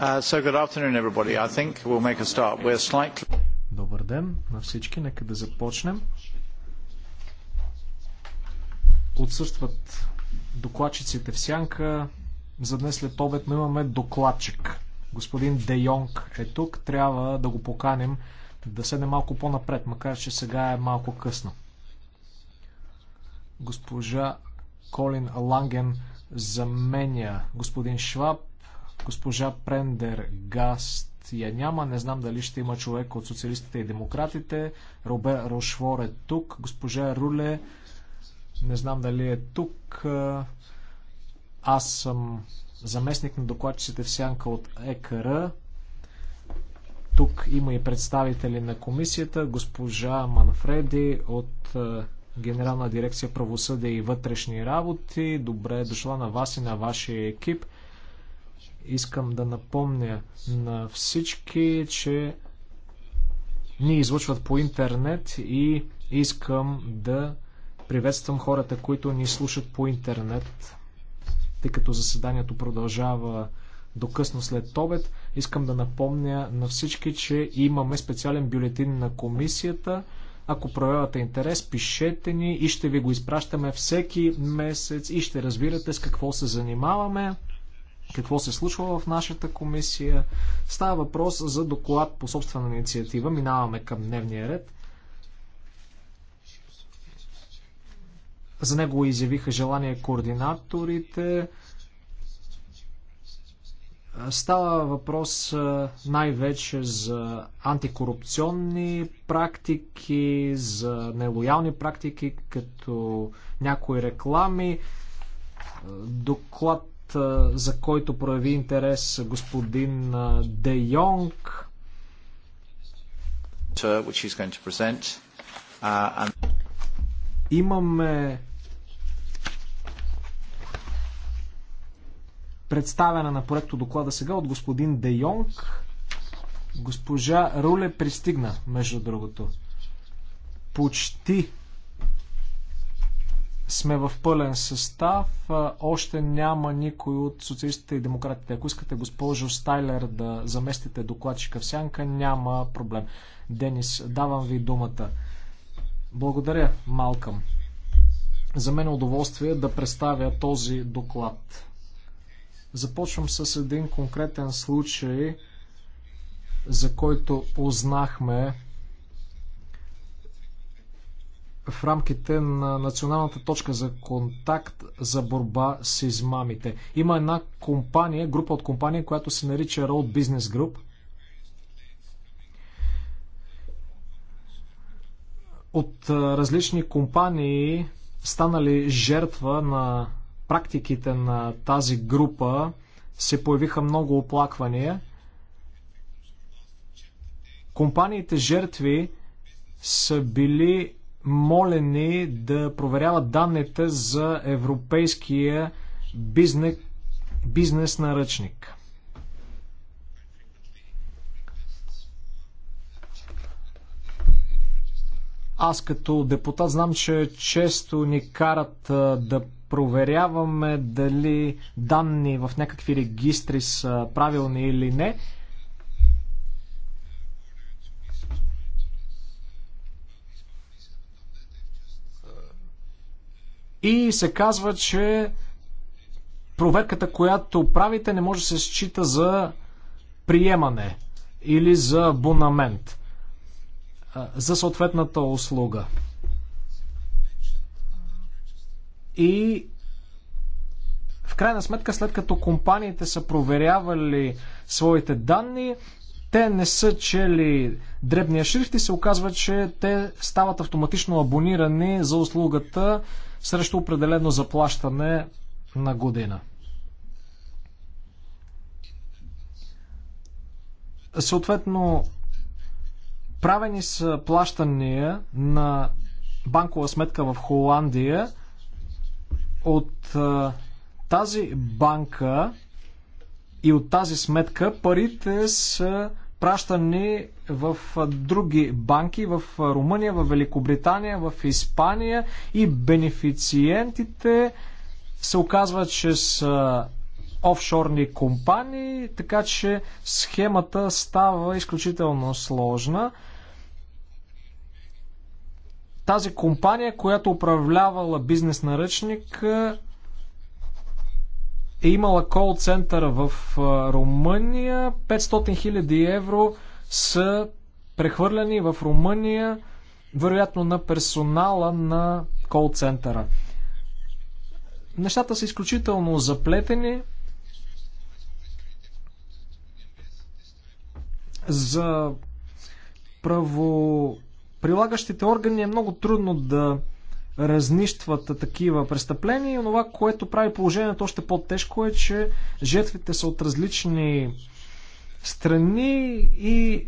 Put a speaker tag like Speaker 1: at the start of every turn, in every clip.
Speaker 1: Uh,
Speaker 2: Добър ден на всички. Нека да започнем. Отсъстват докладчиците в сянка. За днес след обед, но имаме докладчик. Господин Де Йонг е тук. Трябва да го поканим да седне малко по-напред, макар че сега е малко късно. Госпожа Колин Ланген заменя господин Шваб Госпожа Прендер Гаст я няма. Не знам дали ще има човек от социалистите и демократите. Робе Рошвор е тук. Госпожа Руле не знам дали е тук. Аз съм заместник на докладчиците в Сянка от ЕКР. Тук има и представители на комисията, госпожа Манфреди от е, Генерална дирекция правосъдие и вътрешни работи. Добре е дошла на вас и на вашия екип. Искам да напомня на всички, че ни излучват по интернет и искам да приветствам хората, които ни слушат по интернет, тъй като заседанието продължава до късно след обед. Искам да напомня на всички, че имаме специален бюлетин на комисията. Ако проявявате интерес, пишете ни и ще ви го изпращаме всеки месец и ще разбирате с какво се занимаваме какво се случва в нашата комисия. Става въпрос за доклад по собствена инициатива. Минаваме към дневния ред. За него изявиха желание координаторите. Става въпрос най-вече за антикорупционни практики, за нелоялни практики, като някои реклами. Доклад за който прояви интерес господин Де Йонг. Uh, Имаме представена на проекто доклада сега от господин Де Йонг. Госпожа Руле пристигна, между другото. Почти сме в пълен състав. Още няма никой от социалистите и демократите. Ако искате, госпожо Стайлер, да заместите докладчика в сянка, няма проблем. Денис, давам ви думата. Благодаря, Малкам. За мен е удоволствие да представя този доклад. Започвам с един конкретен случай, за който узнахме в рамките на националната точка за контакт за борба с измамите. Има една компания, група от компания, която се нарича Road Business Group. От различни компании, станали жертва на практиките на тази група, се появиха много оплаквания. Компаниите жертви са били молени да проверяват данните за европейския бизнес, бизнес наръчник. Аз като депутат знам, че често ни карат да проверяваме дали данни в някакви регистри са правилни или не. и се казва, че проверката, която правите, не може да се счита за приемане или за абонамент за съответната услуга. И в крайна сметка, след като компаниите са проверявали своите данни, те не са чели дребния шрифт и се оказва, че те стават автоматично абонирани за услугата срещу определено заплащане на година. Съответно, правени са плащания на банкова сметка в Холандия от тази банка и от тази сметка парите са пращани в други банки в Румъния, в Великобритания, в Испания и бенефициентите се оказва, че са офшорни компании, така че схемата става изключително сложна. Тази компания, която управлявала бизнес наръчник, е имала кол центъра в Румъния. 500 000 евро са прехвърлени в Румъния, вероятно на персонала на кол центъра. Нещата са изключително заплетени. За правоприлагащите органи е много трудно да разнищват такива престъпления и това, което прави положението още по-тежко е, че жертвите са от различни страни и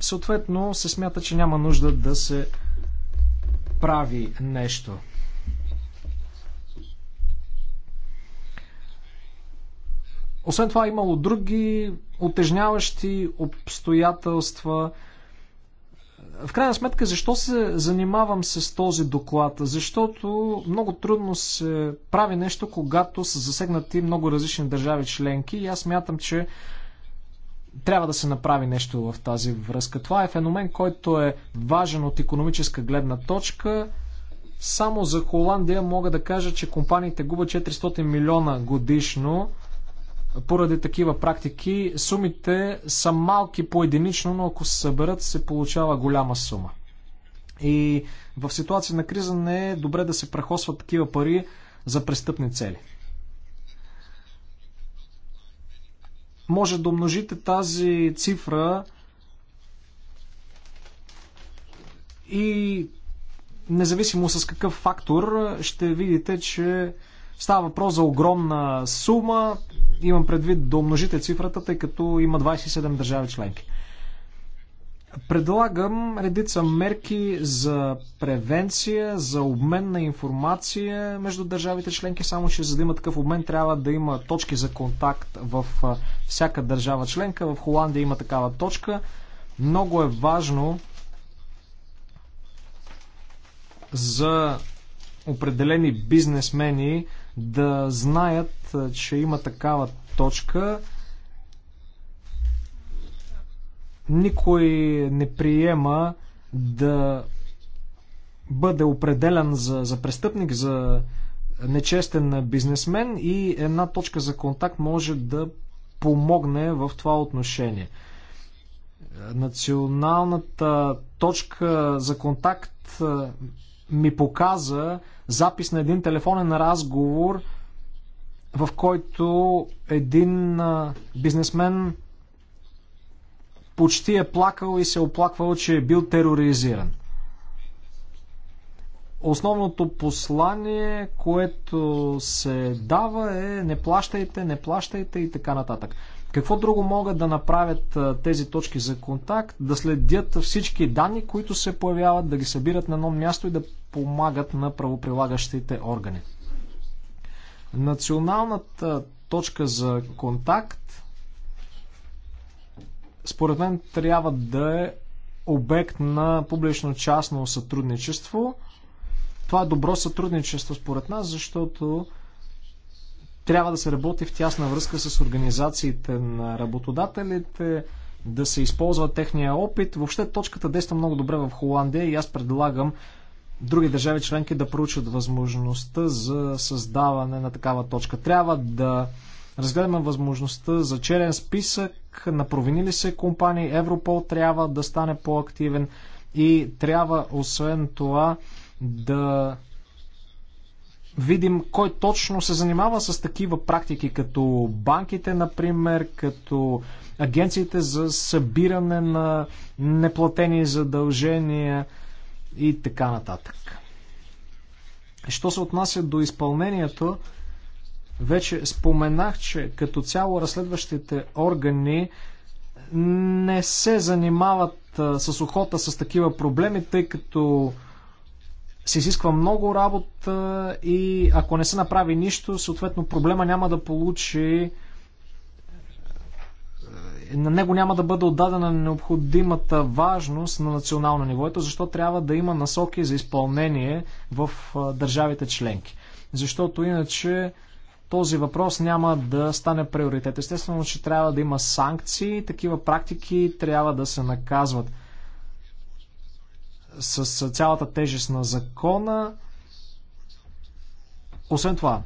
Speaker 2: съответно се смята, че няма нужда да се прави нещо. Освен това имало други отежняващи обстоятелства – в крайна сметка, защо се занимавам с този доклад? Защото много трудно се прави нещо, когато са засегнати много различни държави членки и аз мятам, че трябва да се направи нещо в тази връзка. Това е феномен, който е важен от економическа гледна точка. Само за Холандия мога да кажа, че компаниите губят 400 милиона годишно поради такива практики. Сумите са малки по-единично, но ако се съберат, се получава голяма сума. И в ситуация на криза не е добре да се прехосват такива пари за престъпни цели. Може да умножите тази цифра и независимо с какъв фактор, ще видите, че става въпрос за огромна сума, Имам предвид да умножите цифрата, тъй като има 27 държави членки. Предлагам редица мерки за превенция, за обмен на информация между държавите членки, само че за да има такъв обмен трябва да има точки за контакт в всяка държава членка. В Холандия има такава точка. Много е важно за определени бизнесмени да знаят, че има такава точка. Никой не приема да бъде определен за, за престъпник, за нечестен бизнесмен и една точка за контакт може да помогне в това отношение. Националната точка за контакт ми показа запис на един телефонен разговор, в който един бизнесмен почти е плакал и се оплаквал, че е бил тероризиран. Основното послание, което се дава е не плащайте, не плащайте и така нататък. Какво друго могат да направят тези точки за контакт? Да следят всички данни, които се появяват, да ги събират на едно място и да помагат на правоприлагащите органи. Националната точка за контакт според мен трябва да е обект на публично-частно сътрудничество. Това е добро сътрудничество според нас, защото трябва да се работи в тясна връзка с организациите на работодателите, да се използва техния опит. Въобще точката действа много добре в Холандия и аз предлагам други държави членки да проучат възможността за създаване на такава точка. Трябва да разгледаме възможността за черен списък на провинили се компании. Европол трябва да стане по-активен и трябва освен това да видим кой точно се занимава с такива практики, като банките, например, като агенциите за събиране на неплатени задължения и така нататък. Що се отнася до изпълнението, вече споменах, че като цяло разследващите органи не се занимават с охота с такива проблеми, тъй като се изисква много работа и ако не се направи нищо, съответно проблема няма да получи е, на него няма да бъде отдадена необходимата важност на национално ниво. Ето защо трябва да има насоки за изпълнение в държавите членки. Защото иначе този въпрос няма да стане приоритет. Естествено, че трябва да има санкции, такива практики трябва да се наказват с цялата тежест на закона. Освен това,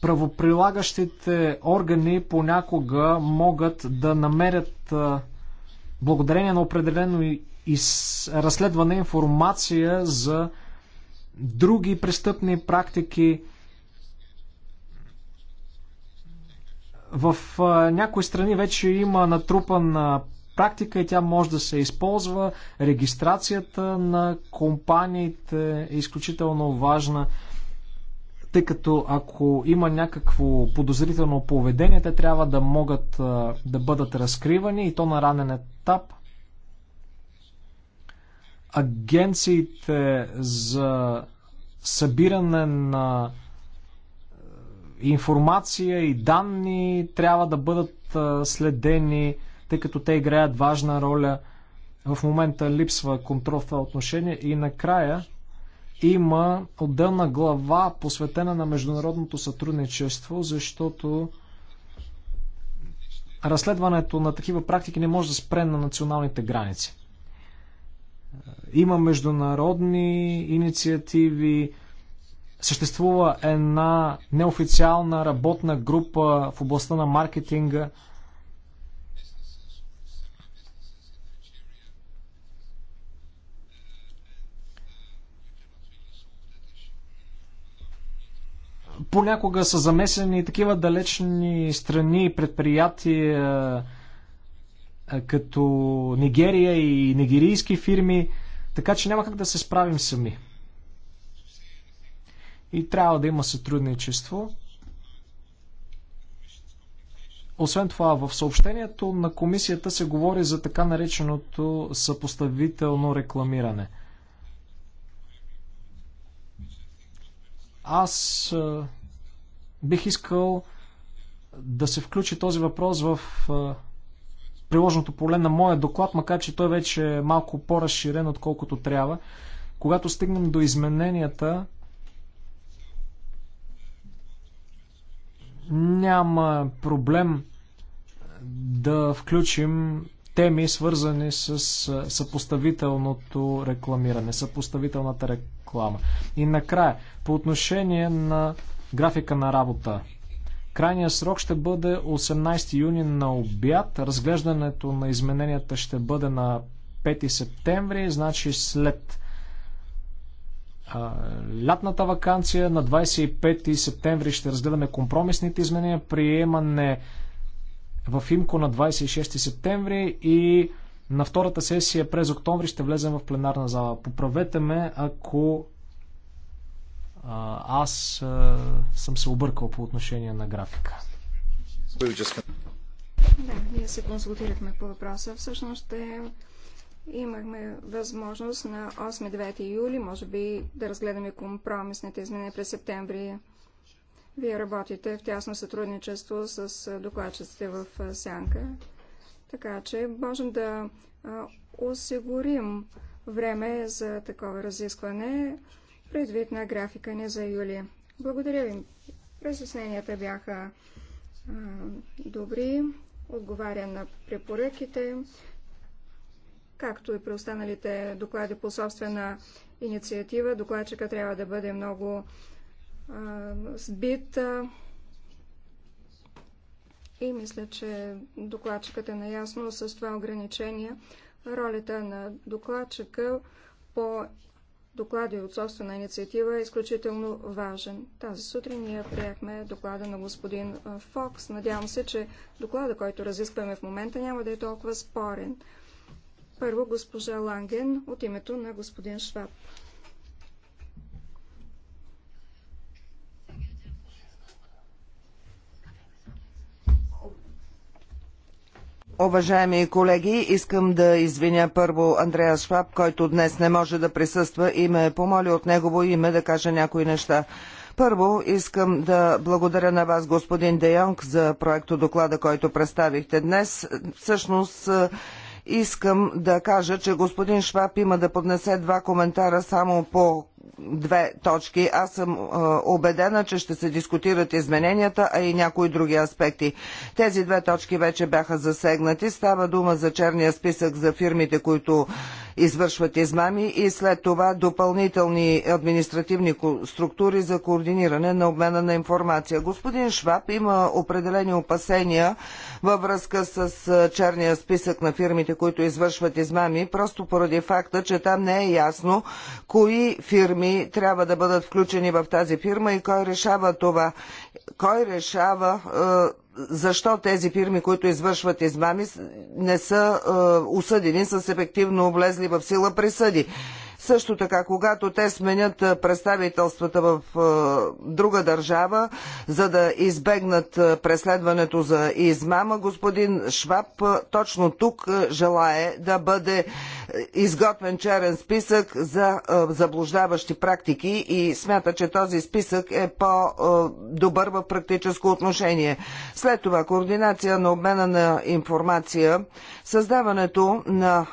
Speaker 2: правоприлагащите органи понякога могат да намерят благодарение на определено разследване информация за други престъпни практики, В някои страни вече има натрупан практика и тя може да се използва. Регистрацията на компаниите е изключително важна, тъй като ако има някакво подозрително поведение, те трябва да могат да бъдат разкривани и то на ранен етап. Агенциите за събиране на информация и данни трябва да бъдат следени, тъй като те играят важна роля. В момента липсва контрол в това отношение и накрая има отделна глава, посветена на международното сътрудничество, защото разследването на такива практики не може да спре на националните граници. Има международни инициативи, Съществува една неофициална работна група в областта на маркетинга. Понякога са замесени такива далечни страни и предприятия е, като Нигерия и нигерийски фирми, така че няма как да се справим сами и трябва да има сътрудничество. Освен това, в съобщението на комисията се говори за така нареченото съпоставително рекламиране. Аз бих искал да се включи този въпрос в приложното поле на моя доклад, макар че той вече е малко по-разширен, отколкото трябва. Когато стигнем до измененията, няма проблем да включим теми, свързани с съпоставителното рекламиране, съпоставителната реклама. И накрая, по отношение на графика на работа. Крайният срок ще бъде 18 юни на обяд. Разглеждането на измененията ще бъде на 5 септември, значи след лятната вакансия. На 25 септември ще разгледаме компромисните изменения, приемане в Имко на 26 септември и на втората сесия през октомври ще влезем в пленарна зала. Поправете ме, ако аз а, съм се объркал по отношение на графика. Да,
Speaker 1: ние се консултирахме по въпроса. Всъщност ще Имахме възможност на 8-9 юли, може би, да разгледаме компромисните изменения през септември. Вие работите в тясно сътрудничество с докладчиците в Сянка, така че можем да осигурим време за такова разискване предвид на графика ни за юли. Благодаря ви. Разясненията бяха а, добри, отговаря на препоръките както и при останалите доклади по собствена инициатива. Докладчика трябва да бъде много а, сбит а, и мисля, че докладчикът е наясно с това ограничение. Ролята на докладчика по доклади от собствена инициатива е изключително важен. Тази сутрин ние приехме доклада на господин Фокс. Надявам се, че доклада, който разискваме в момента, няма да е толкова спорен. Първо госпожа Ланген от името на господин Шваб.
Speaker 3: Уважаеми колеги, искам да извиня първо Андрея Шваб, който днес не може да присъства и ме е помоли от негово име да кажа някои неща. Първо искам да благодаря на вас, господин Де Йонг, за проекто доклада, който представихте днес. Всъщност Искам да кажа, че господин Шваб има да поднесе два коментара само по две точки. Аз съм е, убедена, че ще се дискутират измененията, а и някои други аспекти. Тези две точки вече бяха засегнати. Става дума за черния списък за фирмите, които извършват измами и след това допълнителни административни структури за координиране на обмена на информация. Господин Шваб има определени опасения във връзка с черния списък на фирмите, които извършват измами, просто поради факта, че там не е ясно кои фирми трябва да бъдат включени в тази фирма и кой решава това. Кой решава защо тези фирми, които извършват измами, не са е, осъдени с ефективно влезли в сила присъди. Също така, когато те сменят представителствата в друга държава, за да избегнат преследването за измама, господин Шваб точно тук желае да бъде изготвен черен списък за заблуждаващи практики и смята, че този списък е по-добър в практическо отношение. След това координация на обмена на информация, създаването на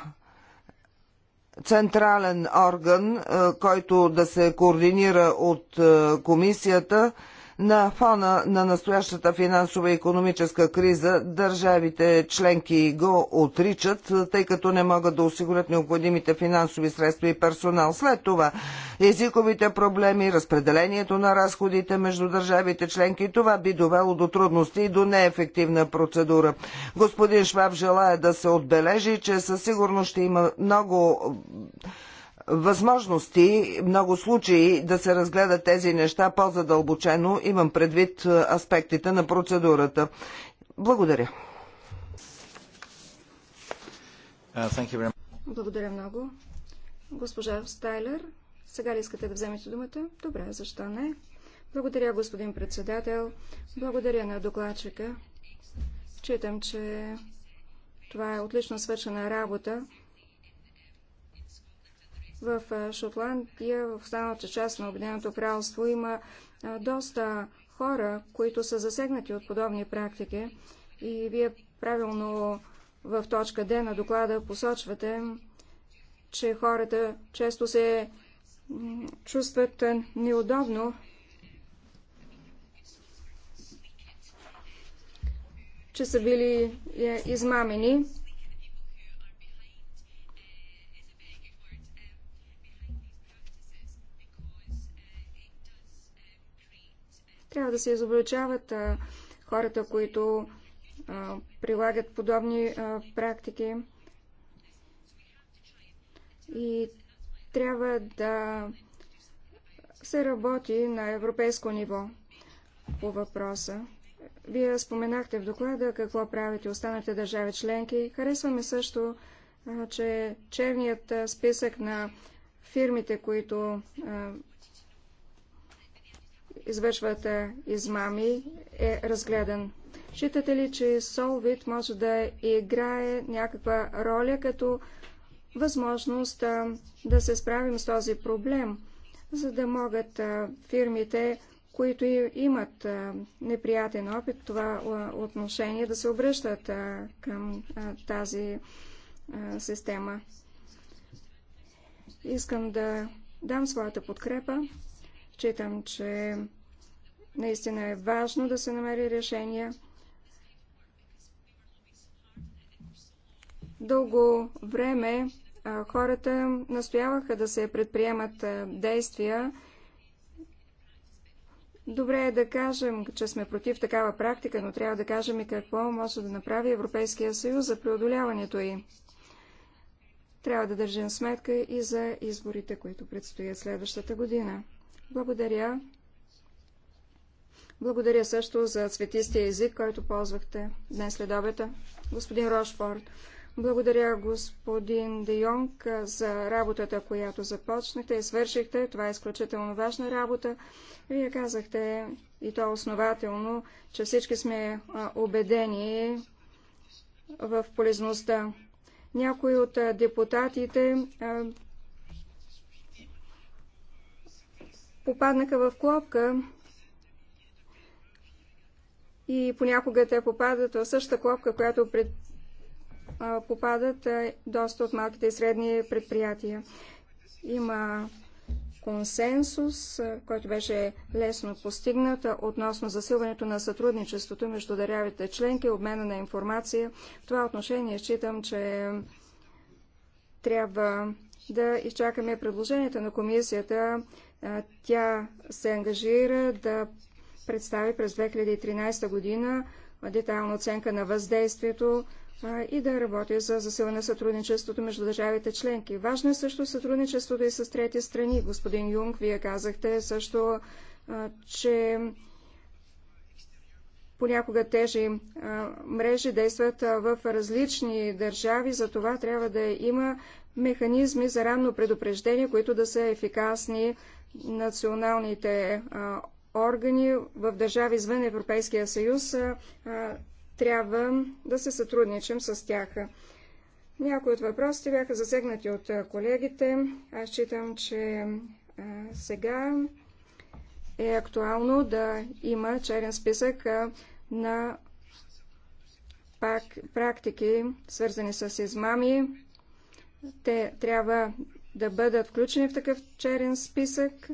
Speaker 3: централен орган, е, който да се координира от е, комисията – на фона на настоящата финансова и економическа криза държавите членки го отричат, тъй като не могат да осигурят необходимите финансови средства и персонал. След това езиковите проблеми, разпределението на разходите между държавите членки, това би довело до трудности и до неефективна процедура. Господин Шваб желая да се отбележи, че със сигурност ще има много възможности, много случаи да се разгледат тези неща по-задълбочено. Имам предвид е, аспектите на процедурата. Благодаря.
Speaker 1: Uh, Благодаря много. Госпожа Стайлер, сега ли искате да вземете думата? Добре, защо не? Благодаря, господин председател. Благодаря на докладчика. Читам, че това е отлично свършена работа. В Шотландия, в останалата част на Обединеното кралство, има доста хора, които са засегнати от подобни практики. И вие правилно в точка Д на доклада посочвате, че хората често се чувстват неудобно, че са били е, измамени Трябва да се изобличават хората, които прилагат подобни практики. И трябва да се работи на европейско ниво по въпроса. Вие споменахте в доклада какво правите останалите държави членки. Харесваме също, че черният списък на фирмите, които извършват измами, е разгледан. Считате ли, че Солвит може да играе някаква роля като възможност да се справим с този проблем, за да могат фирмите, които имат неприятен опит това отношение, да се обръщат към тази система? Искам да дам своята подкрепа Читам, че наистина е важно да се намери решение. Дълго време хората настояваха да се предприемат действия. Добре е да кажем, че сме против такава практика, но трябва да кажем и какво може да направи Европейския съюз за преодоляването й. Трябва да държим сметка и за изборите, които предстоят следващата година. Благодаря. Благодаря също за цветистия език, който ползвахте днес след обета. Господин Рошфорд, благодаря господин Де Йонг за работата, която започнахте и свършихте. Това е изключително важна работа. Вие казахте, и то основателно, че всички сме убедени в полезността. Някои от депутатите попаднаха в клопка и понякога те попадат в същата клопка, която пред, а, попадат а, доста от малките и средни предприятия. Има консенсус, който беше лесно постигнат относно засилването на сътрудничеството между държавите членки, обмена на информация. В това отношение считам, че трябва да изчакаме предложенията на комисията тя се ангажира да представи през 2013 година детайлна оценка на въздействието и да работи за засилване на сътрудничеството между държавите членки. Важно е също сътрудничеството и с трети страни. Господин Юнг, вие казахте също, че понякога тези мрежи действат в различни държави, за това трябва да има механизми за ранно предупреждение, които да са ефикасни националните органи в държави извън Европейския съюз, трябва да се сътрудничим с тях. Някои от въпросите бяха засегнати от колегите. Аз считам, че сега е актуално да има черен списък на практики, свързани с измами. Те трябва да бъдат включени в такъв черен списък.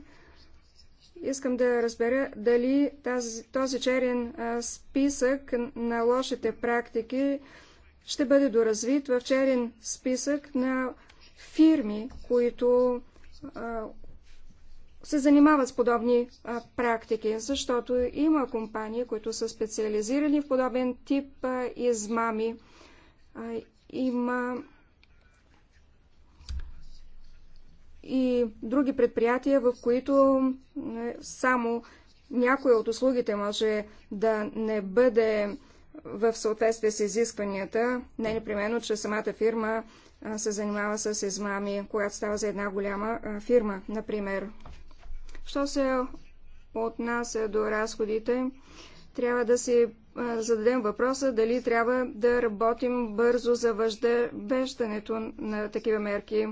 Speaker 1: Искам да разбера дали тази, този черен а, списък на лошите практики ще бъде доразвит в черен списък на фирми, които а, се занимават с подобни а, практики, защото има компании, които са специализирани в подобен тип а, измами. А, има и други предприятия, в които е, само някоя от услугите може да не бъде в съответствие с изискванията, не е непременно, че самата фирма е, се занимава с измами, която става за една голяма фирма, например. Що се отнася до разходите, трябва да си зададем въпроса дали трябва да работим бързо за въждането на такива мерки.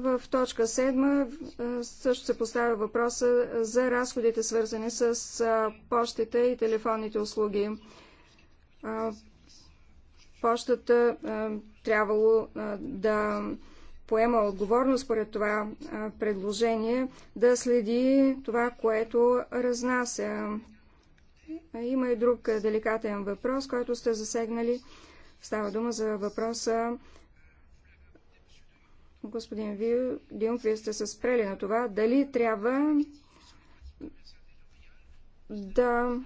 Speaker 1: В точка 7 също се поставя въпроса за разходите, свързани с почтите и телефонните услуги. Почтата трябвало да поема отговорност според това предложение, да следи това, което разнася. Има и друг деликатен въпрос, който сте засегнали. Става дума за въпроса Господин Вилдин, вие сте се спрели на това, дали трябва да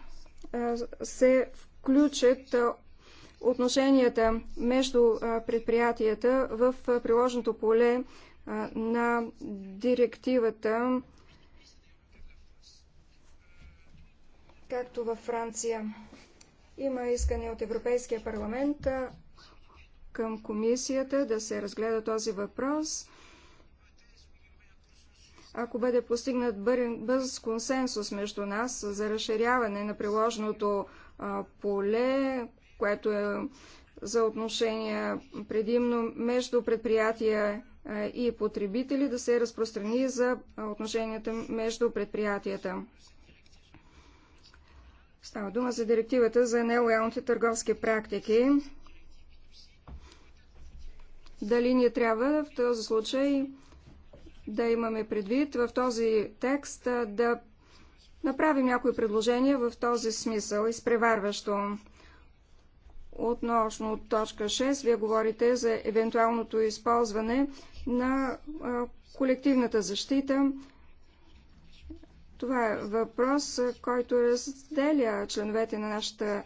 Speaker 1: се включат отношенията между предприятията в приложното поле на директивата, както във Франция. Има искане от Европейския парламент към комисията да се разгледа този въпрос. Ако бъде постигнат бърз консенсус между нас за разширяване на приложеното поле, което е за отношения предимно между предприятия и потребители, да се разпространи за отношенията между предприятията. Става дума за директивата за нелоялните търговски практики дали ние трябва в този случай да имаме предвид в този текст да направим някои предложения в този смисъл, изпреварващо. Относно от точка 6, вие говорите за евентуалното използване на колективната защита. Това е въпрос, който разделя членовете на нашата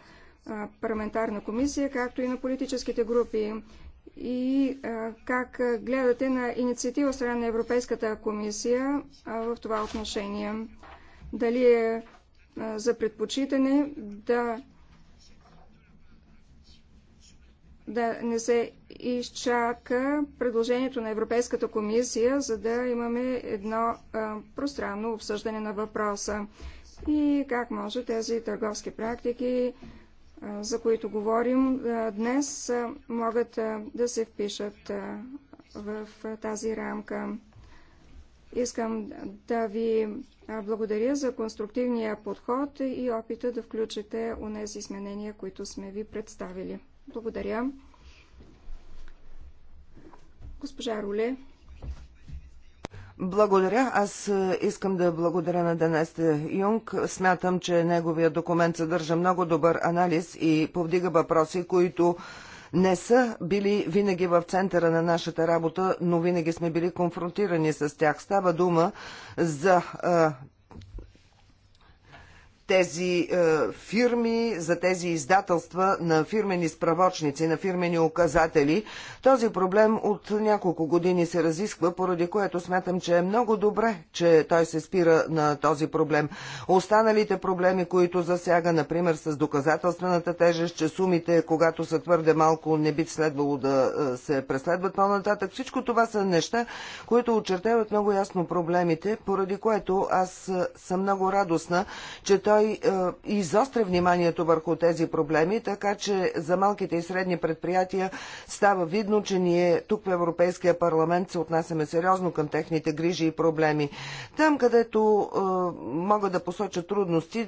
Speaker 1: парламентарна комисия, както и на политическите групи и как гледате на инициатива страна на Европейската комисия в това отношение. Дали е за предпочитане да, да не се изчака предложението на Европейската комисия, за да имаме едно пространно обсъждане на въпроса и как може тези търговски практики за които говорим днес, могат да се впишат в тази рамка. Искам да ви благодаря за конструктивния подход и опита да включите унези изменения, които сме ви представили. Благодаря. Госпожа Руле.
Speaker 3: Благодаря. Аз е, искам да благодаря на Денесте Юнг. Смятам, че неговия документ съдържа много добър анализ и повдига въпроси, които не са били винаги в центъра на нашата работа, но винаги сме били конфронтирани с тях. Става дума за е, тези е, фирми, за тези издателства на фирмени справочници, на фирмени указатели. Този проблем от няколко години се разисква, поради което смятам, че е много добре, че той се спира на този проблем. Останалите проблеми, които засяга, например, с доказателствената тежест, че сумите, когато са твърде малко, не би следвало да е, се преследват по-нататък. Всичко това са неща, които очертават много ясно проблемите, поради което аз е, съм много радостна, че той той е, изостря вниманието върху тези проблеми, така че за малките и средни предприятия става видно, че ние тук в Европейския парламент се отнасяме сериозно към техните грижи и проблеми. Там, където е, мога да посоча трудности,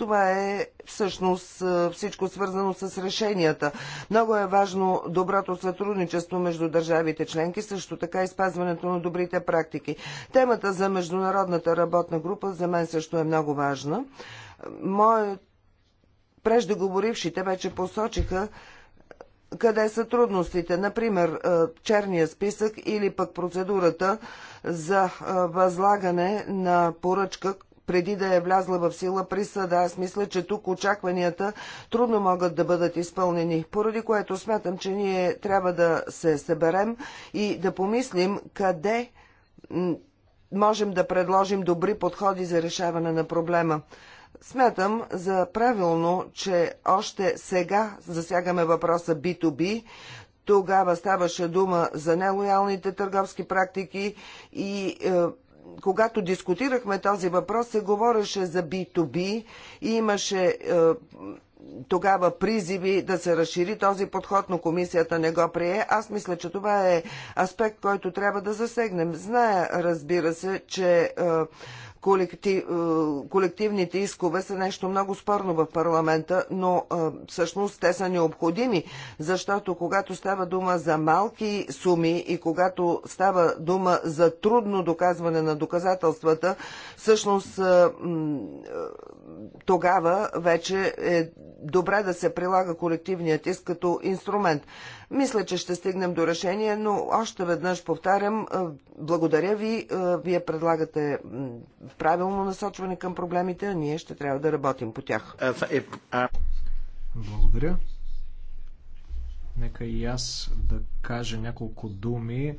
Speaker 3: това е всъщност всичко свързано с решенията. Много е важно доброто сътрудничество между държавите членки, също така и спазването на добрите практики. Темата за международната работна група за мен също е много важна. Мое преждеговорившите вече посочиха къде са трудностите, например черния списък или пък процедурата за възлагане на поръчка, преди да е влязла в сила присъда. Аз мисля, че тук очакванията трудно могат да бъдат изпълнени, поради което смятам, че ние трябва да се съберем и да помислим къде можем да предложим добри подходи за решаване на проблема. Смятам за правилно, че още сега засягаме въпроса B2B. Тогава ставаше дума за нелоялните търговски практики и е, когато дискутирахме този въпрос, се говореше за B2B и имаше е, тогава призиви да се разшири този подход, но комисията не го прие. Аз мисля, че това е аспект, който трябва да засегнем. Зная, разбира се, че е, е, колективните искове са нещо много спорно в парламента, но е, всъщност те са необходими, защото когато става дума за малки суми и когато става дума за трудно доказване на доказателствата, всъщност е, тогава вече е добре да се прилага колективният иск като инструмент. Мисля, че ще стигнем до решение, но още веднъж повтарям, е, благодаря ви, е, вие предлагате правилно насочване към проблемите, а ние ще трябва да работим по тях. Е,
Speaker 2: благодаря. Нека и аз да кажа няколко думи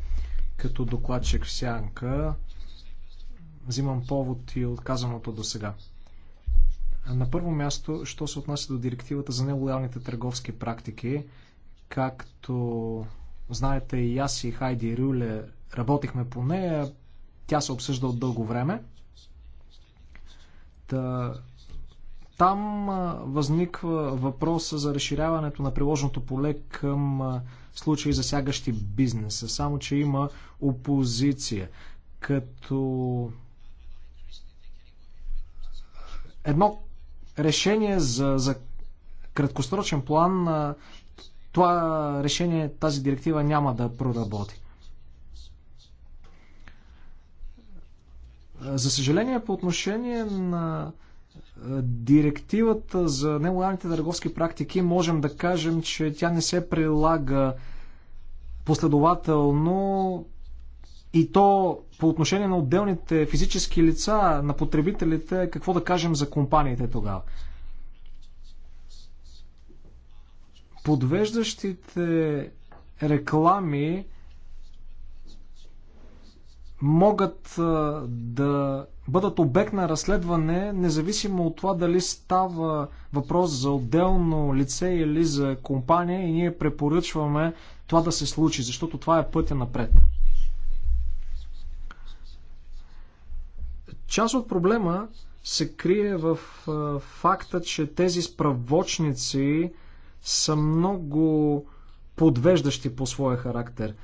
Speaker 2: като докладчик в сянка. Взимам повод и отказаното до сега. На първо място, що се отнася до директивата за нелоялните търговски практики, Както знаете и аз и Хайди Рюле работихме по нея. Тя се обсъжда от дълго време. Та, там възниква въпроса за разширяването на приложното поле към случаи засягащи бизнеса. Само, че има опозиция. Като едно решение за, за краткосрочен план това решение, тази директива няма да проработи. За съжаление, по отношение на директивата за нелоялните търговски практики, можем да кажем, че тя не се прилага последователно и то по отношение на отделните физически лица, на потребителите, какво да кажем за компаниите тогава? подвеждащите реклами могат да бъдат обект на разследване, независимо от това дали става въпрос за отделно лице или за компания и ние препоръчваме това да се случи, защото това е пътя напред. Част от проблема се крие в факта, че тези справочници са много подвеждащи по своя характер.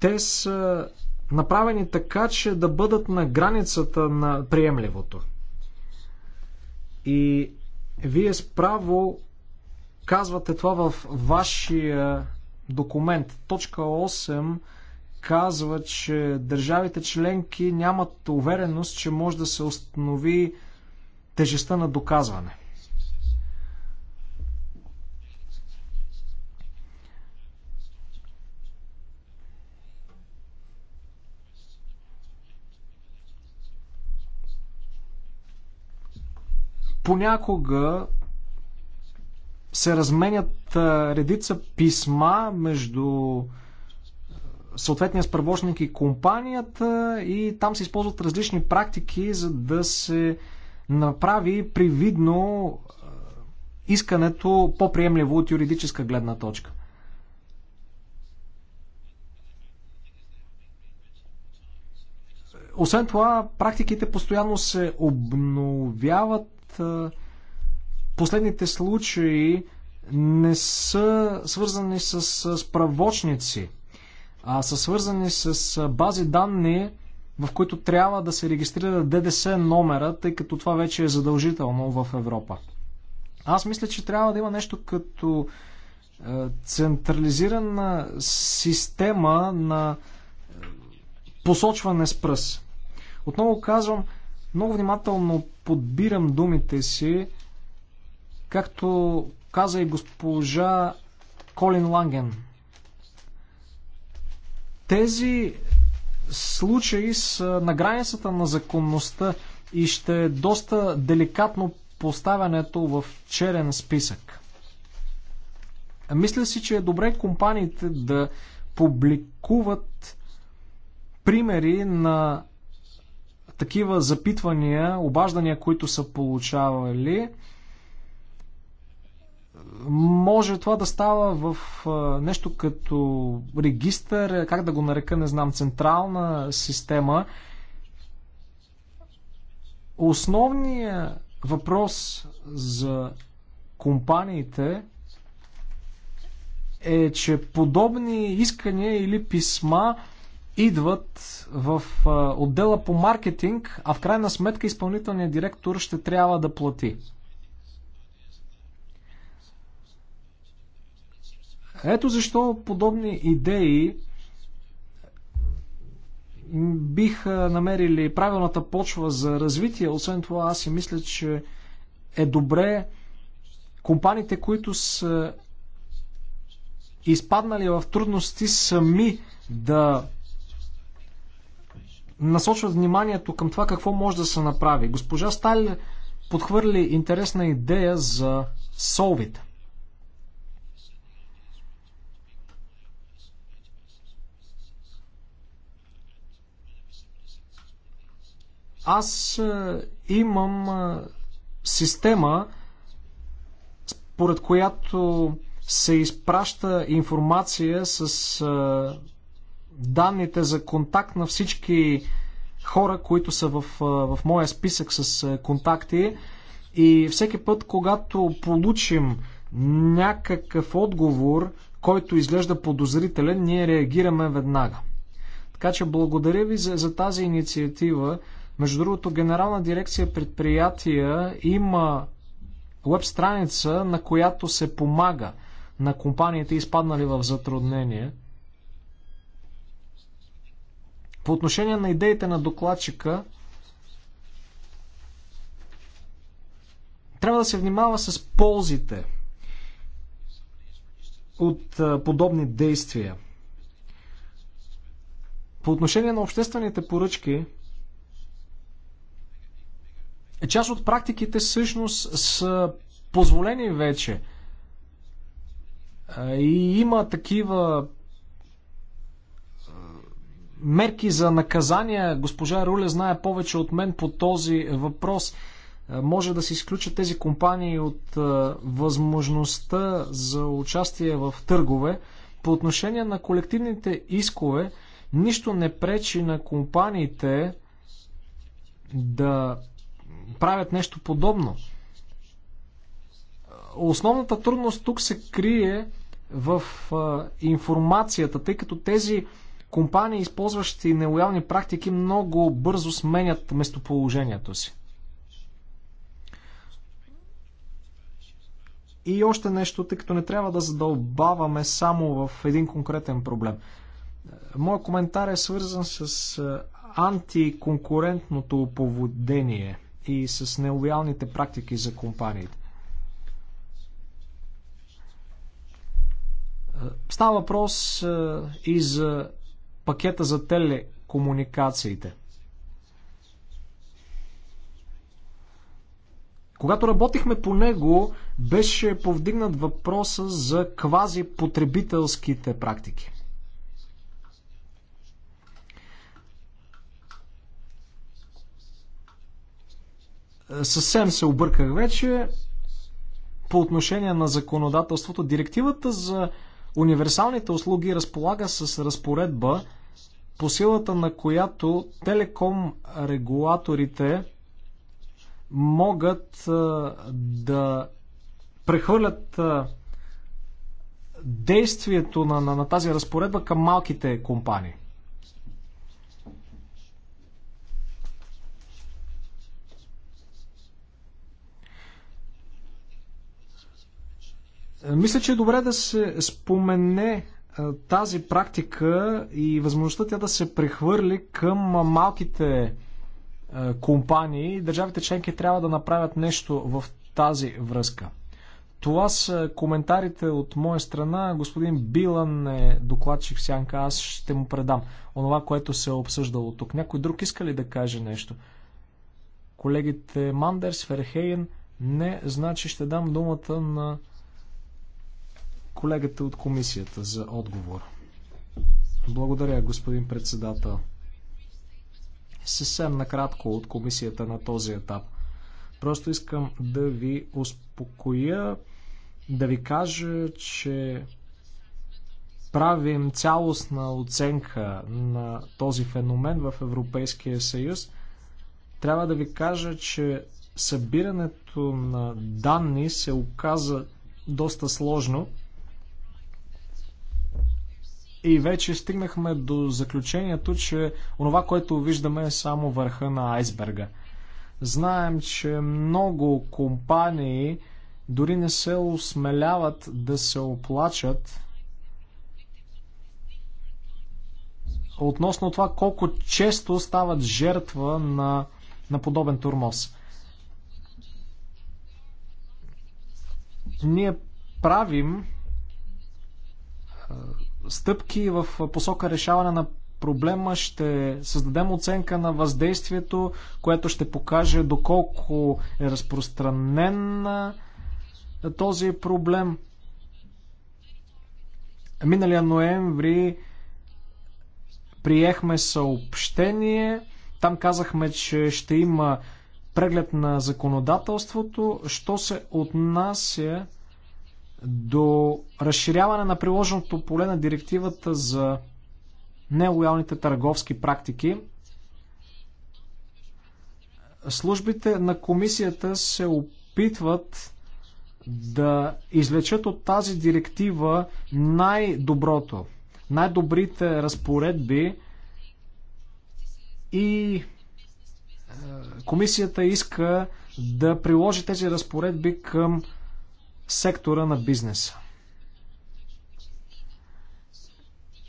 Speaker 2: Те са направени така, че да бъдат на границата на приемливото. И вие справо казвате това в вашия документ. Точка 8 казва, че държавите членки нямат увереност, че може да се установи тежестта на доказване. Понякога се разменят редица писма между съответния справочник и компанията и там се използват различни практики, за да се направи привидно искането по-приемливо от юридическа гледна точка. Освен това, практиките постоянно се обновяват последните случаи не са свързани с справочници, а са свързани с бази данни, в които трябва да се регистрира ДДС номера, тъй като това вече е задължително в Европа. Аз мисля, че трябва да има нещо като централизирана система на посочване с пръст. Отново казвам, много внимателно подбирам думите си, както каза и госпожа Колин Ланген. Тези случаи са на границата на законността и ще е доста деликатно поставянето в черен списък. Мисля си, че е добре компаниите да публикуват примери на такива запитвания, обаждания, които са получавали, може това да става в нещо като регистър, как да го нарека, не знам, централна система. Основният въпрос за компаниите е, че подобни искания или писма идват в отдела по маркетинг, а в крайна сметка изпълнителният директор ще трябва да плати. Ето защо подобни идеи биха намерили правилната почва за развитие. Освен това, аз си мисля, че е добре компаниите, които са изпаднали в трудности сами да насочват вниманието към това какво може да се направи. Госпожа Сталин подхвърли интересна идея за солвите. Аз е, имам е, система, според която се изпраща информация с е, данните за контакт на всички хора, които са в, в моя списък с контакти. И всеки път, когато получим някакъв отговор, който изглежда подозрителен, ние реагираме веднага. Така че благодаря ви за, за тази инициатива. Между другото, Генерална дирекция предприятия има веб страница, на която се помага на компаниите, изпаднали в затруднение. По отношение на идеите на докладчика, трябва да се внимава с ползите от подобни действия. По отношение на обществените поръчки, част от практиките всъщност са позволени вече. И има такива мерки за наказания. Госпожа Руле знае повече от мен по този въпрос. Е, може да се изключат тези компании от е, възможността за участие в търгове. По отношение на колективните искове, нищо не пречи на компаниите да правят нещо подобно. Основната трудност тук се крие в е, информацията, тъй като тези компании, използващи нелоялни практики, много бързо сменят местоположението си. И още нещо, тъй като не трябва да задълбаваме само в един конкретен проблем. Моя коментар е свързан с антиконкурентното поведение и с нелоялните практики за компаниите. Става въпрос и за пакета за телекомуникациите. Когато работихме по него, беше повдигнат въпроса за квази потребителските практики. Съвсем се обърках вече по отношение на законодателството. Директивата за универсалните услуги разполага с разпоредба, по силата на която телеком регулаторите могат да прехвърлят действието на, на, на тази разпоредба към малките компании. Мисля, че е добре да се спомене тази практика и възможността тя да се прехвърли към малките компании. Държавите членки трябва да направят нещо в тази връзка. Това са коментарите от моя страна. Господин Билан е докладчик в Сянка. Аз ще му предам онова, което се е обсъждало тук. Някой друг иска ли да каже нещо? Колегите Мандерс, Ферхейен, не, значи ще дам думата на колегата от комисията за отговор. Благодаря, господин председател. Съвсем накратко от комисията на този етап. Просто искам да ви успокоя, да ви кажа, че правим цялостна оценка на този феномен в Европейския съюз. Трябва да ви кажа, че събирането на данни се оказа доста сложно. И вече стигнахме до заключението, че онова, което виждаме е само върха на айсберга. Знаем, че много компании дори не се осмеляват да се оплачат относно това колко често стават жертва на, на подобен турмоз. Ние правим стъпки в посока решаване на проблема, ще създадем оценка на въздействието, което ще покаже доколко е разпространен този проблем. Миналия ноември приехме съобщение. Там казахме, че ще има преглед на законодателството. Що се отнася до разширяване на приложеното поле на директивата за нелоялните търговски практики, службите на комисията се опитват да излечат от тази директива най-доброто, най-добрите разпоредби и е, комисията иска да приложи тези разпоредби към сектора на бизнеса.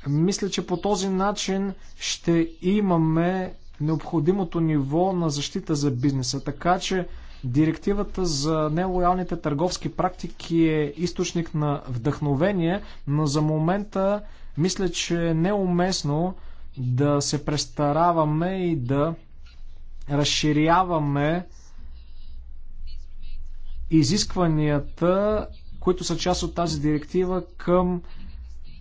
Speaker 2: Мисля, че по този начин ще имаме необходимото ниво на защита за бизнеса. Така че директивата за нелоялните търговски практики е източник на вдъхновение, но за момента мисля, че е неуместно да се престараваме и да разширяваме изискванията, които са част от тази директива към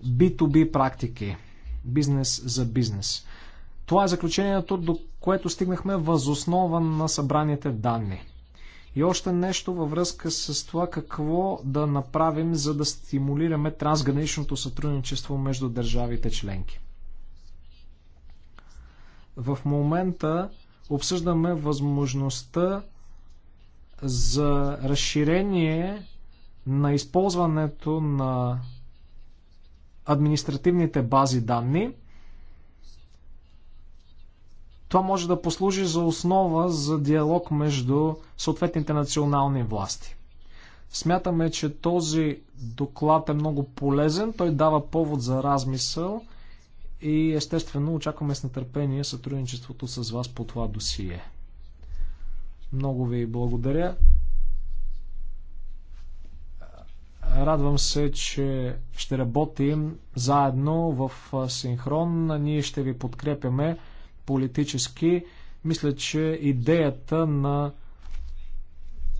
Speaker 2: B2B практики. Бизнес за бизнес. Това е заключението, до което стигнахме възоснова на събраните данни. И още нещо във връзка с това какво да направим, за да стимулираме трансграничното сътрудничество между държавите членки. В момента обсъждаме възможността за разширение на използването на административните бази данни. Това може да послужи за основа за диалог между съответните национални власти. Смятаме, че този доклад е много полезен, той дава повод за размисъл и естествено очакваме с нетърпение сътрудничеството с вас по това досие. Много ви благодаря. Радвам се, че ще работим заедно в синхрон. Ние ще ви подкрепяме политически. Мисля, че идеята на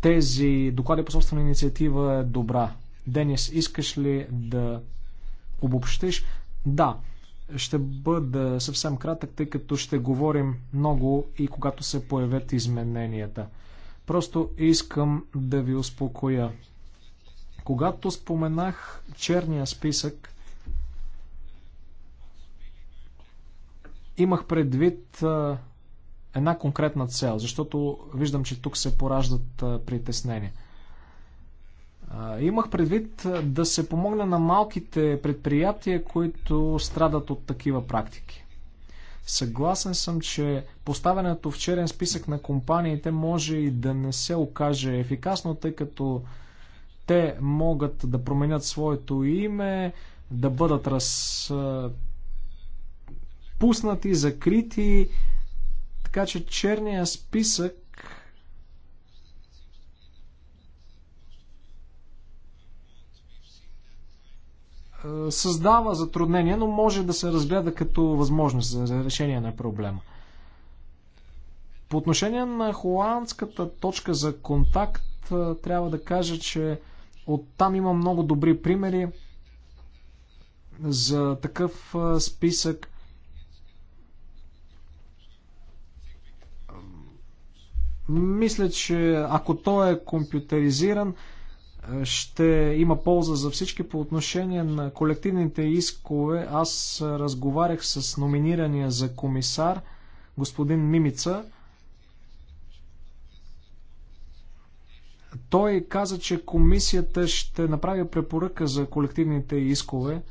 Speaker 2: тези доклади по собствена инициатива е добра. Денис, искаш ли да обобщиш? Да. Ще бъда съвсем кратък, тъй като ще говорим много и когато се появят измененията. Просто искам да ви успокоя. Когато споменах черния списък, имах предвид една конкретна цел, защото виждам, че тук се пораждат притеснения. Имах предвид да се помогне на малките предприятия, които страдат от такива практики. Съгласен съм, че поставянето в черен списък на компаниите може и да не се окаже ефикасно, тъй като те могат да променят своето име, да бъдат разпуснати, закрити. Така че черния списък създава затруднения, но може да се разгледа като възможност за решение на проблема. По отношение на холандската точка за контакт, трябва да кажа, че оттам има много добри примери за такъв списък. Мисля, че ако той е компютеризиран, ще има полза за всички по отношение на колективните искове. Аз разговарях с номинирания за комисар господин Мимица. Той каза, че комисията ще направи препоръка за колективните искове.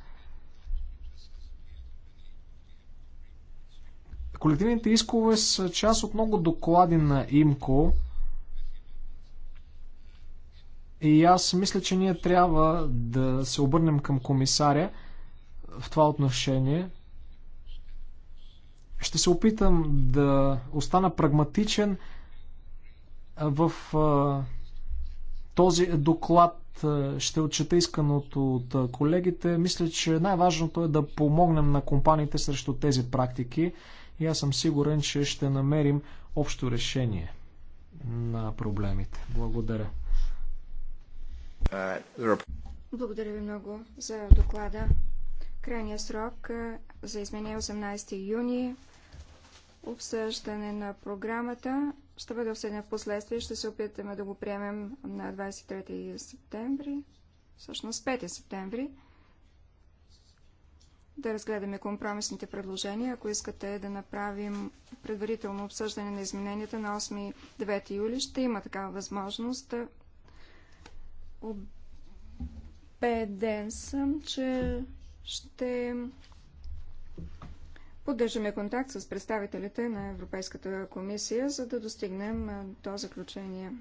Speaker 2: Колективните искове са част от много доклади на ИМКО. И аз мисля, че ние трябва да се обърнем към комисаря в това отношение. Ще се опитам да остана прагматичен в този доклад. Ще отчета исканото от колегите. Мисля, че най-важното е да помогнем на компаниите срещу тези практики и аз съм сигурен, че ще намерим общо решение на проблемите. Благодаря.
Speaker 1: Благодаря ви много за доклада. Крайния срок за изменение 18 е юни. Обсъждане на програмата ще бъде обсъден в последствие. Ще се опитаме да го приемем на 23 септември, всъщност 5 септември. Да разгледаме компромисните предложения. Ако искате да направим предварително обсъждане на измененията на 8-9 юли, ще има такава възможност. Обеден съм, че ще поддържаме контакт с представителите на Европейската комисия, за да достигнем до заключение.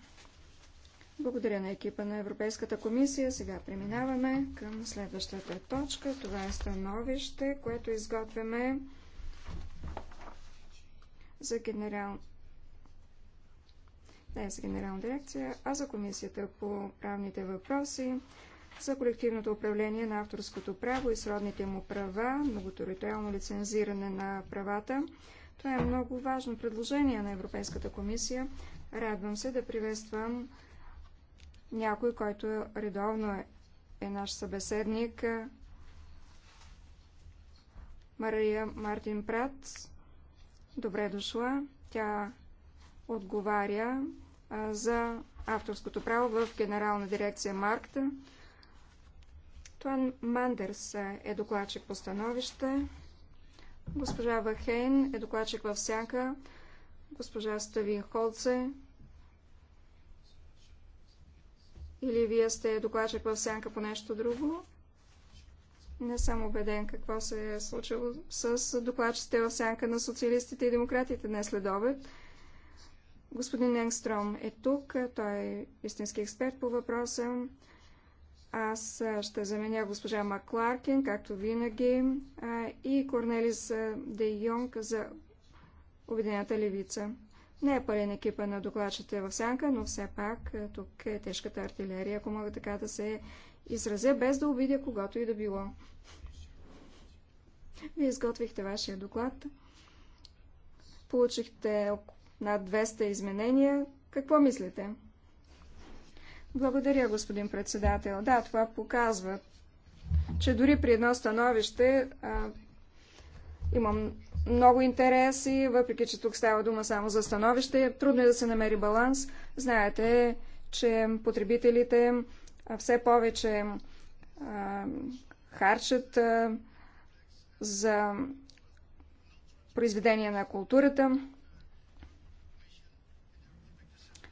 Speaker 1: Благодаря на екипа на Европейската комисия. Сега преминаваме към следващата точка. Това е становище, което изготвяме за генерал не за генерална дирекция, а за Комисията по правните въпроси, за колективното управление на авторското право и сродните му права, многотериториално лицензиране на правата. Това е много важно предложение на Европейската комисия. Радвам се да приветствам някой, който редовно е, е наш събеседник, Мария Мартин Прат. Добре дошла. Тя отговаря за авторското право в Генерална дирекция Маркта. Туан Мандерс е докладчик по становище. Госпожа Вахейн е докладчик в сянка. Госпожа Ставин Холце. Или вие сте докладчик в сянка по нещо друго? Не съм убеден какво се е случило с докладчите в сянка на социалистите и демократите днес следове. обед. Господин Енгстром е тук. Той е истински експерт по въпроса. Аз ще заменя госпожа Макларкин, както винаги, и Корнелис Де Йонг за Обединената левица. Не е пълен екипа на докладчите в сянка, но все пак тук е тежката артилерия, ако мога така да се изразя, без да обидя когато и да било. Вие изготвихте вашия доклад. Получихте над 200 изменения. Какво мислите? Благодаря, господин председател. Да, това показва, че дори при едно становище а, имам много интереси, въпреки че тук става дума само за становище. Трудно е да се намери баланс. Знаете, че потребителите все повече а, харчат а, за произведения на културата.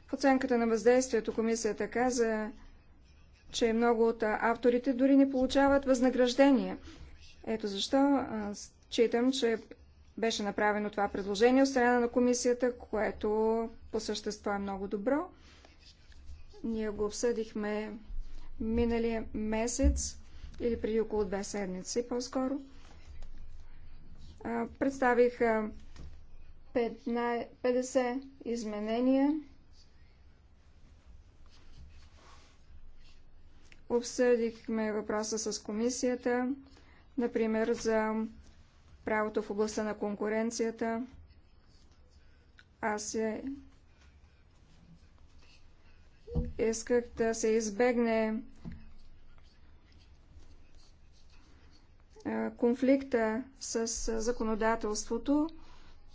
Speaker 1: В оценката на въздействието комисията каза, че много от авторите дори не получават възнаграждение. Ето защо считам, че беше направено това предложение от страна на комисията, което по същество е много добро. Ние го обсъдихме миналия месец или преди около две седмици по-скоро. Представих 50 изменения Обсъдихме въпроса с комисията, например за правото в областта на конкуренцията. Аз е... исках да се избегне конфликта с законодателството,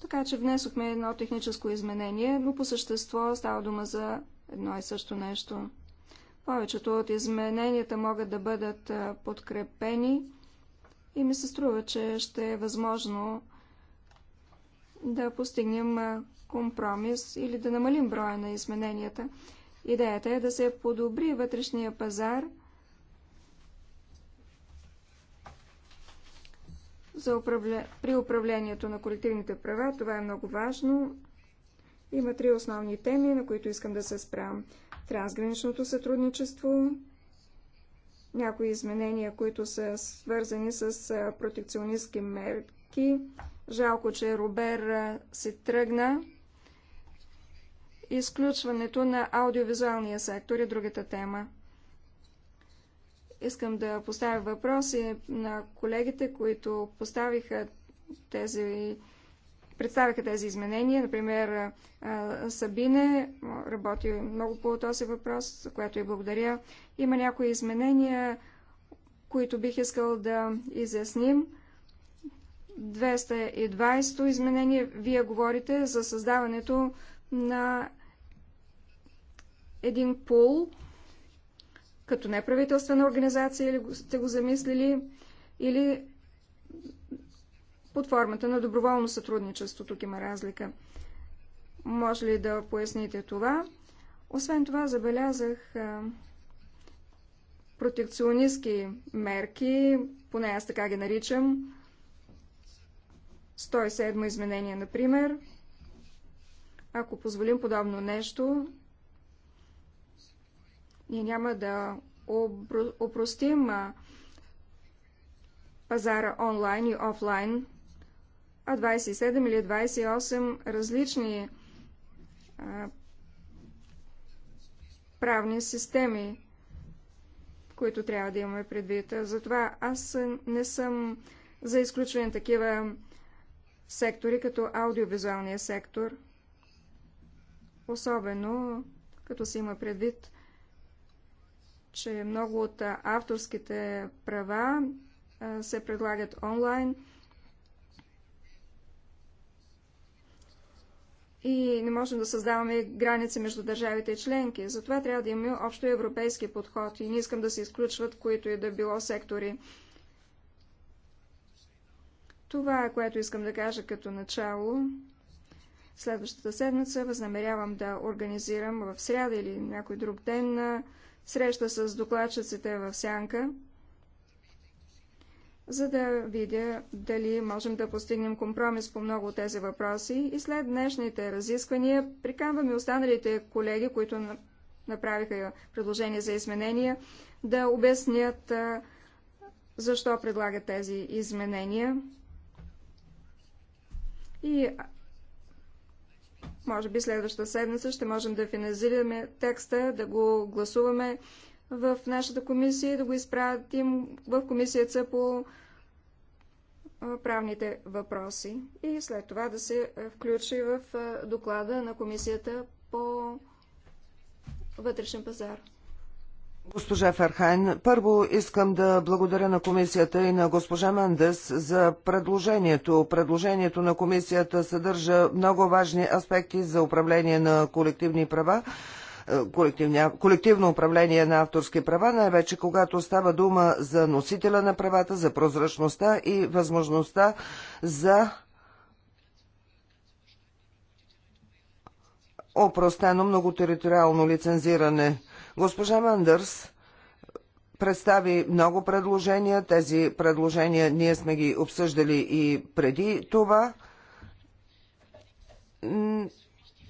Speaker 1: така че внесохме едно техническо изменение, но по същество става дума за едно и също нещо. Повечето от измененията могат да бъдат подкрепени и ми се струва, че ще е възможно да постигнем компромис или да намалим броя на измененията. Идеята е да се подобри вътрешния пазар за управля... при управлението на колективните права. Това е много важно. Има три основни теми, на които искам да се спрям трансграничното сътрудничество, някои изменения, които са свързани с протекционистски мерки. Жалко, че Робер се тръгна. Изключването на аудиовизуалния сектор е другата тема. Искам да поставя въпроси на колегите, които поставиха тези представяха тези изменения. Например, Сабине работи много по този въпрос, за което я благодаря. Има някои изменения, които бих искал да изясним. 220 изменение. Вие говорите за създаването на един пул като неправителствена организация или сте го замислили, или под формата на доброволно сътрудничество. Тук има разлика. Може ли да поясните това? Освен това, забелязах протекционистски мерки, поне аз така ги наричам. 107 изменение, например. Ако позволим подобно нещо, ние няма да опростим пазара онлайн и офлайн а 27 или 28 различни а, правни системи, които трябва да имаме предвид. Затова аз не съм за изключване такива сектори, като аудиовизуалния сектор, особено като се има предвид, че много от авторските права се предлагат онлайн – и не можем да създаваме граници между държавите и членки. Затова трябва да имаме общо европейски подход и не искам да се изключват които и да било сектори. Това е което искам да кажа като начало. Следващата седмица възнамерявам да организирам в сряда или някой друг ден среща с докладчиците в Сянка за да видя дали можем да постигнем компромис по много от тези въпроси. И след днешните разисквания приканваме останалите колеги, които направиха предложение за изменения, да обяснят защо предлагат тези изменения. И може би следващата седмица ще можем да финализираме текста, да го гласуваме в нашата комисия и да го изпратим в комисията по правните въпроси и след това да се включи в доклада на комисията по вътрешен пазар.
Speaker 3: Госпожа Ферхайн, първо искам да благодаря на комисията и на госпожа Мендес за предложението. Предложението на комисията съдържа много важни аспекти за управление на колективни права колективно управление на авторски права, най-вече когато става дума за носителя на правата, за прозрачността и възможността за опростено многотериториално лицензиране. Госпожа Мандърс представи много предложения. Тези предложения ние сме ги обсъждали и преди това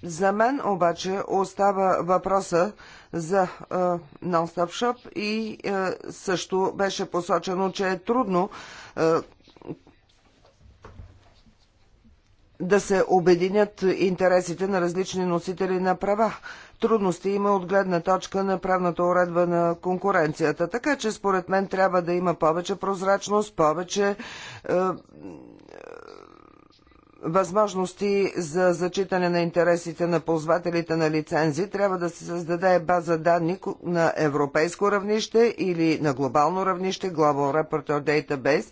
Speaker 3: за мен обаче остава въпроса за Non-Stop е, Shop и е, също беше посочено, че е трудно е, да се обединят интересите на различни носители на права. Трудности има от гледна точка на правната уредба на конкуренцията, така че според мен трябва да има повече прозрачност, повече възможности за зачитане на интересите на ползвателите на лицензи, трябва да се създаде база данни на европейско равнище или на глобално равнище, Global Reporter Database.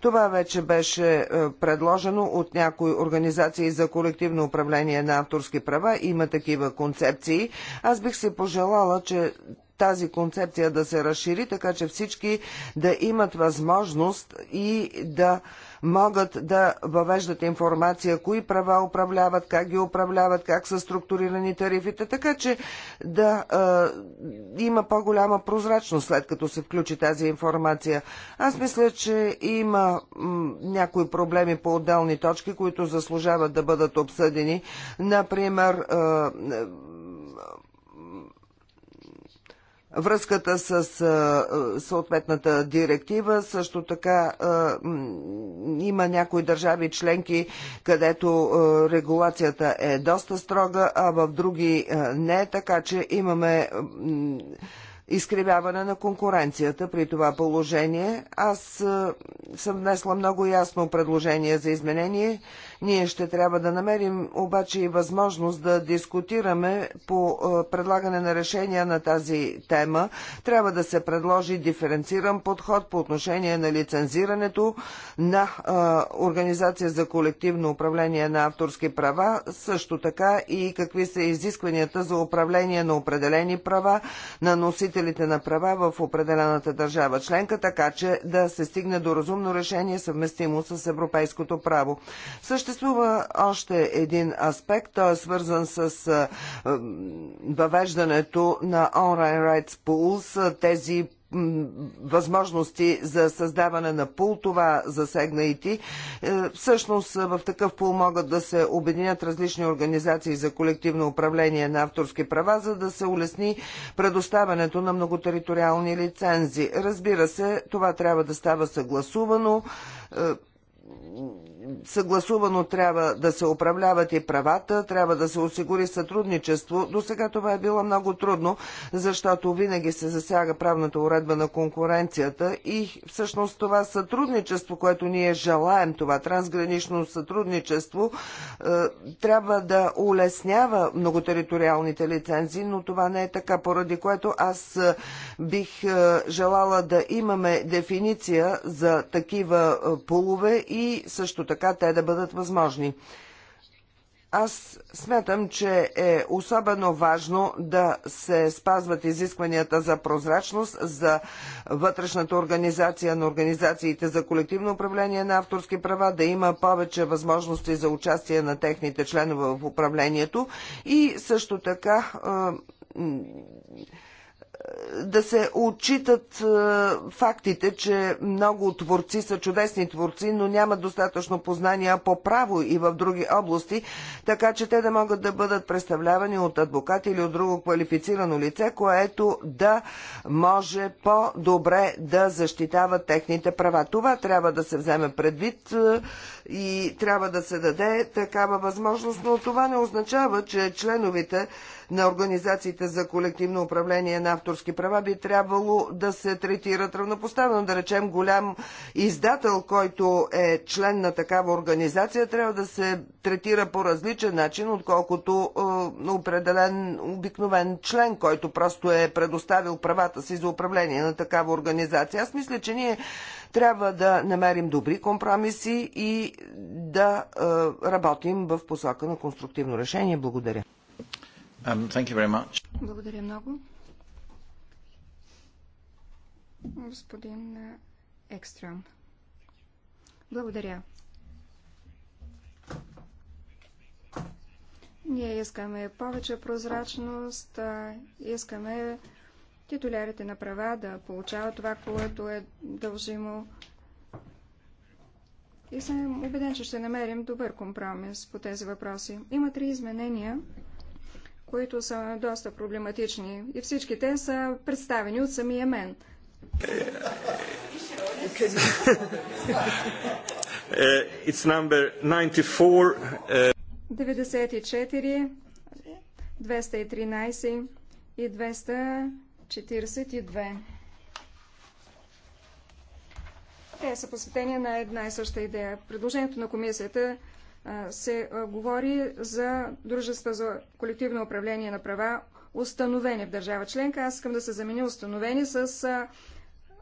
Speaker 3: Това вече беше е, предложено от някои организации за колективно управление на авторски права. Има такива концепции. Аз бих си пожелала, че тази концепция да се разшири, така че всички да имат възможност и да могат да въвеждат информация, кои права управляват, как ги управляват, как са структурирани тарифите, така че да а, има по-голяма прозрачност след като се включи тази информация. Аз мисля, че има някои проблеми по отделни точки, които заслужават да бъдат обсъдени. Например, а, връзката с съответната директива. Също така има някои държави членки, където регулацията е доста строга, а в други не, така че имаме изкривяване на конкуренцията при това положение. Аз е, съм внесла много ясно предложение за изменение. Ние ще трябва да намерим обаче и възможност да дискутираме по е, предлагане на решения на тази тема. Трябва да се предложи диференциран подход по отношение на лицензирането на е, Организация за колективно управление на авторски права, също така и какви са изискванията за управление на определени права на носители носителите на права в определената държава членка, така че да се стигне до разумно решение съвместимо с европейското право. Съществува още един аспект, той е свързан с въвеждането на Online Rights Pools, тези възможности за създаване на пул, това засегна и ти. Е, всъщност е, в такъв пул могат да се обединят различни организации за колективно управление на авторски права, за да се улесни предоставянето на многотериториални лицензи. Разбира се, това трябва да става съгласувано е, съгласувано трябва да се управляват и правата, трябва да се осигури сътрудничество. До сега това е било много трудно, защото винаги се засяга правната уредба на конкуренцията и всъщност това сътрудничество, което ние желаем, това трансгранично сътрудничество, е, трябва да улеснява многотериториалните лицензии, но това не е така, поради което аз е, бих е, желала да имаме дефиниция за такива полове и също така така те да бъдат възможни. Аз смятам, че е особено важно да се спазват изискванията за прозрачност, за вътрешната организация на организациите за колективно управление на авторски права, да има повече възможности за участие на техните членове в управлението и също така да се отчитат е, фактите, че много творци са чудесни творци, но нямат достатъчно познания по право и в други области, така че те да могат да бъдат представлявани от адвокат или от друго квалифицирано лице, което да може по-добре да защитава техните права. Това трябва да се вземе предвид е, и трябва да се даде такава възможност, но това не означава, че членовете на организациите за колективно управление на авторски права би трябвало да се третират равнопоставено. Да речем, голям издател, който е член на такава организация, трябва да се третира по различен начин, отколкото е, определен обикновен член, който просто е предоставил правата си за управление на такава организация. Аз мисля, че ние трябва да намерим добри компромиси и да е, работим в посока на конструктивно решение. Благодаря. Um,
Speaker 1: Благодаря много. Господин Екстрам. Благодаря. Ние искаме повече прозрачност, искаме титулярите на права да получават това, което е дължимо. И съм убеден, че ще намерим добър компромис по тези въпроси. Има три изменения, които са доста проблематични. И всички те са представени от самия мен.
Speaker 2: Uh, it's number 94.
Speaker 1: 94, 213 и 242. Те са посветени на една и съща идея. Предложението на комисията се говори за дружества за колективно управление на права, установени в държава членка. Аз искам да се замени установени с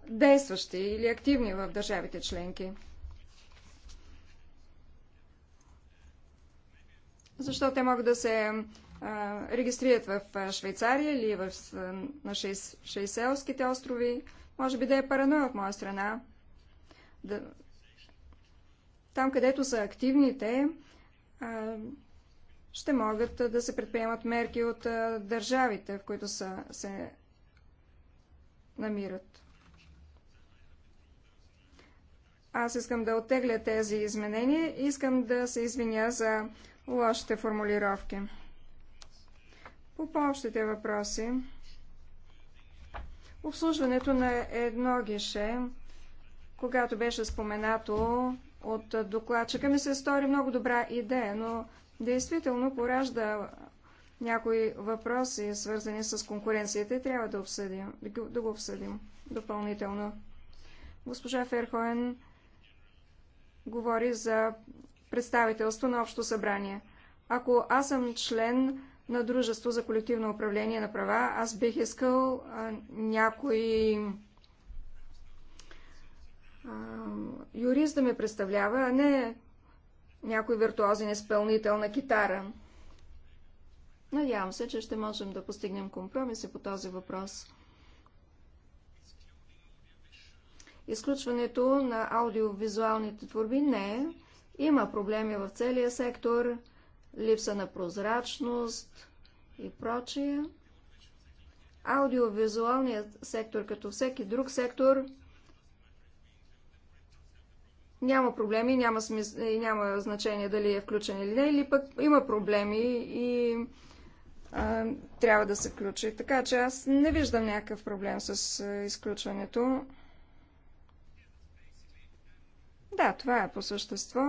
Speaker 1: действащи или активни в държавите членки. Защо те могат да се регистрират в Швейцария или в, на Шейселските острови. Може би да е параноя от моя страна. Да, там, където са активните, ще могат да се предприемат мерки от държавите, в които са, се намират. Аз искам да оттегля тези изменения и искам да се извиня за лошите формулировки. По по-общите въпроси. Обслужването на едно гише, когато беше споменато от докладчика ми се стори много добра идея, но действително поражда някои въпроси, свързани с конкуренцията и трябва да, обсъдим, да го обсъдим допълнително. Госпожа Ферхоен говори за представителство на общо събрание. Ако аз съм член на Дружество за колективно управление на права, аз бих искал а, някои юрист да ме представлява, а не някой виртуозен изпълнител на китара. Надявам се, че ще можем да постигнем компромиси по този въпрос. Изключването на аудиовизуалните творби не е. Има проблеми в целия сектор, липса на прозрачност и прочие. Аудиовизуалният сектор, като всеки друг сектор, няма проблеми, няма, смис... няма значение дали е включен или не, или пък има проблеми и а, трябва да се включи. Така че аз не виждам някакъв проблем с изключването. Да, това е по същество.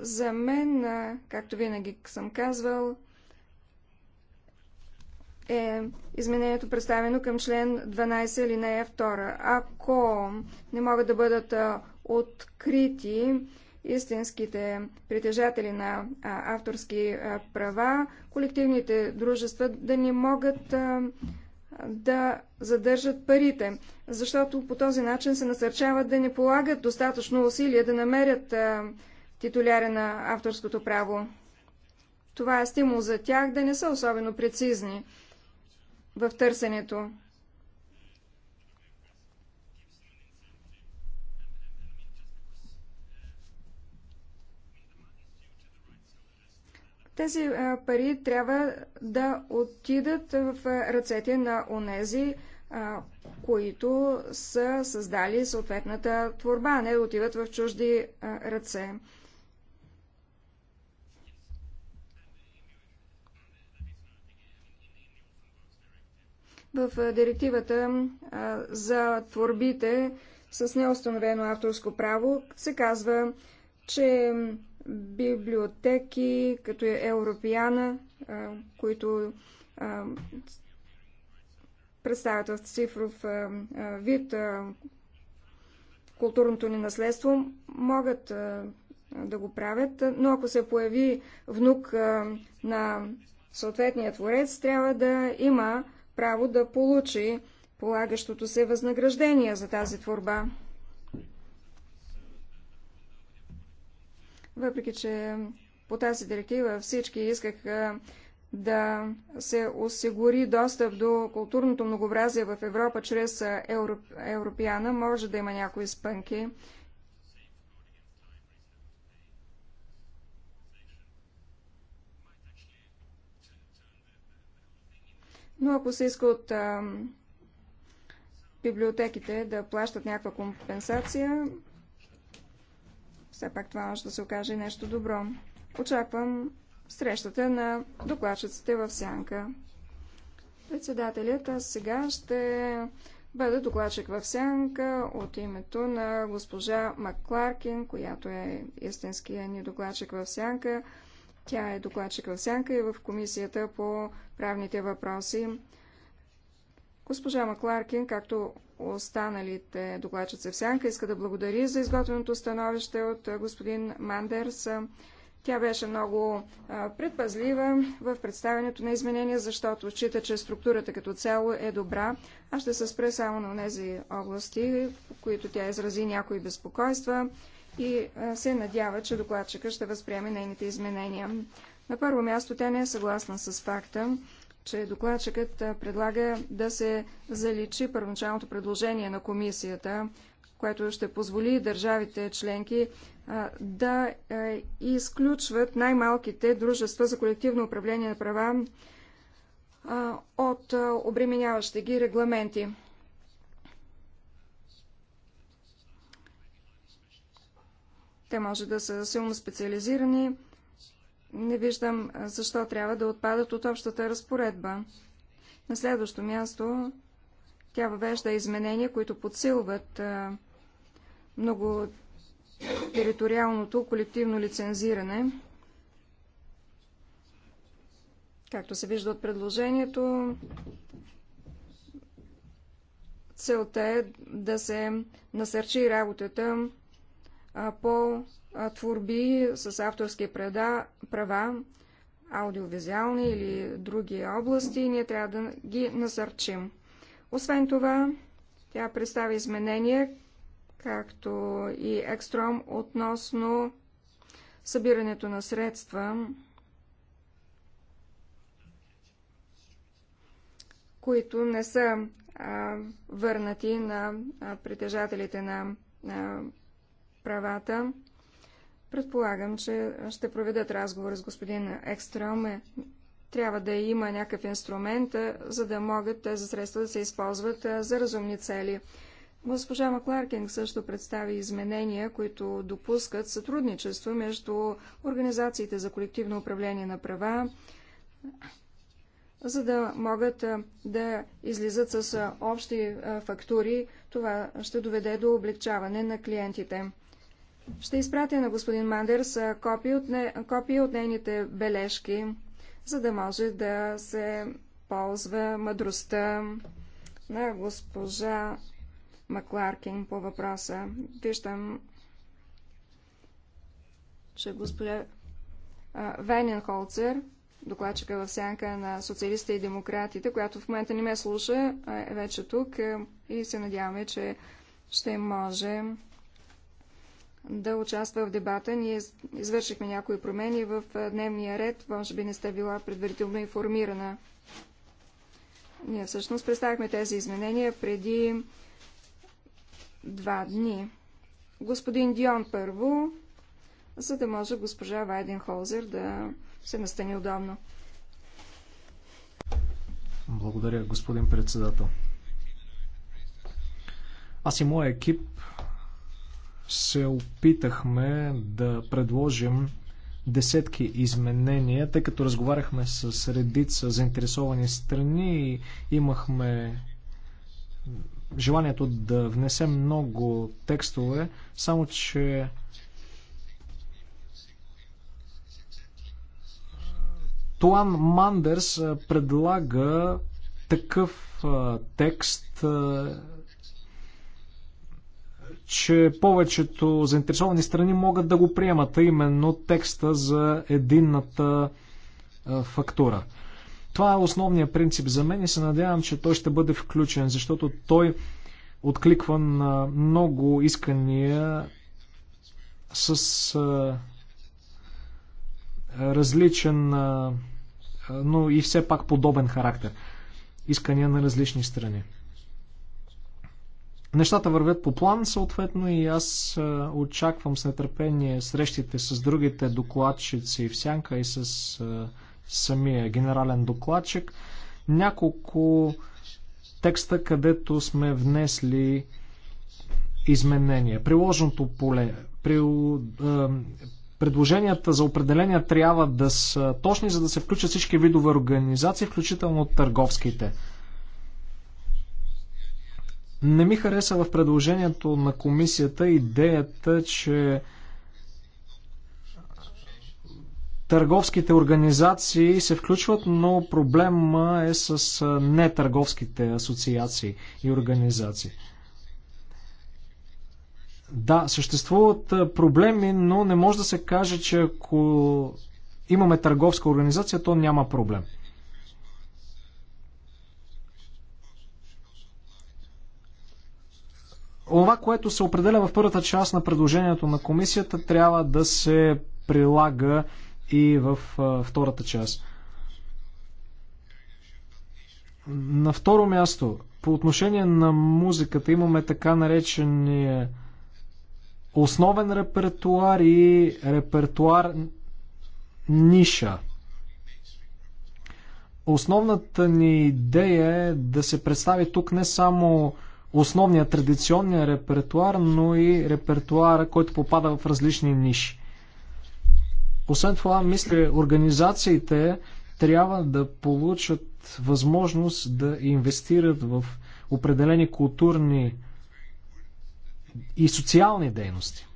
Speaker 1: За мен, както винаги съм казвал, е изменението представено към член 12 или не е 2. Ако не могат да бъдат открити истинските притежатели на авторски права, колективните дружества да не могат да задържат парите, защото по този начин се насърчават да не полагат достатъчно усилия да намерят титуляра на авторското право. Това е стимул за тях да не са особено прецизни в търсенето. Тези пари трябва да отидат в ръцете на онези, които са създали съответната творба, а не да отиват в чужди ръце. в директивата за творбите с неустановено авторско право се казва, че библиотеки, като е Европеяна, които представят в цифров вид културното ни наследство, могат да го правят, но ако се появи внук на съответния творец, трябва да има право да получи полагащото се възнаграждение за тази творба. Въпреки, че по тази директива всички искаха да се осигури достъп до културното многообразие в Европа чрез Европ... Европеяна, може да има някои спънки. но ако се иска от а, библиотеките да плащат някаква компенсация, все пак това може да се окаже нещо добро. Очаквам срещата на докладчиците в Сянка. Председателят, аз сега ще бъда докладчик в Сянка от името на госпожа Макларкин, която е истинския ни докладчик в Сянка. Тя е докладчик в Сянка и в Комисията по правните въпроси. Госпожа Макларкин, както останалите докладчици в Сянка, иска да благодари за изготвеното становище от господин Мандерс. Тя беше много предпазлива в представянето на изменения, защото счита, че структурата като цяло е добра. Аз ще се спре само на тези области, в които тя изрази някои безпокойства и се надява, че докладчика ще възприеме нейните изменения. На първо място тя не е съгласна с факта, че докладчикът предлага да се заличи първоначалното предложение на комисията, което ще позволи държавите членки да изключват най-малките дружества за колективно управление на права от обременяващи ги регламенти. Те може да са силно специализирани. Не виждам защо трябва да отпадат от общата разпоредба. На следващо място тя въвежда изменения, които подсилват много териториалното колективно лицензиране. Както се вижда от предложението, целта е да се насърчи работата по творби с авторски преда, права, аудиовизуални или други области и ние трябва да ги насърчим. Освен това, тя представи изменения, както и Екстром относно събирането на средства, които не са а, върнати на а, притежателите на, на правата. Предполагам, че ще проведат разговор с господин Екстром. Трябва да има някакъв инструмент, за да могат тези средства да се използват за разумни цели. Госпожа Макларкинг също представи изменения, които допускат сътрудничество между организациите за колективно управление на права, за да могат да излизат с общи фактури. Това ще доведе до облегчаване на клиентите. Ще изпратя на господин Мандерс копия от, не... копия от нейните бележки, за да може да се ползва мъдростта на госпожа Макларкин по въпроса. Виждам, че госпожа Вайненхолцер, докладчика в сянка на социалистите и демократите, която в момента не ме слуша, е вече тук и се надяваме, че ще може да участва в дебата. Ние извършихме някои промени в дневния ред. Може би не сте била предварително информирана. Ние всъщност представихме тези изменения преди два дни. Господин Дион първо, за да може госпожа Вайденхолзер да се настани удобно.
Speaker 2: Благодаря, господин председател. Аз и моя екип се опитахме да предложим десетки изменения, тъй като разговаряхме с редица заинтересовани страни и имахме желанието да внесем много текстове, само че Туан Мандерс предлага такъв текст че повечето заинтересовани страни могат да го приемат, а именно текста за единната фактура. Това е основният принцип за мен и се надявам, че той ще бъде включен, защото той откликва на много искания с различен, но и все пак подобен характер. Искания на различни страни. Нещата вървят по план, съответно и аз е, очаквам с нетърпение срещите с другите докладчици в Сянка и с е, самия генерален докладчик. Няколко текста, където сме внесли изменения. Приложното поле. При, е, предложенията за определения трябва да са точни, за да се включат всички видове организации, включително търговските. Не ми хареса в предложението на комисията идеята, че търговските организации се включват, но проблема е с нетърговските асоциации и организации. Да, съществуват проблеми, но не може да се каже, че ако имаме търговска организация, то няма проблем. това, което се определя в първата част на предложението на комисията, трябва да се прилага и в втората част. На второ място, по отношение на музиката имаме така наречения основен репертуар и репертуар ниша. Основната ни идея е да се представи тук не само основния традиционния репертуар, но и репертуара, който попада в различни ниши. Освен това, мисля, организациите трябва да получат възможност да инвестират в определени културни и социални дейности.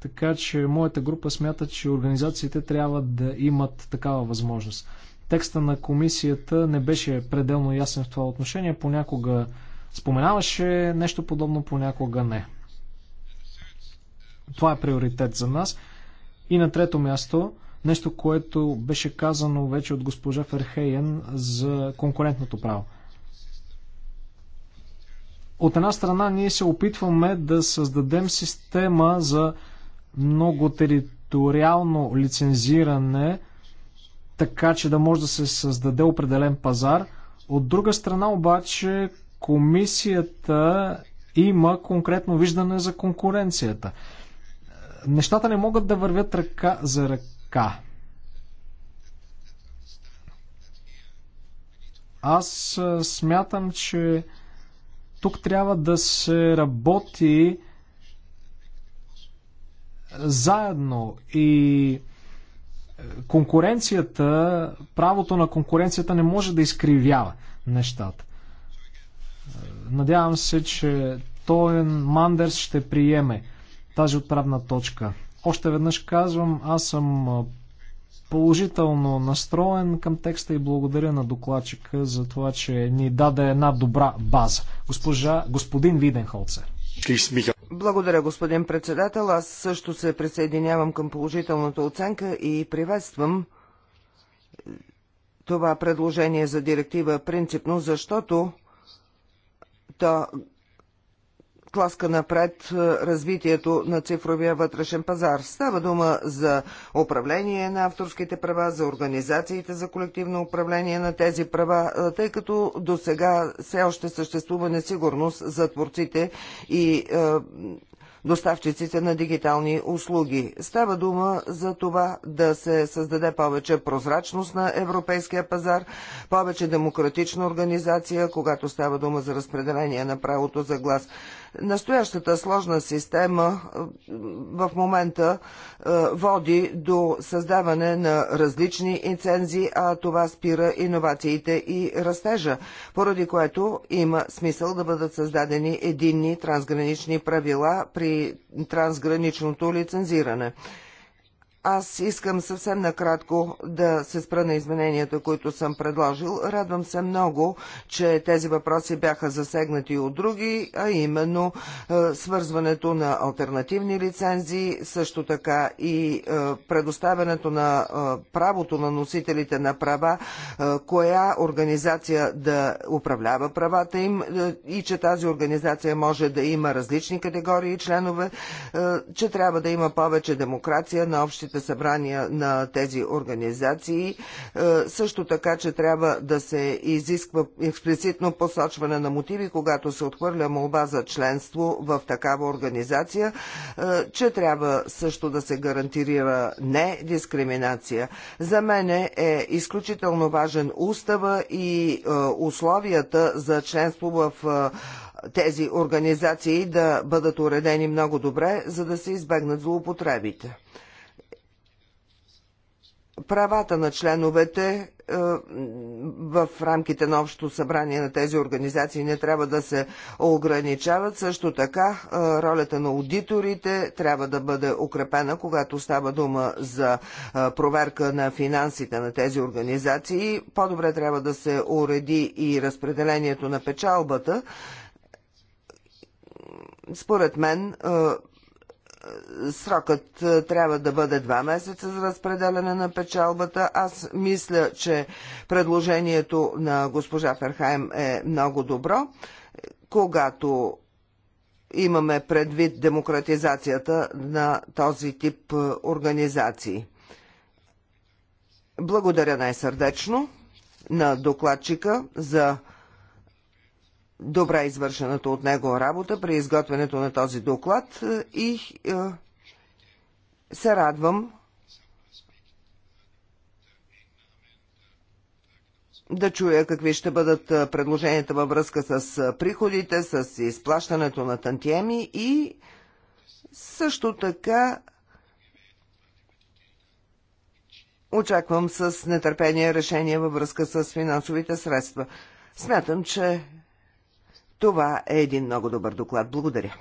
Speaker 2: Така че моята група смята, че организациите трябва да имат такава възможност. Текста на комисията не беше пределно ясен в това отношение. Понякога споменаваше нещо подобно, понякога не. Това е приоритет за нас. И на трето място, нещо, което беше казано вече от госпожа Ферхейен за конкурентното право. От една страна, ние се опитваме да създадем система за много териториално лицензиране, така че да може да се създаде определен пазар. От друга страна обаче комисията има конкретно виждане за конкуренцията. Нещата не могат да вървят ръка за ръка. Аз смятам, че тук трябва да се работи заедно и конкуренцията, правото на конкуренцията не може да изкривява нещата. Надявам се, че Тоен Мандерс ще приеме тази отправна точка. Още веднъж казвам, аз съм положително настроен към текста и благодаря на докладчика за това, че ни даде една добра база. Госпожа, господин Виденхолцер.
Speaker 3: Благодаря, господин председател. Аз също се присъединявам към положителната оценка и приветствам това предложение за директива принципно, защото то тласка напред е, развитието на цифровия вътрешен пазар. Става дума за управление на авторските права, за организациите за колективно управление на тези права, е, тъй като до сега все още съществува несигурност за творците и е, доставчиците на дигитални услуги. Става дума за това да се създаде повече прозрачност на европейския пазар, повече демократична организация, когато става дума за разпределение на правото за глас. Настоящата сложна система е, в момента е, води до създаване на различни инцензии, а това спира иновациите и растежа, поради което има смисъл да бъдат създадени единни трансгранични правила при трансграничното лицензиране. Аз искам съвсем накратко да се спра на измененията, които съм предложил. Радвам се много, че тези въпроси бяха засегнати от други, а именно е, свързването на альтернативни лицензии, също така и е, предоставянето на е, правото на носителите на права, е, коя организация да управлява правата им е, и че тази организация може да има различни категории членове, е, че трябва да има повече демокрация на общите общите събрания на тези организации. Е, също така, че трябва да се изисква експлицитно посочване на мотиви, когато се отхвърля молба за членство в такава организация, е, че трябва също да се гарантира не дискриминация. За мен е изключително важен устава и е, условията за членство в тези организации да бъдат уредени много добре, за да се избегнат злоупотребите правата на членовете е, в рамките на Общото събрание на тези организации не трябва да се ограничават. Също така е, ролята на аудиторите трябва да бъде укрепена, когато става дума за е, проверка на финансите на тези организации. По-добре трябва да се уреди и разпределението на печалбата. Според мен срокът е, трябва да бъде два месеца за разпределяне на печалбата. Аз мисля, че предложението на госпожа Ферхайм е много добро. Когато имаме предвид демократизацията на този тип е, организации. Благодаря най-сърдечно на докладчика за добре извършената от него работа при изготвянето на този доклад и е, се радвам да чуя какви ще бъдат е, предложенията във връзка с е, приходите, с изплащането на тантиеми и също така очаквам с нетърпение решение във връзка с финансовите средства. Смятам, че това е един много добър доклад. Благодаря.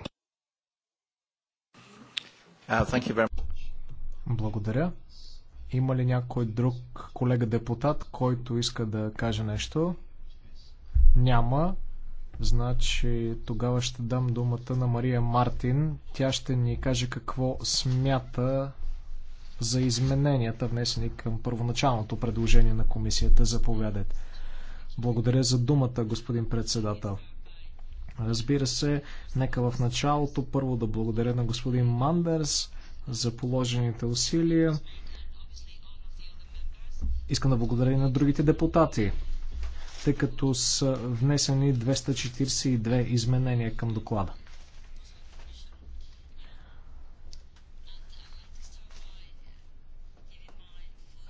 Speaker 3: Uh,
Speaker 2: Благодаря. Има ли някой друг колега депутат, който иска да каже нещо? Няма. Значи тогава ще дам думата на Мария Мартин. Тя ще ни каже какво смята за измененията, внесени към първоначалното предложение на комисията. Заповядайте. Благодаря за думата, господин председател. Разбира се, нека в началото първо да благодаря на господин Мандерс за положените усилия. Искам да благодаря и на другите депутати, тъй като са внесени 242 изменения към доклада.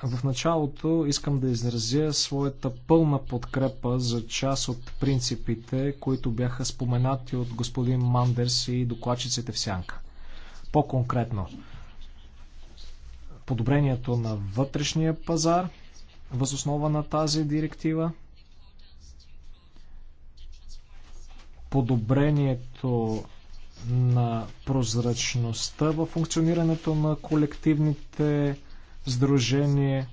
Speaker 2: В началото искам да изразя своята пълна подкрепа за част от принципите, които бяха споменати от господин Мандерс и докладчиците в Сянка. По-конкретно, подобрението на вътрешния пазар, възоснова на тази директива, подобрението на прозрачността във функционирането на колективните сдружение,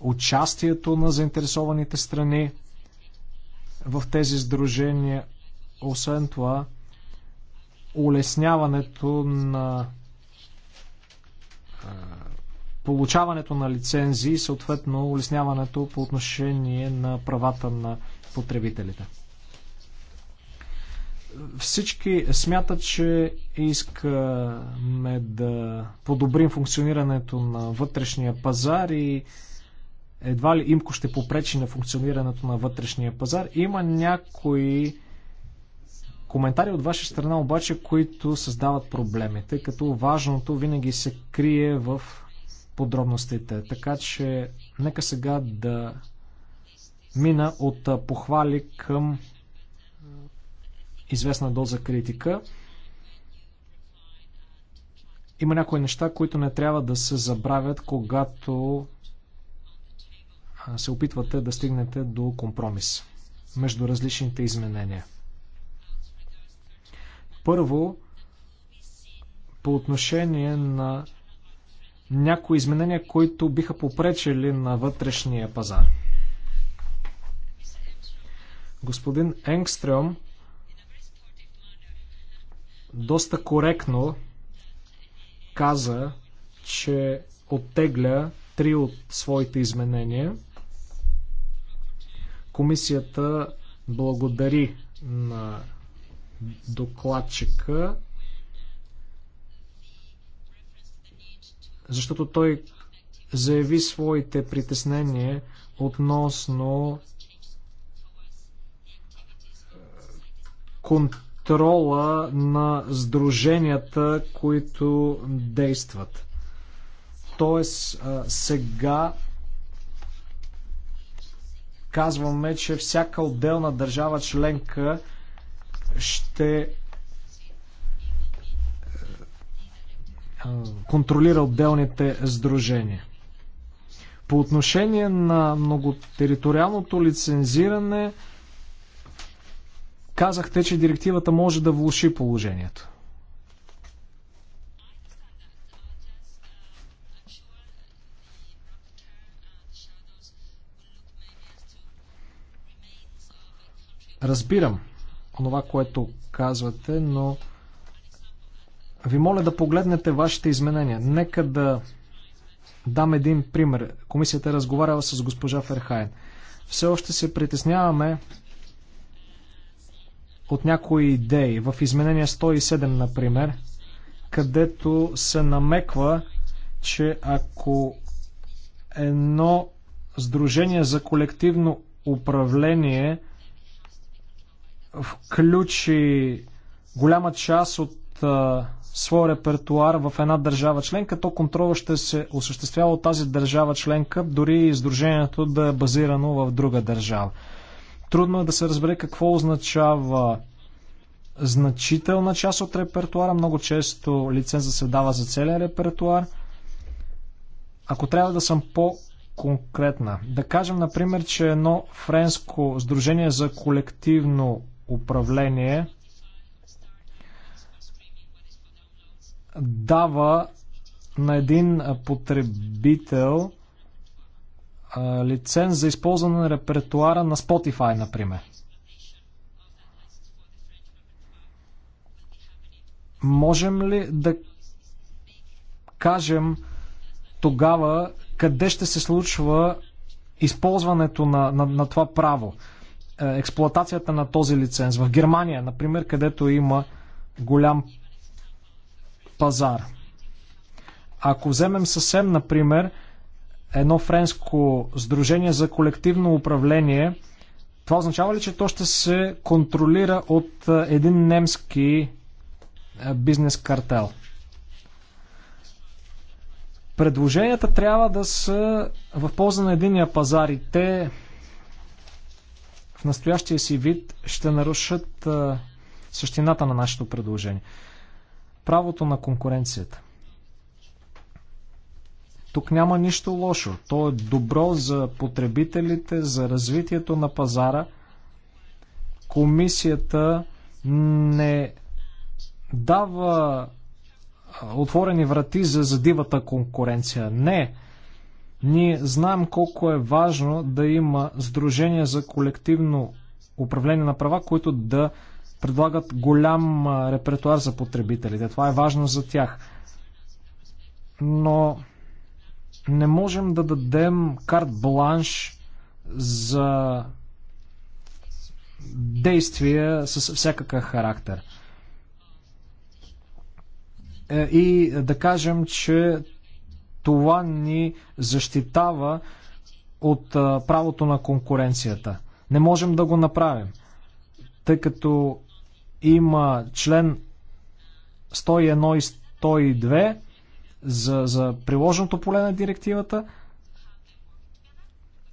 Speaker 2: участието на заинтересованите страни в тези сдружения, освен това, улесняването на получаването на лицензии и съответно улесняването по отношение на правата на потребителите. Всички смятат, че искаме да подобрим функционирането на вътрешния пазар и едва ли имко ще попречи на функционирането на вътрешния пазар. Има някои коментари от ваша страна обаче, които създават проблеми, тъй като важното винаги се крие в подробностите. Така че нека сега да мина от похвали към известна доза критика. Има някои неща, които не трябва да се забравят, когато се опитвате да стигнете до компромис между различните изменения. Първо, по отношение на някои изменения, които биха попречили на вътрешния пазар. Господин Енгстрем доста коректно каза, че оттегля три от своите изменения. Комисията благодари на докладчика, защото той заяви своите притеснения относно контекста контрола на сдруженията, които действат. Тоест, сега казваме, че всяка отделна държава членка ще контролира отделните сдружения. По отношение на многотериториалното лицензиране, Казахте, че директивата може да влуши положението. Разбирам онова, което казвате, но ви моля да погледнете вашите изменения. Нека да дам един пример. Комисията е разговаряла с госпожа Ферхайн. Все още се притесняваме от някои идеи. В изменение 107, например, където се намеква, че ако едно сдружение за колективно управление включи голяма част от а, своя репертуар в една държава членка, то контрола ще се осъществява от тази държава членка, дори и издружението да е базирано в друга държава. Трудно е да се разбере какво означава значителна част от репертуара. Много често лиценза се дава за целия репертуар. Ако трябва да съм по конкретна. Да кажем, например, че едно френско сдружение за колективно управление дава на един потребител лиценз за използване на репертуара на Spotify, например. Можем ли да кажем тогава къде ще се случва използването на, на, на това право, е, експлоатацията на този лиценз? В Германия, например, където има голям пазар. Ако вземем съвсем, например, едно френско сдружение за колективно управление, това означава ли, че то ще се контролира от един немски бизнес картел? Предложенията трябва да са в полза на единия пазар и те в настоящия си вид ще нарушат същината на нашето предложение. Правото на конкуренцията. Тук няма нищо лошо. То е добро за потребителите, за развитието на пазара. Комисията не дава отворени врати за, задивата конкуренция. Не. Ние знаем колко е важно да има сдружения за колективно управление на права, които да предлагат голям репертуар за потребителите. Това е важно за тях. Но не можем да дадем карт бланш за действия с всякакъв характер. Е, и да кажем, че това ни защитава от правото на конкуренцията. Не можем да го направим, тъй като има член 101 и 102, за, за приложеното поле на директивата.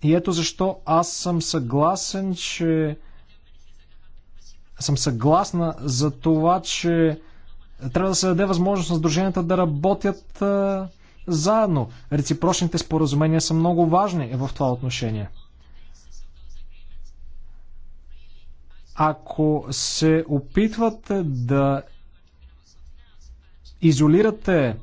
Speaker 2: И ето защо аз съм съгласен, че съм съгласна за това, че трябва да се даде възможност на сдруженията да работят а, заедно. Реципрочните споразумения са много важни в това отношение. Ако се опитвате да изолирате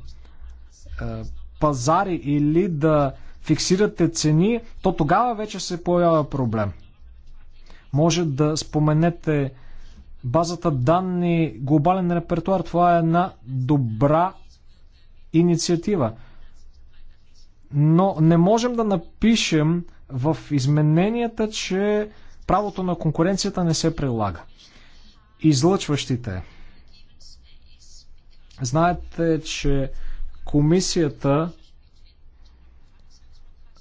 Speaker 2: е, пазари или да фиксирате цени, то тогава вече се появява проблем. Може да споменете базата данни, глобален репертуар. Това е една добра инициатива. Но не можем да напишем в измененията, че правото на конкуренцията не се прилага. Излъчващите. Знаете, че Комисията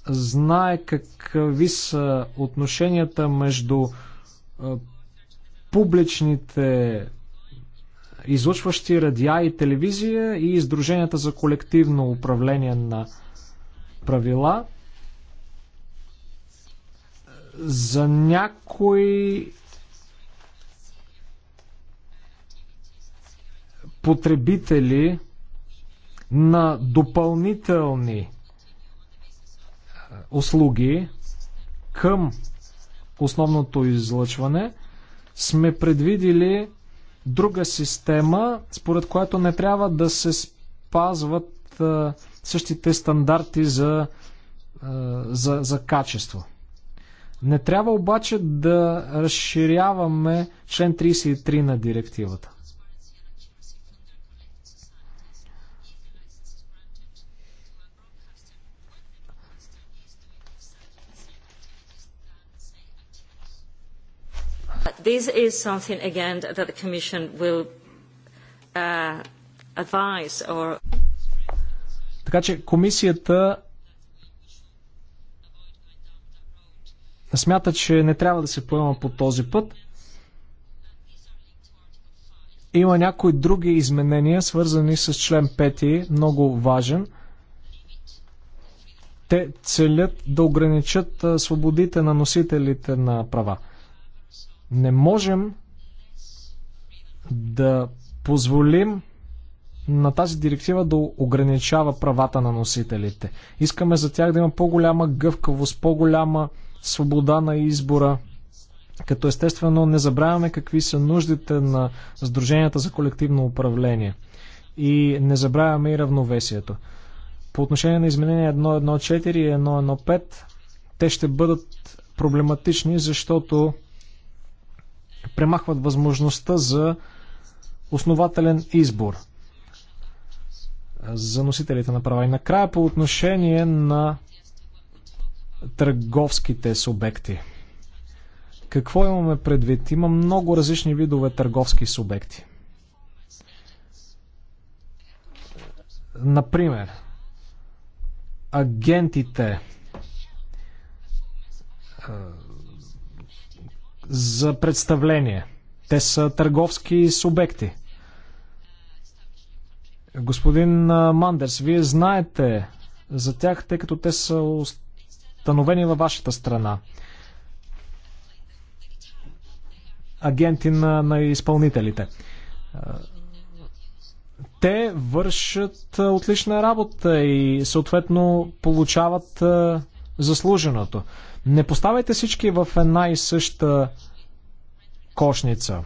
Speaker 2: знае какви са отношенията между публичните излъчващи радиа и телевизия и издруженията за колективно управление на правила. За някои потребители на допълнителни е, услуги към основното излъчване, сме предвидили друга система, според която не трябва да се спазват е, същите стандарти за, е, за, за качество. Не трябва обаче да разширяваме член 33 на директивата.
Speaker 1: this is something, again, that the Commission will uh, advise or...
Speaker 2: Така че комисията смята, че не трябва да се поема по този път. Има някои други изменения, свързани с член 5, много важен. Те целят да ограничат свободите на носителите на права. Не можем да позволим на тази директива да ограничава правата на носителите. Искаме за тях да има по-голяма гъвкавост, по-голяма свобода на избора, като естествено не забравяме какви са нуждите на Сдруженията за колективно управление и не забравяме и равновесието. По отношение на изменения 1.1.4 и 1.1.5, те ще бъдат проблематични, защото премахват възможността за основателен избор за носителите на права. И накрая по отношение на търговските субекти. Какво имаме предвид? Има много различни видове търговски субекти. Например, агентите, за представление. Те са търговски субекти. Господин Мандерс, вие знаете за тях, тъй като те са установени във вашата страна. Агенти на, на изпълнителите. Те вършат отлична работа и съответно получават заслуженото. Не поставяйте всички в една и съща кошница.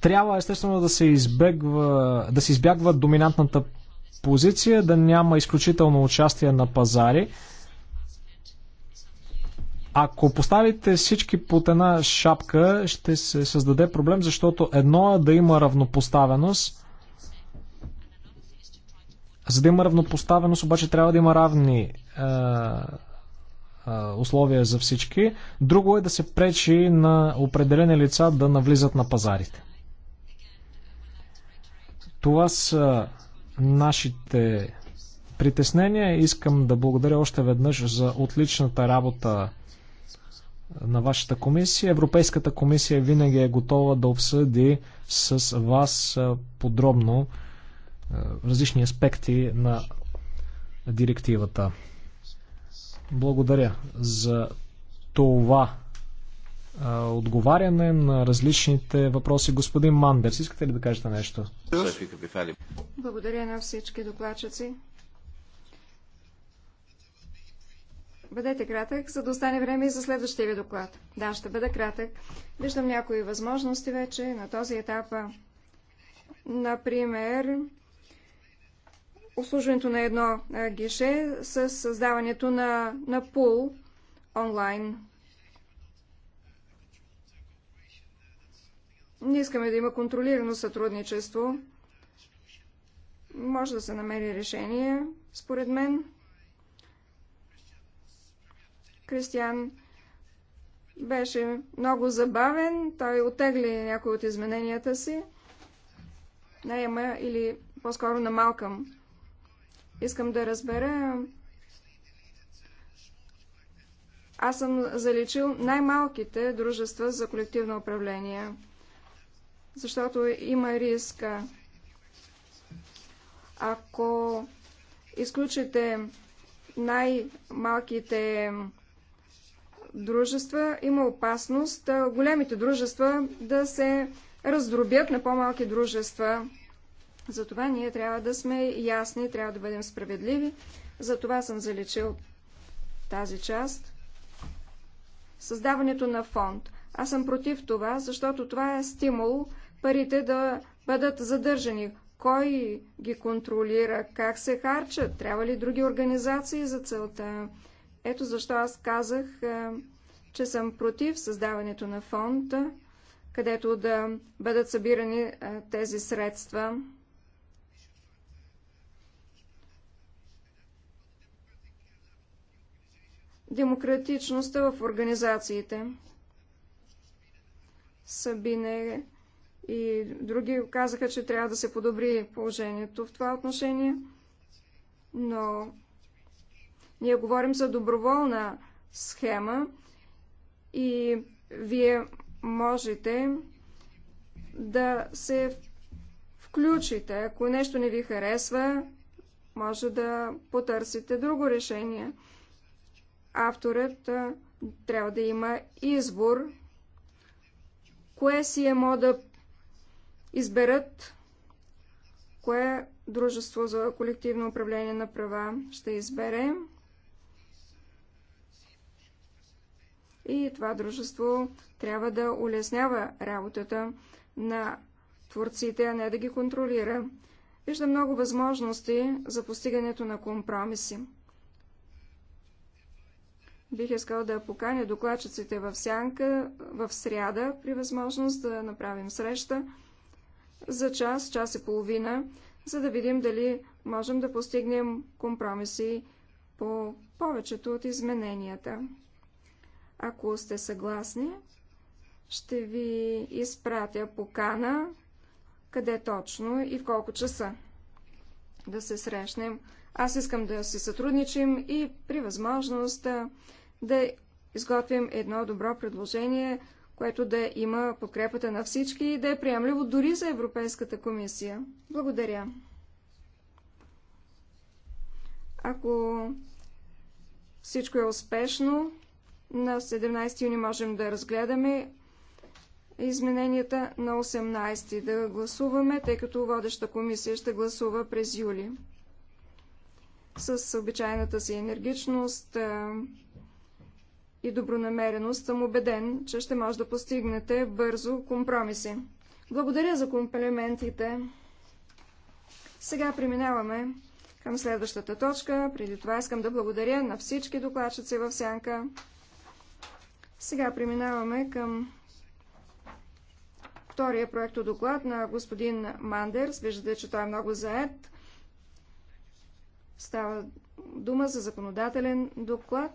Speaker 2: Трябва естествено да се избегва, да се избягва доминантната позиция, да няма изключително участие на пазари. Ако поставите всички под една шапка, ще се създаде проблем, защото едно е да има равнопоставеност, за да има равнопоставеност, обаче трябва да има равни е, е, условия за всички. Друго е да се пречи на определени лица да навлизат на пазарите. Това са нашите притеснения. Искам да благодаря още веднъж за отличната работа на вашата комисия. Европейската комисия винаги е готова да обсъди с вас е, подробно е, различни аспекти на директивата. Благодаря за това е, отговаряне на различните въпроси. Господин Мандерс, искате ли да кажете нещо?
Speaker 1: Благодаря на всички докладчици. Бъдете кратък, за да остане време и за следващия ви доклад. Да, ще бъда кратък. Виждам някои възможности вече на този етап. Например, обслужването на едно гише с създаването на, на пул онлайн. Не искаме да има контролирано сътрудничество. Може да се намери решение, според мен. Кристиан беше много забавен. Той отегли някои от измененията си. Не, има или по-скоро на Малкъм. Искам да разбера. Аз съм заличил най-малките дружества за колективно управление, защото има риска. Ако изключите най-малките дружества, има опасност големите дружества да се раздробят на по-малки дружества. Затова ние трябва да сме ясни, трябва да бъдем справедливи. Затова съм заличил тази част. Създаването на фонд. Аз съм против това, защото това е стимул парите да бъдат задържани. Кой ги контролира? Как се харчат? Трябва ли други организации за целта? Ето защо аз казах, е, че съм против създаването на фонда, където да бъдат събирани е, тези средства. демократичността в организациите. Сабине и други казаха, че трябва да се подобри положението в това отношение, но ние говорим за доброволна схема и вие можете да се включите. Ако нещо не ви харесва, може да потърсите друго решение авторът трябва да има избор, кое си е мода да изберат, кое дружество за колективно управление на права ще избере. И това дружество трябва да улеснява работата на творците, а не да ги контролира. Вижда много възможности за постигането на компромиси. Бих искал да поканя докладчиците в сянка в сряда, при възможност да направим среща за час, час и половина, за да видим дали можем да постигнем компромиси по повечето от измененията. Ако сте съгласни, ще ви изпратя покана къде точно и в колко часа да се срещнем. Аз искам да си сътрудничим и при възможност да, да изготвим едно добро предложение, което да има подкрепата на всички и да е приемливо дори за Европейската комисия. Благодаря. Ако всичко е успешно, на 17 юни можем да разгледаме измененията на 18 да гласуваме, тъй като водеща комисия ще гласува през юли. С обичайната си енергичност, и добронамереност съм убеден, че ще може да постигнете бързо компромиси. Благодаря за комплиментите. Сега преминаваме към следващата точка. Преди това искам да благодаря на всички докладчици в Сянка. Сега преминаваме към втория проекто доклад на господин Мандерс. Виждате, че той е много заед. Става дума за законодателен доклад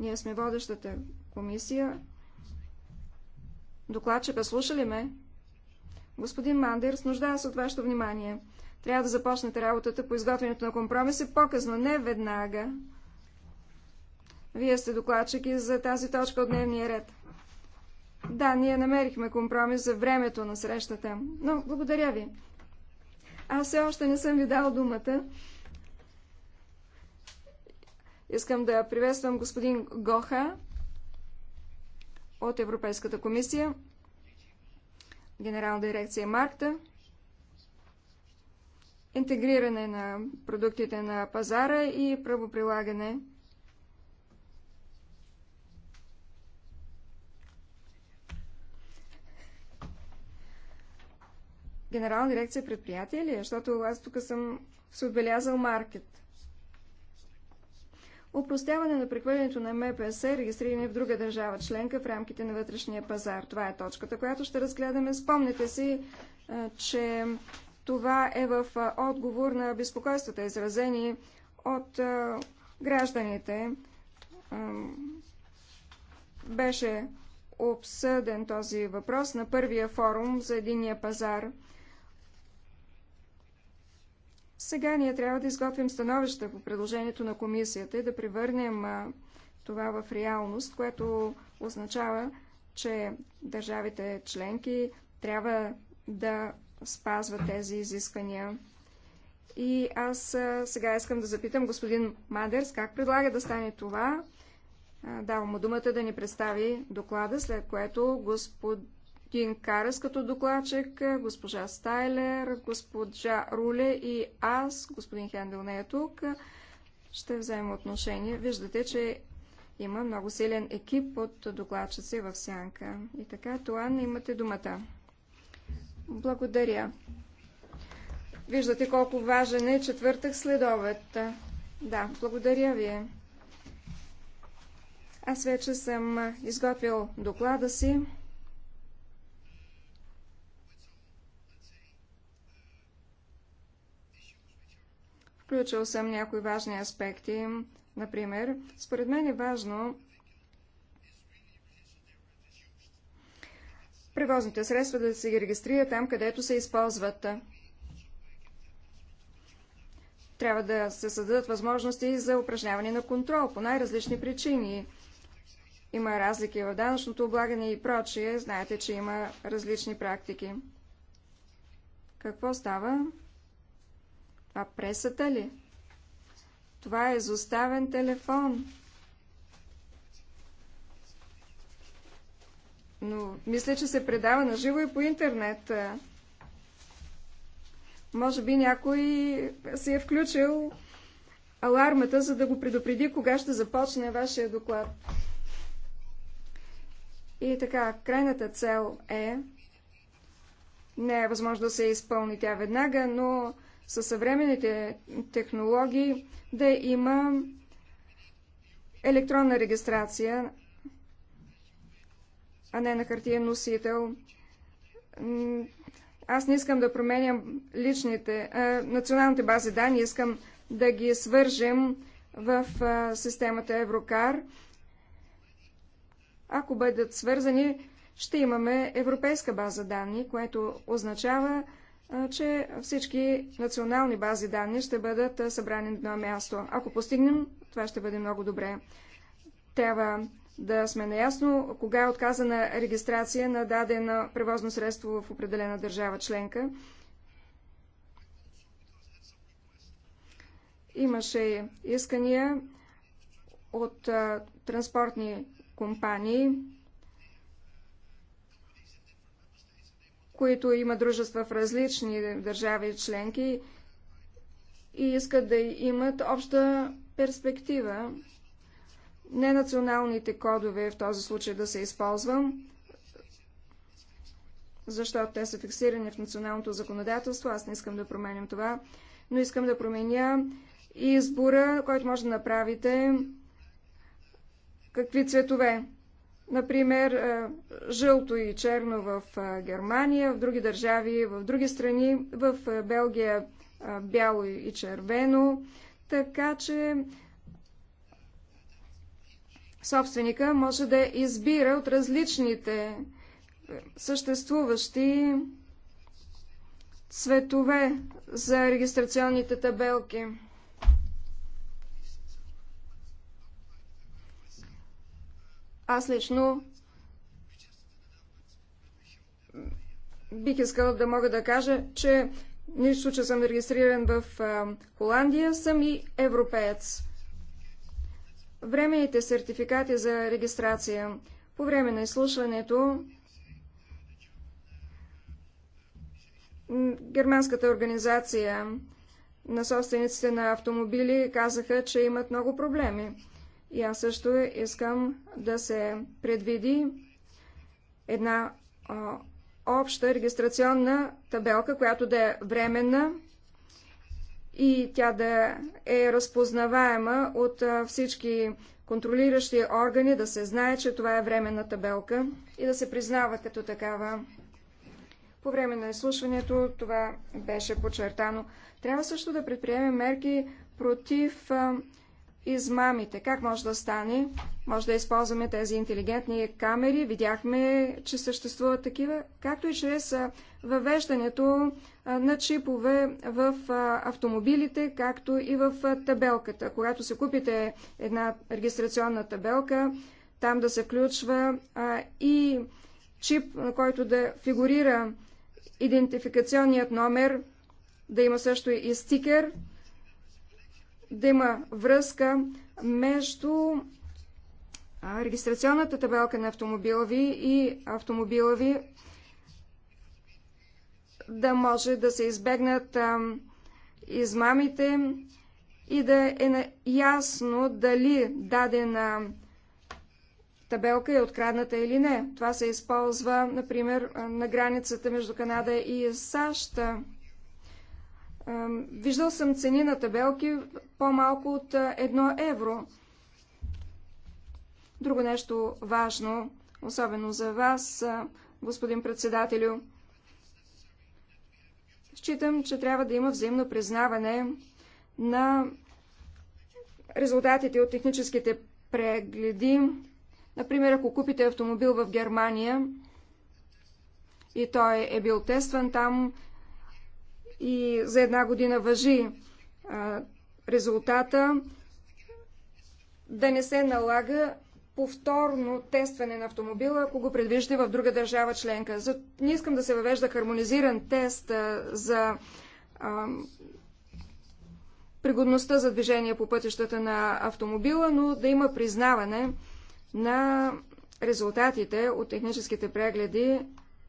Speaker 1: ние сме водещата комисия. Докладчика, слушали ме? Господин Мандерс, нуждая се от вашето внимание. Трябва да започнете работата по изготвянето на компромиси по-късно, не веднага. Вие сте докладчики за тази точка от дневния ред. Да, ние намерихме компромис за времето на срещата, но благодаря ви. Аз все още не съм ви дал думата. Искам да приветствам господин Гоха от Европейската комисия, Генерална дирекция Маркта, интегриране на продуктите на пазара и правоприлагане. Генерална дирекция предприятия ли? Е? Защото аз тук съм се отбелязал маркет. Опростяване на прехвърлянето на МПС, регистриране в друга държава членка в рамките на вътрешния пазар. Това е точката, която ще разгледаме. Спомнете си, че това е в отговор на безпокойствата, изразени от гражданите. Беше обсъден този въпрос на първия форум за единия пазар – сега ние трябва да изготвим становища по предложението на комисията и да превърнем това в реалност, което означава, че държавите членки трябва да спазват тези изисквания. И аз сега искам да запитам господин Мадерс как предлага да стане това. Давам му думата да ни представи доклада, след което господ господин Карас като докладчик, госпожа Стайлер, госпожа Руле и аз, господин Хендел не е тук, ще взема отношение. Виждате, че има много силен екип от докладчици в сянка. И така, Туан, имате думата. Благодаря. Виждате колко важен е четвъртък следовет. Да, благодаря ви. Аз вече съм изготвил доклада си. Включил съм някои важни аспекти. Например, според мен е важно превозните средства да се ги регистрира там, където се използват. Трябва да се създадат възможности за упражняване на контрол по най-различни причини. Има разлики в данъчното облагане и прочие. Знаете, че има различни практики. Какво става? Това пресата ли? Това е изоставен телефон. Но мисля, че се предава на живо и по интернет. Може би някой си е включил алармата, за да го предупреди кога ще започне вашия доклад. И така, крайната цел е... Не е възможно да се изпълни тя веднага, но със съвременните технологии да има електронна регистрация, а не на хартиен носител. Аз не искам да променям личните, а, националните бази данни, искам да ги свържем в а, системата Еврокар. Ако бъдат свързани, ще имаме европейска база данни, което означава, че всички национални бази данни ще бъдат събрани на място. Ако постигнем, това ще бъде много добре. Трябва да сме наясно кога е отказана регистрация на дадено превозно средство в определена държава членка. Имаше искания от транспортни компании които има дружества в различни държави членки и искат да имат обща перспектива. Не националните кодове в този случай да се използвам, защото те са фиксирани в националното законодателство. Аз не искам да променям това, но искам да променя избора, който може да направите какви цветове Например, е, жълто и черно в е, Германия, в други държави, в други страни, в е, Белгия бяло и червено. Така че собственика може да избира от различните съществуващи цветове за регистрационните табелки. Аз лично бих искала да мога да кажа, че нищо, че съм регистриран в Холандия, съм и европеец. Времените сертификати за регистрация. По време на изслушването германската организация на собствениците на автомобили казаха, че имат много проблеми. И аз също искам да се предвиди една а, обща регистрационна табелка, която да е временна и тя да е разпознаваема от а, всички контролиращи органи, да се знае, че това е временна табелка и да се признава като такава. По време на изслушването това беше подчертано. Трябва също да предприемем мерки против а, измамите. Как може да стане? Може да използваме тези интелигентни камери. Видяхме, че съществуват такива, както и чрез въвеждането на чипове в автомобилите, както и в табелката. Когато се купите една регистрационна табелка, там да се включва и чип, на който да фигурира идентификационният номер, да има също и стикер – да има връзка между регистрационната табелка на автомобила ви и автомобила ви да може да се избегнат а, измамите и да е ясно дали дадена табелка е открадната или не. Това се използва, например, на границата между Канада и САЩ. Виждал съм цени на табелки по-малко от 1 евро. Друго нещо важно, особено за вас, господин председателю. Считам, че трябва да има взаимно признаване на резултатите от техническите прегледи. Например, ако купите автомобил в Германия и той е бил тестван там, и за една година въжи а, резултата, да не се налага повторно тестване на автомобила, ако го предвиждате в друга държава членка. За... Не искам да се въвежда хармонизиран тест а, за а, пригодността за движение по пътищата на автомобила, но да има признаване на резултатите от техническите прегледи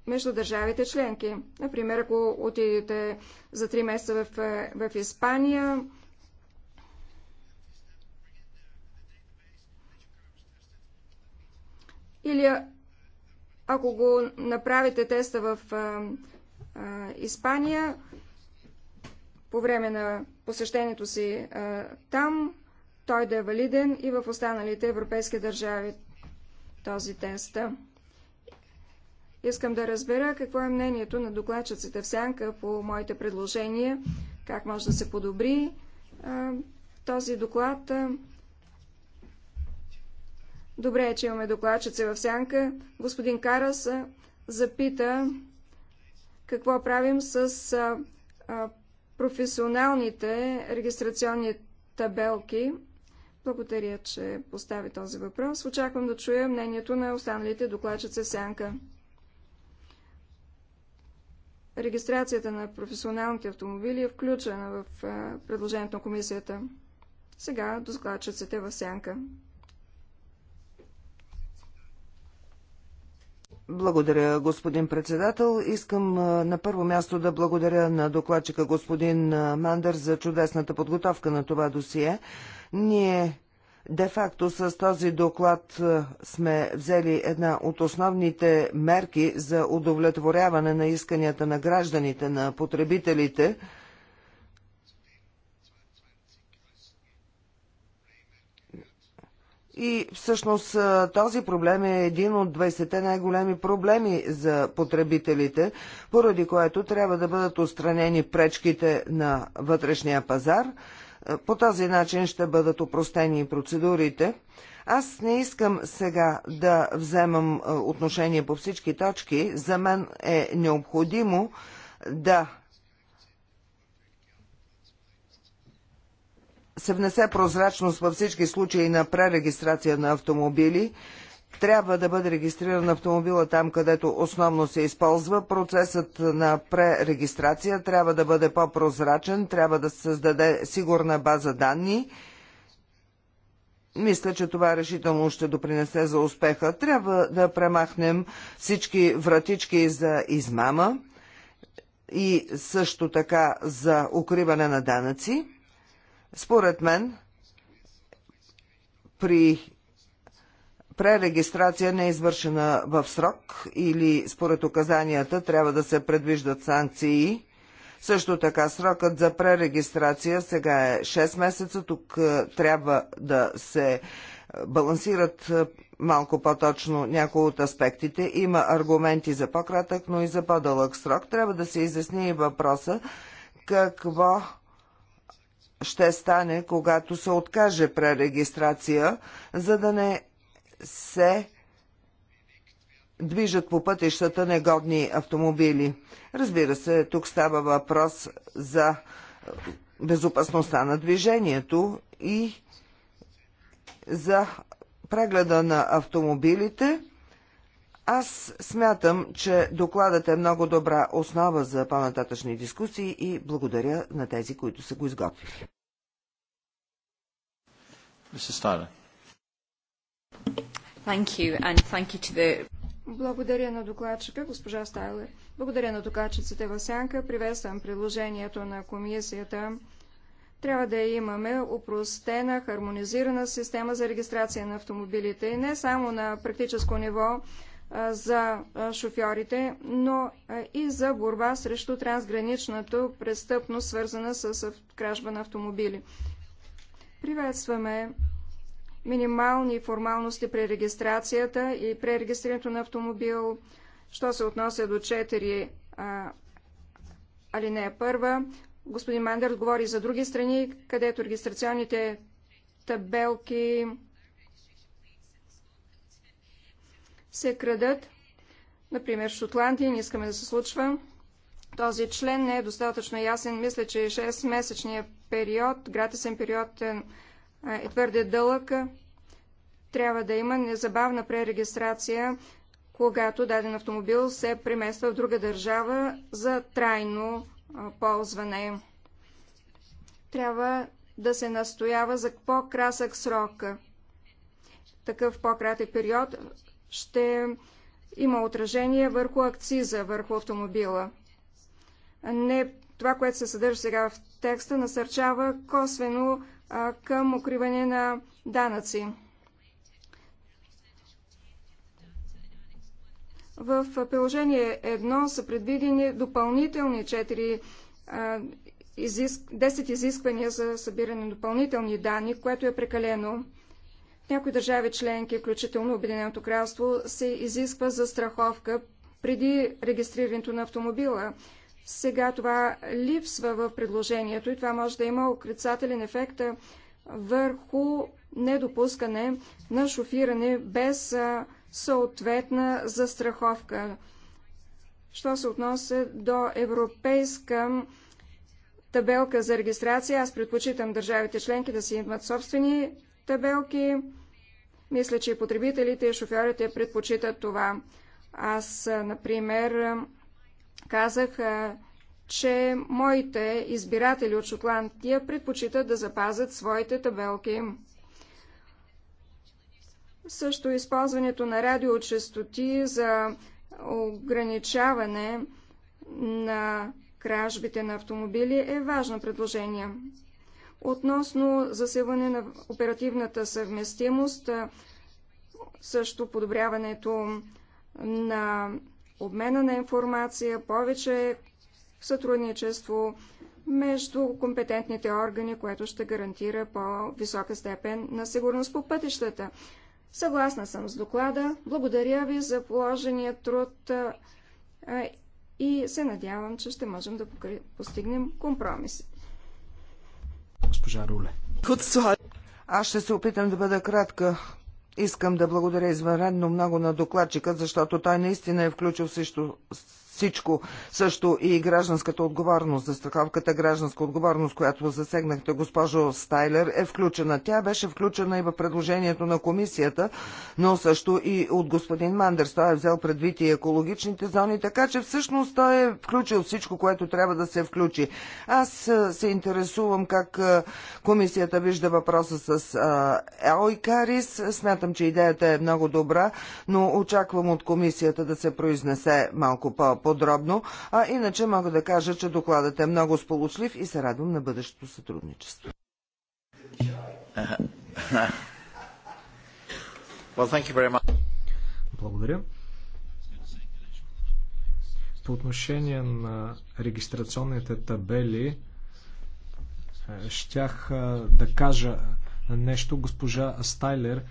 Speaker 1: между държавите членки. Например, ако отидете за 3 месеца в, в Испания, или ако го направите теста в а, а, Испания, по време на посещението си а, там, той да е валиден и в останалите европейски държави този тест. Искам да разбера какво е мнението на докладчиците в сянка по моите предложения, как може да се подобри а, този доклад. Добре е, че имаме докладчици в сянка. Господин Карас запита какво правим с а, а, професионалните регистрационни табелки. Благодаря, че постави този въпрос. Очаквам да чуя мнението на останалите докладчици в сянка регистрацията на професионалните автомобили е включена в предложението на комисията. Сега складчиците в сянка.
Speaker 3: Благодаря, господин председател. Искам на първо място да благодаря на докладчика господин Мандър за чудесната подготовка на това досие. Ние Де-факто с този доклад е, сме взели една от основните мерки за удовлетворяване на исканията на гражданите, на потребителите. И всъщност е, този проблем е един от 20-те най-големи проблеми за потребителите, поради което трябва да бъдат устранени пречките на вътрешния пазар – по този начин ще бъдат опростени процедурите. Аз не искам сега да вземам е, отношение по всички точки. За мен е необходимо да се внесе прозрачност във всички случаи на пререгистрация на автомобили трябва да бъде регистриран автомобила там, където основно се използва. Процесът на пререгистрация трябва да бъде по-прозрачен, трябва да се създаде сигурна база данни. Мисля, че това решително ще допринесе за успеха. Трябва да премахнем всички вратички за измама и също така за укриване на данъци. Според мен, при пререгистрация не е извършена в срок или според указанията трябва да се предвиждат санкции. Също така срокът за пререгистрация сега е 6 месеца. Тук е, трябва да се е, балансират е, малко по-точно някои от аспектите. Има аргументи за по-кратък, но и за по-дълъг срок. Трябва да се изясни и въпроса какво ще стане, когато се откаже пререгистрация, за да не се движат по пътищата негодни автомобили. Разбира се, тук става въпрос за безопасността на движението и за прегледа на автомобилите. Аз смятам, че докладът е много добра основа за по-нататъчни дискусии и благодаря на тези, които са го изготвили. Mrs. Tyler. Thank
Speaker 1: you and thank you to the... Благодаря на докладчика, госпожа Стайле. Благодаря на докладчиците в Сянка. Приветствам предложението на комисията. Трябва да имаме упростена, хармонизирана система за регистрация на автомобилите. И не само на практическо ниво за шофьорите, но и за борба срещу трансграничната престъпност, свързана с кражба на автомобили. Приветстваме минимални формалности при регистрацията и при регистрирането на автомобил, що се отнася до 4 а, алинея първа. Господин Мандер говори за други страни, където регистрационните табелки се крадат. Например, в Шотландия не искаме да се случва. Този член не е достатъчно ясен. Мисля, че 6-месечният период, гратисен период е е твърде дълъг, трябва да има незабавна пререгистрация, когато даден автомобил се премества в друга държава за трайно ползване. Трябва да се настоява за по-красък срок. Такъв по-кратък период ще има отражение върху акциза, върху автомобила. Не това, което се съдържа сега в текста, насърчава косвено към укриване на данъци. В приложение 1 са предвидени допълнителни 4, 10 изисквания за събиране на допълнителни данни, което е прекалено. В някои държави членки, включително Обединеното кралство, се изисква за страховка преди регистрирането на автомобила. Сега това липсва в предложението и това може да има отрицателен ефект върху недопускане на шофиране без съответна застраховка. Що се относи до европейска табелка за регистрация, аз предпочитам държавите членки да си имат собствени табелки. Мисля, че и потребителите и шофьорите предпочитат това. Аз, например, Казах, че моите избиратели от Шотландия предпочитат да запазят своите табелки. Също използването на радиочастоти за ограничаване на кражбите на автомобили е важно предложение. Относно засилване на оперативната съвместимост, също подобряването на обмена на информация, повече сътрудничество между компетентните органи, което ще гарантира по-висока степен на сигурност по пътищата. Съгласна съм с доклада. Благодаря ви за положения труд и се надявам, че ще можем да постигнем компромиси.
Speaker 3: Госпожа Руле. Аз ще се опитам да бъда кратка. Искам да благодаря извънредно много на докладчика, защото той наистина е включил всичко всичко. Също и гражданската отговорност, застраховката гражданска отговорност, която засегнахте, госпожо Стайлер, е включена. Тя беше включена и в предложението на комисията, но също и от господин Мандерс. Той е взел предвид и екологичните зони, така че всъщност той е включил всичко, което трябва да се включи. Аз се интересувам как комисията вижда въпроса с Карис. Смятам, че идеята е много добра, но очаквам от комисията да се произнесе малко по по по-подробно, а иначе мога да кажа, че докладът е много сполучлив и се радвам на бъдещото сътрудничество.
Speaker 2: Well, Благодаря. По отношение на регистрационните табели, е, щях е, да кажа нещо. Госпожа Стайлер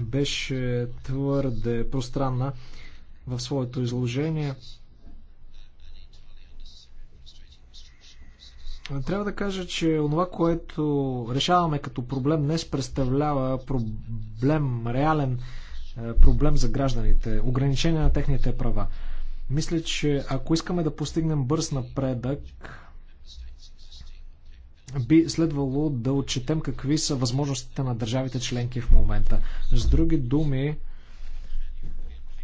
Speaker 2: беше твърде пространна в своето изложение. Трябва да кажа, че това, което решаваме като проблем днес, представлява проблем, реален е, проблем за гражданите, ограничение на техните права. Мисля, че ако искаме да постигнем бърз напредък, би следвало да отчетем какви са възможностите на държавите членки в момента. С други думи,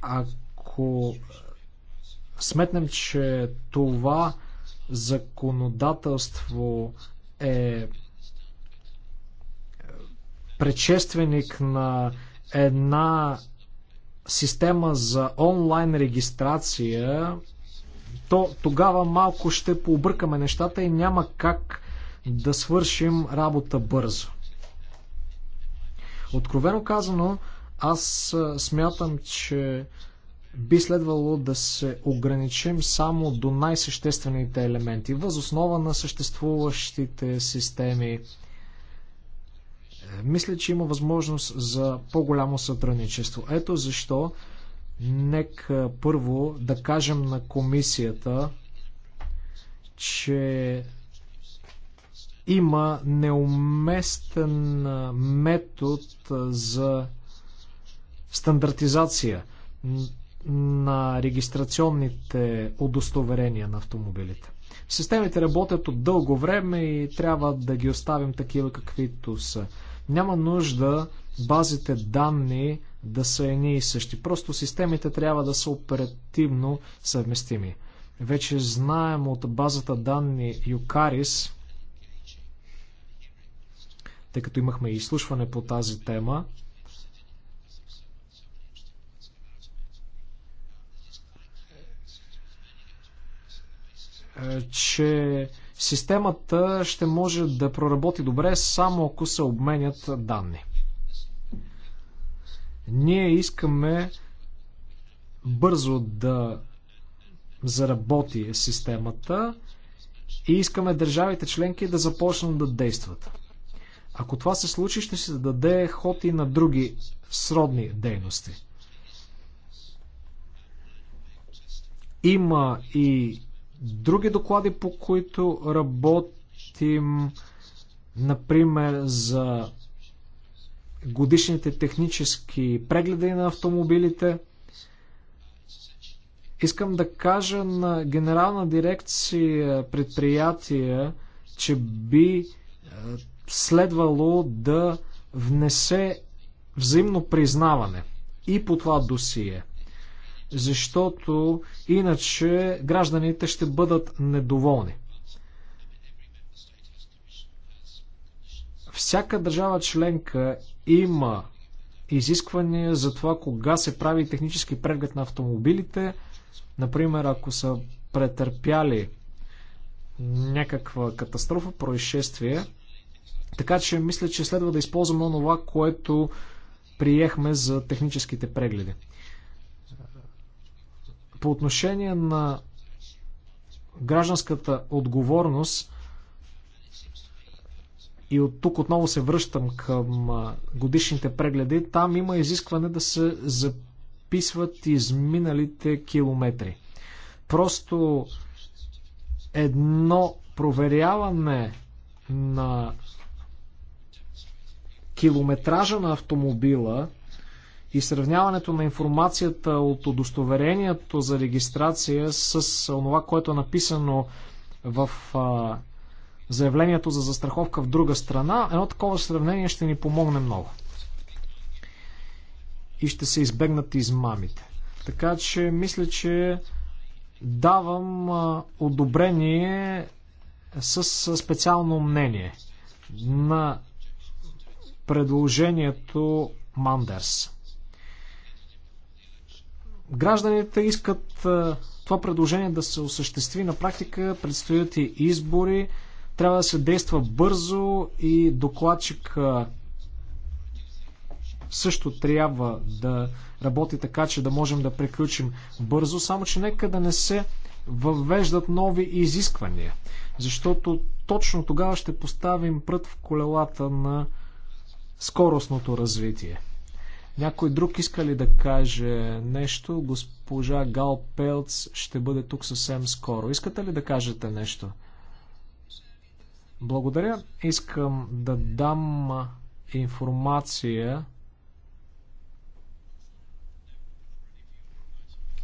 Speaker 2: ако ако сметнем, че това законодателство е предшественик на една система за онлайн регистрация, то тогава малко ще пообъркаме нещата и няма как да свършим работа бързо. Откровено казано, аз смятам, че би следвало да се ограничим само до най-съществените елементи, възоснова на съществуващите системи. Е, мисля, че има възможност за по-голямо сътрудничество. Ето защо нека първо да кажем на комисията, че има неуместен метод за стандартизация на регистрационните удостоверения на автомобилите. Системите работят от дълго време и трябва да ги оставим такива каквито са. Няма нужда базите данни да са едни и същи. Просто системите трябва да са оперативно съвместими. Вече знаем от базата данни Юкарис, тъй като имахме и изслушване по тази тема, Е, че системата ще може да проработи добре само ако се обменят данни. Ние искаме бързо да заработи системата и искаме държавите членки да започнат да действат. Ако това се случи, ще се даде ход и на други сродни дейности. Има и други доклади, по които работим, например за годишните технически прегледи на автомобилите. Искам да кажа на генерална дирекция предприятия, че би е, следвало да внесе взаимно признаване и по това досие – защото иначе гражданите ще бъдат недоволни. Всяка държава членка има изисквания за това кога се прави технически преглед на автомобилите. Например, ако са претърпяли някаква катастрофа, происшествие. Така че мисля, че следва да използваме онова, което приехме за техническите прегледи. По отношение на гражданската отговорност и от тук отново се връщам към годишните прегледи, там има изискване да се записват изминалите километри. Просто едно проверяване на километража на автомобила и сравняването на информацията от удостоверението за регистрация с това, което е написано в а, заявлението за застраховка в друга страна, едно такова сравнение ще ни помогне много. И ще се избегнат измамите. Така че мисля, че давам а, одобрение с специално мнение на предложението Мандерс. Гражданите искат е, това предложение да се осъществи на практика, предстоят и избори, трябва да се действа бързо и докладчик е, също трябва да работи така, че да можем да приключим бързо, само че нека да не се въвеждат нови изисквания, защото точно тогава ще поставим прът в колелата на скоростното развитие. Някой друг иска ли да каже нещо? Госпожа Гал Пелц ще бъде тук съвсем скоро. Искате ли да кажете нещо? Благодаря. Искам да дам информация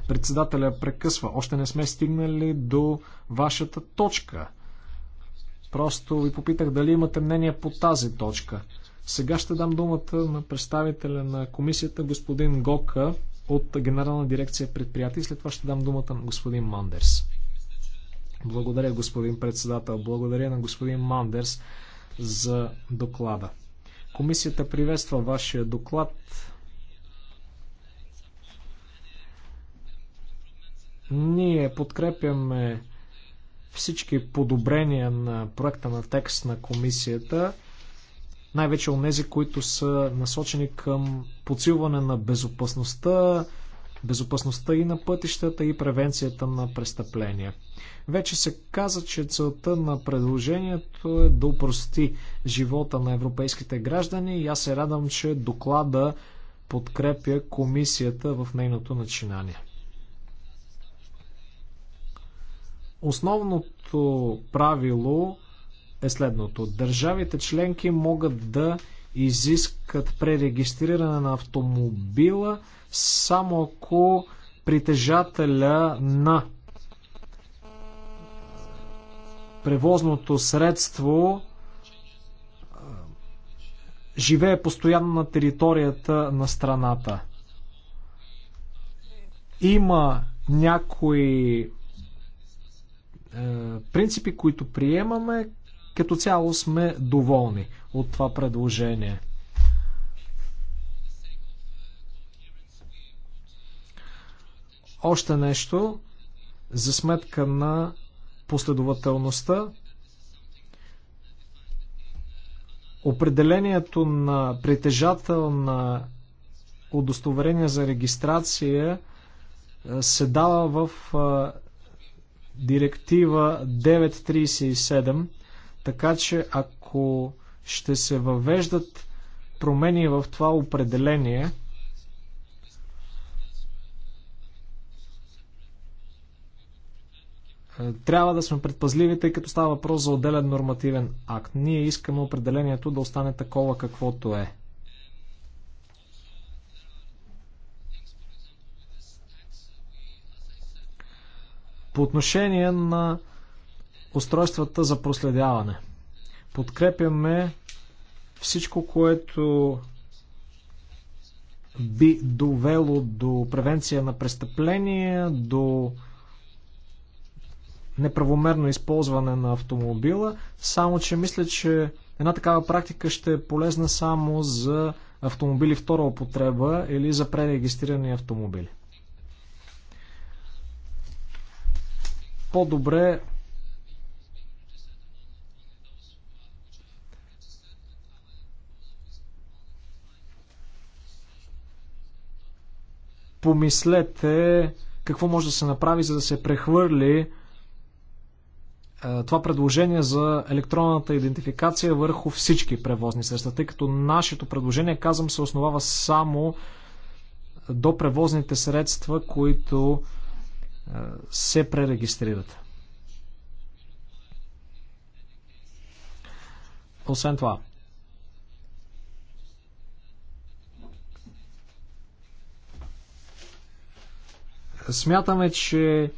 Speaker 2: председателя прекъсва. Още не сме стигнали до вашата точка. Просто ви попитах дали имате мнение по тази точка. Сега ще дам думата на представителя на комисията господин Гока от Генерална дирекция предприятия. След това ще дам думата на господин Мандерс. Благодаря, господин председател. Благодаря на господин Мандерс за доклада. Комисията приветства вашия доклад. Ние подкрепяме всички подобрения на проекта на текст на комисията най-вече от тези, които са насочени към подсилване на безопасността, безопасността и на пътищата и превенцията на престъпления. Вече се каза, че целта на предложението е да упрости живота на европейските граждани и аз се радвам, че доклада подкрепя комисията в нейното начинание. Основното правило е следното. Държавите членки могат да изискат пререгистриране на автомобила само ако притежателя на превозното средство живее постоянно на територията на страната. Има някои е, принципи, които приемаме, като цяло сме доволни от това предложение. Още нещо за сметка на последователността. Определението на притежател на удостоверение за регистрация е, се дава в е, директива 937 така че ако ще се въвеждат промени в това определение, е, трябва да сме предпазливи, тъй като става въпрос за отделен нормативен акт. Ние искаме определението да остане такова каквото е. По отношение на устройствата за проследяване. Подкрепяме всичко, което би довело до превенция на престъпления, до неправомерно използване на автомобила, само че мисля, че една такава практика ще е полезна само за автомобили втора употреба или за пререгистрирани автомобили. По-добре помислете какво може да се направи, за да се прехвърли е, това предложение за електронната идентификация върху всички превозни средства, тъй като нашето предложение, казвам, се основава само до превозните средства, които е, се пререгистрират. Освен това, Смятаме, че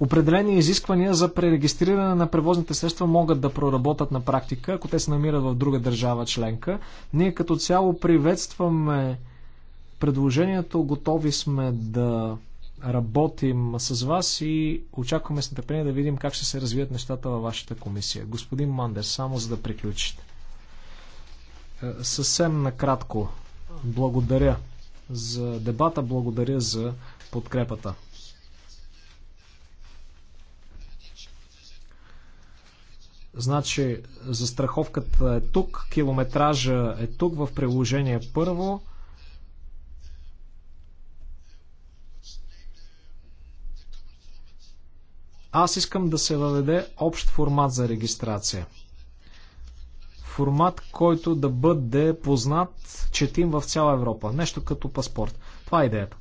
Speaker 2: определени изисквания за пререгистриране на превозните средства могат да проработят на практика, ако те се намират в друга държава членка. Ние като цяло приветстваме предложението, готови сме да работим с вас и очакваме с нетърпение да видим как ще се развият нещата във вашата комисия. Господин Мандер, само за да приключите. Е, съвсем накратко, благодаря за дебата, благодаря за подкрепата. Значи, застраховката е тук, километража е тук в приложение първо. Аз искам да се въведе общ формат за регистрация. Формат, който да бъде познат, четим в цяла Европа. Нещо като паспорт. Това е идеята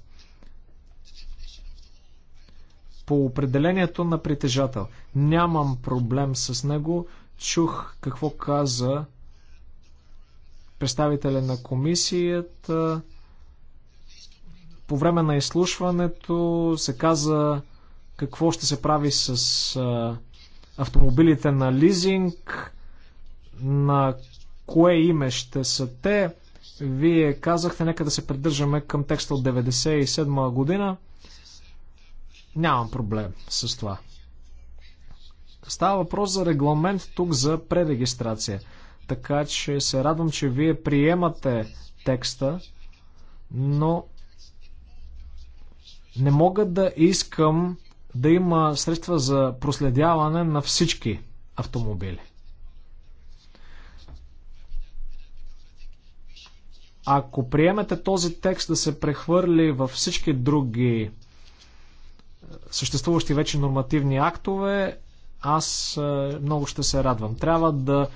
Speaker 2: по определението на притежател. Нямам проблем с него. Чух какво каза представителя на комисията. По време на изслушването се каза какво ще се прави с автомобилите на лизинг, на кое име ще са те. Вие казахте, нека да се придържаме към текста от 1997 година. Нямам проблем с това. Става въпрос за регламент тук за пререгистрация. Така че се радвам, че вие приемате текста, но не мога да искам да има средства за проследяване на всички автомобили. Ако приемете този текст да се прехвърли във всички други съществуващи вече нормативни актове, аз е, много ще се радвам. Трябва да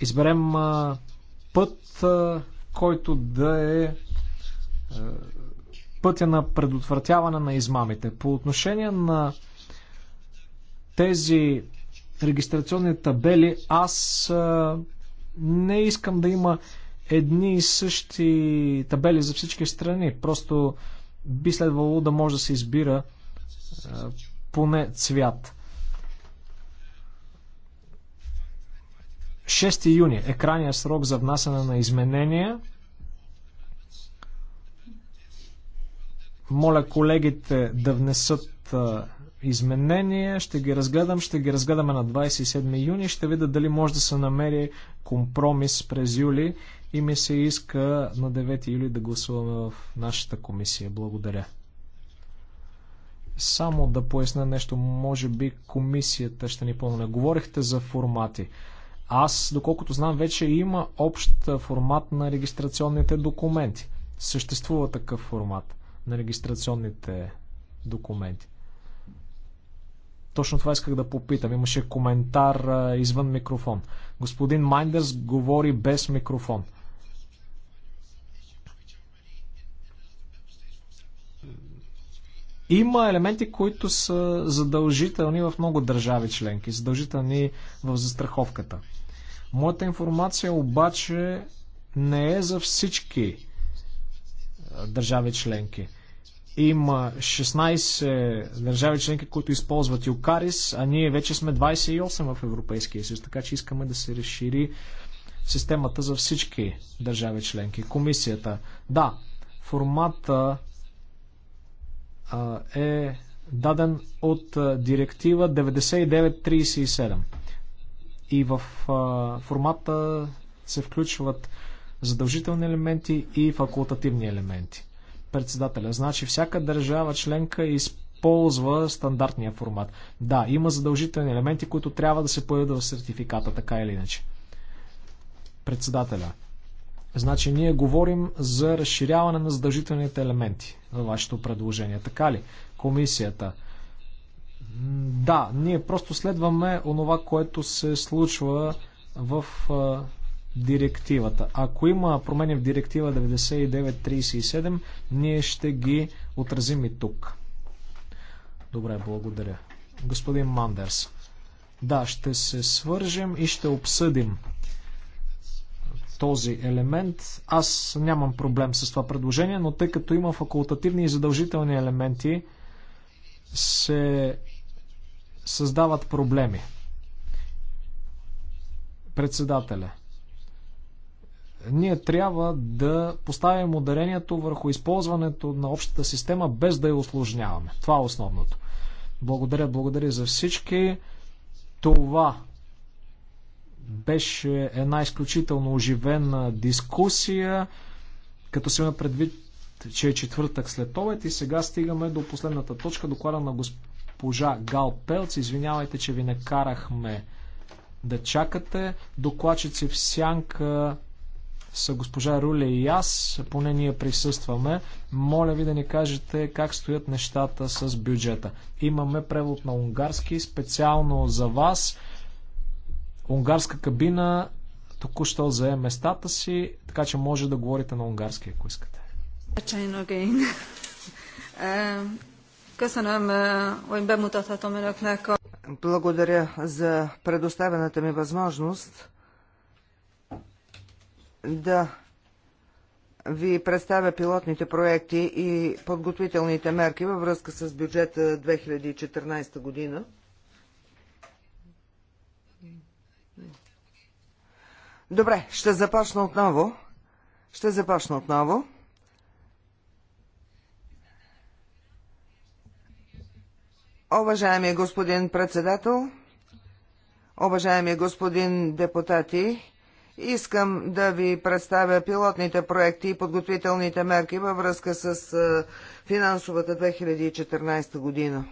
Speaker 2: изберем е, път, е, който да е пътя на предотвратяване на измамите. По отношение на тези регистрационни табели, аз не искам да има едни и същи табели за всички страни. Просто би следвало да може да се избира поне цвят. 6 юни е крайния срок за внасяне на изменения. Моля колегите да внесат изменения, ще ги разгледам, ще ги разгледаме на 27 юни, ще видя дали може да се намери компромис през юли и ми се иска на 9 юли да гласуваме в нашата комисия. Благодаря. Само да поясня нещо, може би комисията ще ни помогне. Говорихте за формати. Аз, доколкото знам, вече има общ формат на регистрационните документи. Съществува такъв формат на регистрационните документи. Точно това исках да попитам. Имаше коментар а, извън микрофон. Господин Майндърс говори без микрофон. Има елементи, които са задължителни в много държави членки, задължителни в застраховката. Моята информация обаче не е за всички държави членки. Има 16 държави членки, които използват Юкарис, а ние вече сме 28 в Европейския съюз, така че искаме да се разшири системата за всички държави членки. Комисията. Да, формата е даден от директива 9937. И в формата се включват задължителни елементи и факултативни елементи. Председателя. Значи всяка държава членка използва стандартния формат. Да, има задължителни елементи, които трябва да се появят в сертификата, така или иначе. Председателя. Значи ние говорим за разширяване на задължителните елементи във вашето предложение. Така ли? Комисията. Да, ние просто следваме онова, което се случва в а, директивата. Ако има промени в директива 9937, ние ще ги отразим и тук. Добре, благодаря. Господин Мандерс. Да, ще се свържем и ще обсъдим този елемент. Аз нямам проблем с това предложение, но тъй като има факултативни и задължителни елементи, се създават проблеми. Председателя. Ние трябва да поставим ударението върху използването на общата система, без да я осложняваме. Това е основното. Благодаря, благодаря за всички. Това беше една изключително оживена дискусия, като се има предвид, че е четвъртък след обед и сега стигаме до последната точка, доклада на госпожа Гал Пелц. Извинявайте, че ви накарахме да чакате. Докладчици в сянка са госпожа Руле и аз, поне ние присъстваме. Моля ви да ни кажете как стоят нещата с бюджета. Имаме превод на унгарски специално за вас унгарска кабина току-що зае местата си, така че може да говорите на унгарски, ако искате.
Speaker 1: Е, е,
Speaker 3: Благодаря за предоставената ми възможност да ви представя пилотните проекти и подготвителните мерки във връзка с бюджета 2014 година. Добре, ще започна отново. Ще започна отново. Уважаеми господин председател, уважаеми господин депутати, искам да ви представя пилотните проекти и подготвителните мерки във връзка с е, финансовата 2014 година.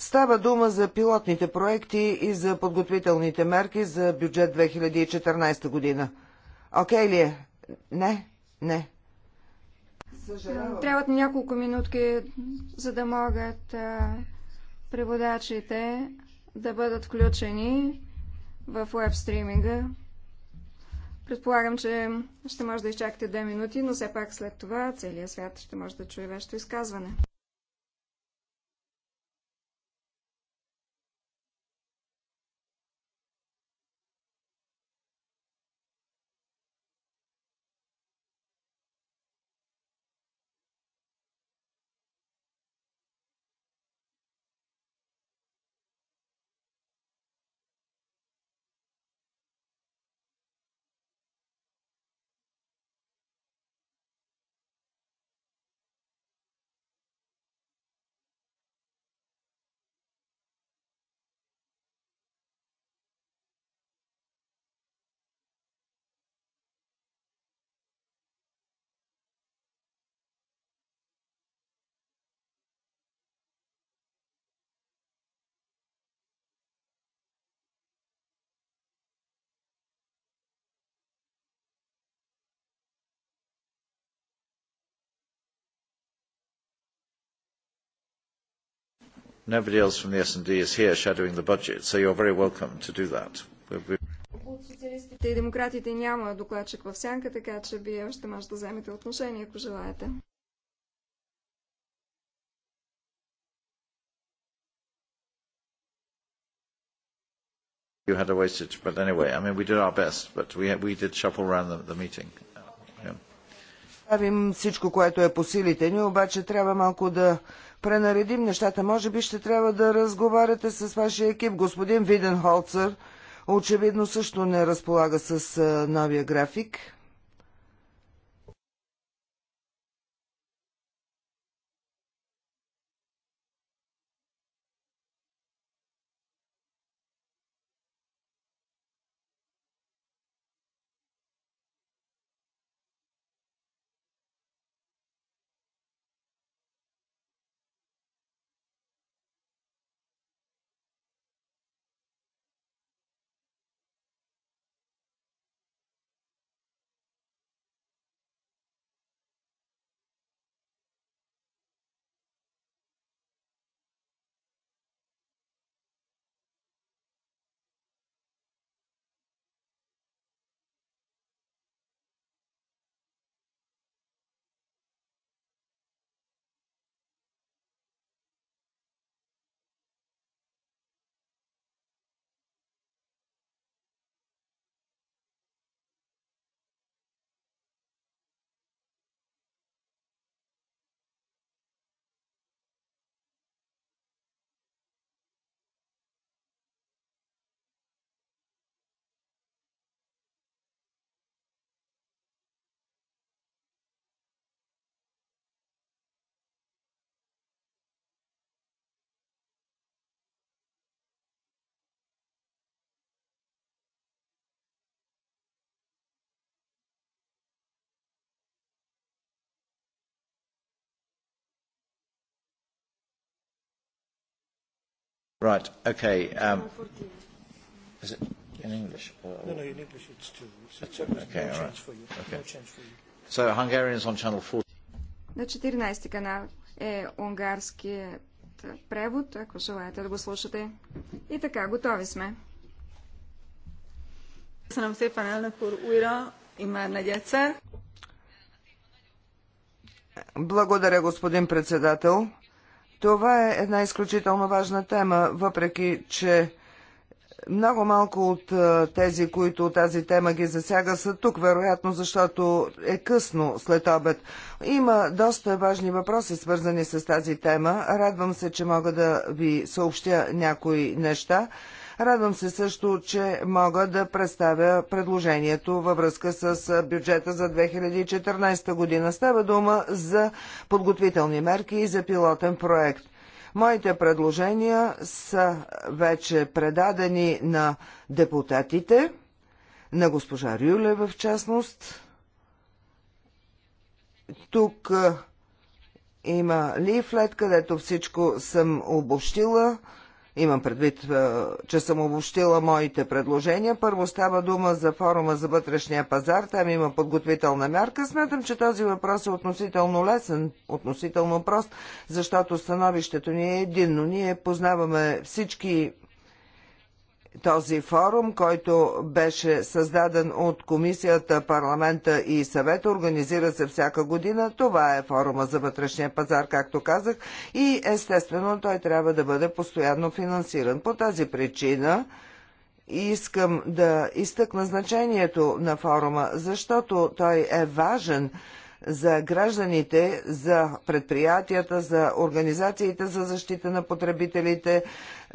Speaker 3: Става дума за пилотните проекти и за подготвителните мерки за бюджет 2014 година. Окей ли е? Не? Не. Съжалявам.
Speaker 1: Трябват няколко минутки, за да могат а, преводачите да бъдат включени в веб стриминга. Предполагам, че ще може да изчакате две минути, но все пак след това целият свят ще може да чуе вашето изказване. Nobody else from the S&D is
Speaker 2: here shadowing the budget, so you're very welcome to do that.
Speaker 1: От социалистите и демократите няма докладчик в сянка, така че вие още може да вземете отношение, ако желаете. You had a wastage, but anyway, I mean, we did our best, but we, we did shuffle around the, the meeting. Yeah.
Speaker 3: Правим всичко, което е по силите ни, обаче трябва малко да пренаредим нещата. Може би ще трябва да разговаряте с вашия екип. Господин Виденхолцер очевидно също не разполага с новия график.
Speaker 1: Right,
Speaker 2: okay. Um, is it in English? Or?
Speaker 3: No, no, in English it's two.
Speaker 2: It's okay, no all right. for you. Okay. No change for you. So Hungarians on channel 4.
Speaker 1: На 14 канал е унгарският превод, ако желаете да го слушате. И така, готови сме. Köszönöm szépen, elnök úr,
Speaker 3: újra, immár negyedszer. Благодаря, господин председател. Това е една изключително важна тема, въпреки че много малко от тези, които тази тема ги засяга, са тук, вероятно, защото е късно след обед. Има доста важни въпроси, свързани с тази тема. Радвам се, че мога да ви съобщя някои неща. Радвам се също, че мога да представя предложението във връзка с бюджета за 2014 година. Става дума за подготвителни мерки и за пилотен проект. Моите предложения са вече предадени на депутатите, на госпожа Рюле в частност. Тук има лифлет, където всичко съм обощила. Имам предвид, е, че съм обобщила моите предложения. Първо става дума за форума за вътрешния пазар. Там има подготвителна мярка. Смятам, че този въпрос е относително лесен, относително прост, защото становището ни е единно. Ние познаваме всички този форум, който беше създаден от Комисията, парламента и съвет, организира се всяка година. Това е форума за вътрешния пазар, както казах, и естествено той трябва да бъде постоянно финансиран. По тази причина искам да изтъкна значението на форума, защото той е важен за гражданите, за предприятията, за организациите за защита на потребителите,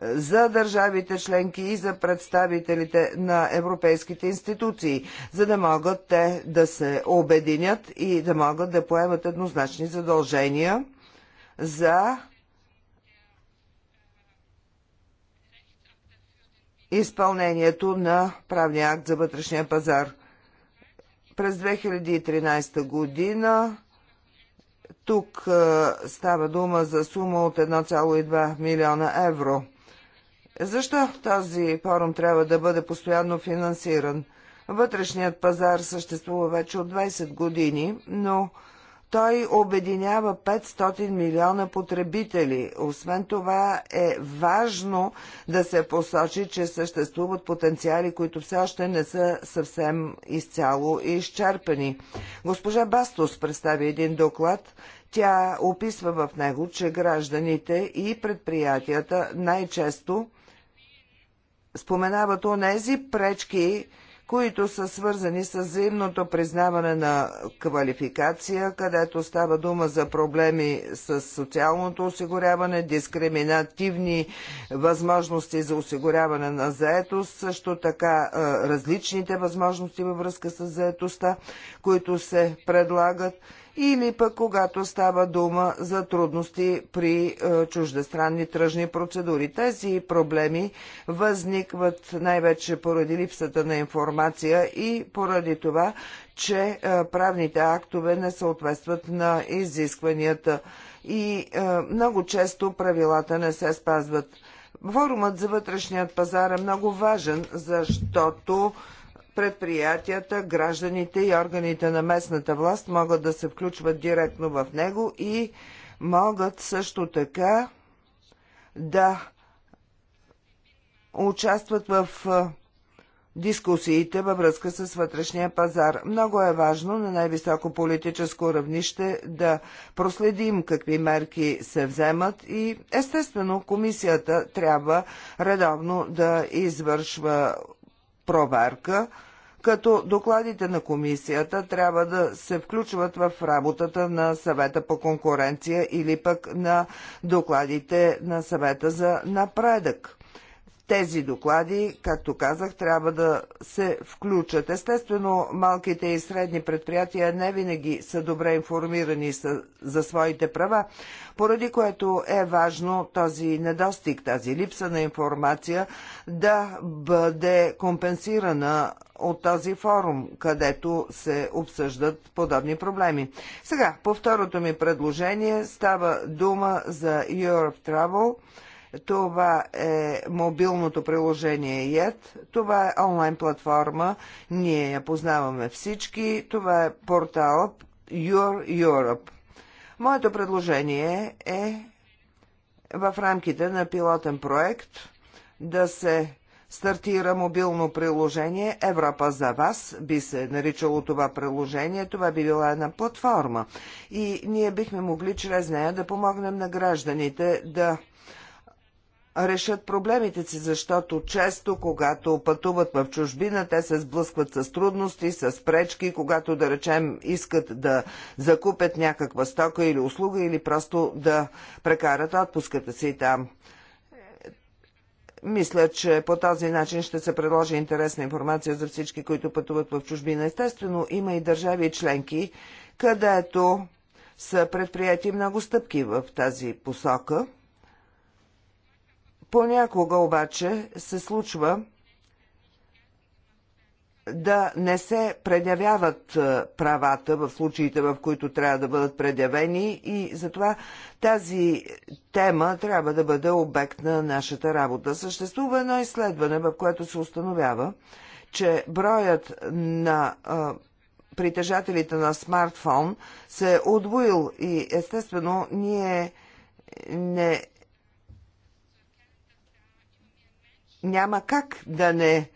Speaker 3: за държавите членки и за представителите на европейските институции, за да могат те да се обединят и да могат да поемат еднозначни задължения за изпълнението на правния акт за вътрешния пазар. През 2013 година тук става дума за сума от 1,2 милиона евро. Защо този форум трябва да бъде постоянно финансиран? Вътрешният пазар съществува вече от 20 години, но той обединява 500 милиона потребители. Освен това е важно да се посочи, че съществуват потенциали, които все още не са съвсем изцяло изчерпани. Госпожа Бастос представи един доклад. Тя описва в него, че гражданите и предприятията най-често споменават онези пречки, които са свързани с взаимното признаване на квалификация, където става дума за проблеми с социалното осигуряване, дискриминативни възможности за осигуряване на заетост, също така различните възможности във връзка с заетостта, които се предлагат или пък когато става дума за трудности при е, чуждестранни тръжни процедури. Тези проблеми възникват най-вече поради липсата на информация и поради това, че е, правните актове не съответстват на изискванията и е, много често правилата не се спазват. Форумът за вътрешният пазар е много важен, защото предприятията, гражданите и органите на местната власт могат да се включват директно в него и могат също така да участват в дискусиите във връзка с вътрешния пазар. Много е важно на най-високо политическо равнище да проследим какви мерки се вземат и естествено комисията трябва редовно да извършва проверка, като докладите на комисията трябва да се включват в работата на съвета по конкуренция или пък на докладите на съвета за напредък тези доклади, както казах, трябва да се включат. Естествено, малките и средни предприятия не винаги са добре информирани за своите права, поради което е важно този недостиг, тази липса на информация да бъде компенсирана от този форум, където се обсъждат подобни проблеми. Сега, по второто ми предложение става дума за Europe Travel – това е мобилното приложение Ед. Това е онлайн платформа. Ние я познаваме всички. Това е портал Your Europe. Моето предложение е в рамките на пилотен проект да се стартира мобилно приложение Европа за вас, би се наричало това приложение, това би била една платформа. И ние бихме могли чрез нея да помогнем на гражданите да решат проблемите си, защото често, когато пътуват в чужбина, те се сблъскват с трудности, с пречки, когато, да речем, искат да закупят някаква стока или услуга или просто да прекарат отпуската си там. Мисля, че по този начин ще се предложи интересна информация за всички, които пътуват в чужбина. Естествено, има и държави и членки, където са предприяти много стъпки в тази посока – Понякога обаче се случва да не се предявяват е, правата в случаите, в които трябва да бъдат предявени и затова тази тема трябва да бъде обект на нашата работа. Съществува едно изследване, в което се установява, че броят на а, е, притежателите на смартфон се е удвоил и естествено ние не няма как да не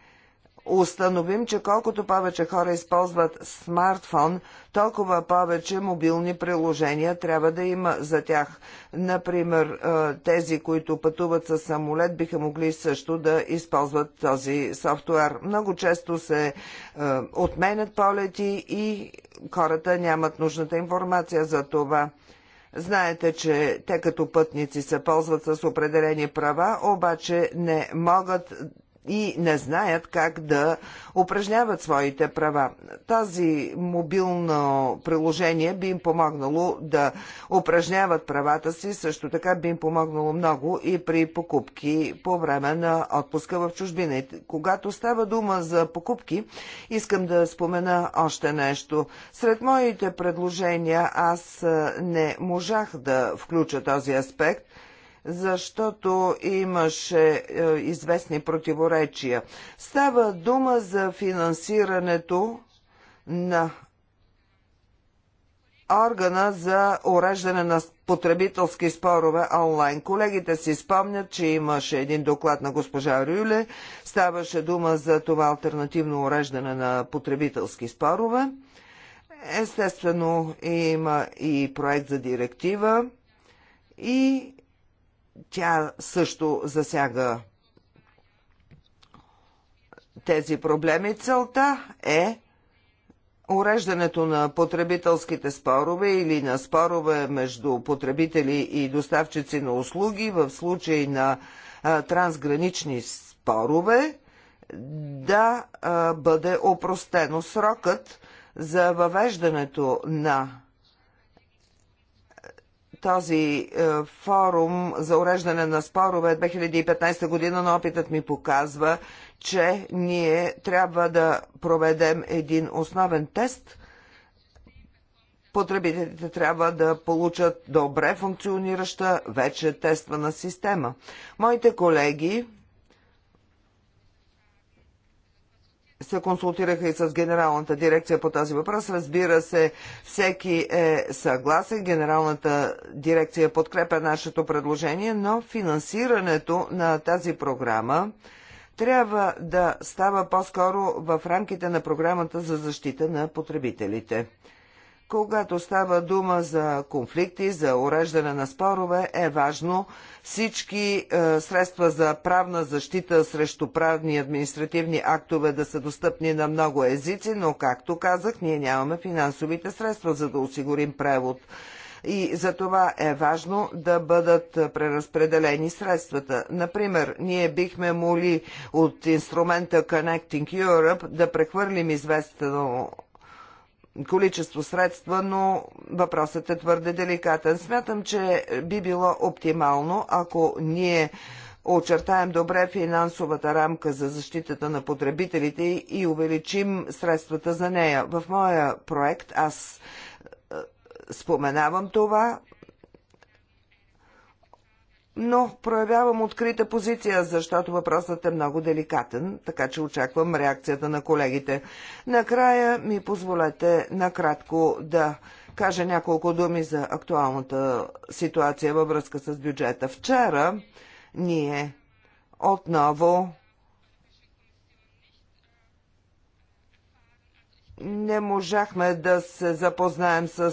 Speaker 3: установим, че колкото повече хора използват смартфон, толкова повече мобилни приложения трябва да има за тях. Например, тези, които пътуват с самолет, биха могли също да използват този софтуер. Много често се отменят полети и хората нямат нужната информация за това. Знаете, че те като пътници се ползват с определени права, обаче не могат и не знаят как да упражняват своите права. Тази мобилно приложение би им помогнало да упражняват правата си, също така би им помогнало много и при покупки по време на отпуска в чужбина. когато става дума за покупки, искам да спомена още нещо. Сред моите предложения аз не можах да включа този аспект – защото имаше е, известни противоречия. Става дума за финансирането на органа за уреждане на потребителски спорове онлайн. Колегите си спомнят, че имаше един доклад на госпожа Рюле. Ставаше дума за това альтернативно уреждане на потребителски спорове. Естествено, има и проект за директива и тя също засяга тези проблеми. Целта е уреждането на потребителските спорове или на спорове между потребители и доставчици на услуги в случай на а, трансгранични спорове да а, бъде опростено срокът за въвеждането на този е, форум за уреждане на спорове 2015 година, но опитът ми показва, че ние трябва да проведем един основен тест. Потребителите трябва да получат добре функционираща, вече тествана система. Моите колеги се консултираха и с генералната дирекция по този въпрос. Разбира се, всеки е съгласен. Генералната дирекция подкрепя нашето предложение, но финансирането на тази програма трябва да става по-скоро в рамките на програмата за защита на потребителите. Когато става дума за конфликти, за уреждане на спорове, е важно всички е, средства за правна защита срещу правни и административни актове да са достъпни на много езици, но, както казах, ние нямаме финансовите средства, за да осигурим превод. И за това е важно да бъдат преразпределени средствата. Например, ние бихме моли от инструмента Connecting Europe да прехвърлим известно количество средства, но въпросът е твърде деликатен. Смятам, че би било оптимално, ако ние очертаем добре финансовата рамка за защитата на потребителите и увеличим средствата за нея. В моя проект аз е, споменавам това, но проявявам открита позиция, защото въпросът е много деликатен, така че очаквам реакцията на колегите. Накрая ми позволете накратко да кажа няколко думи за актуалната ситуация във връзка с бюджета. Вчера ние отново не можахме да се запознаем с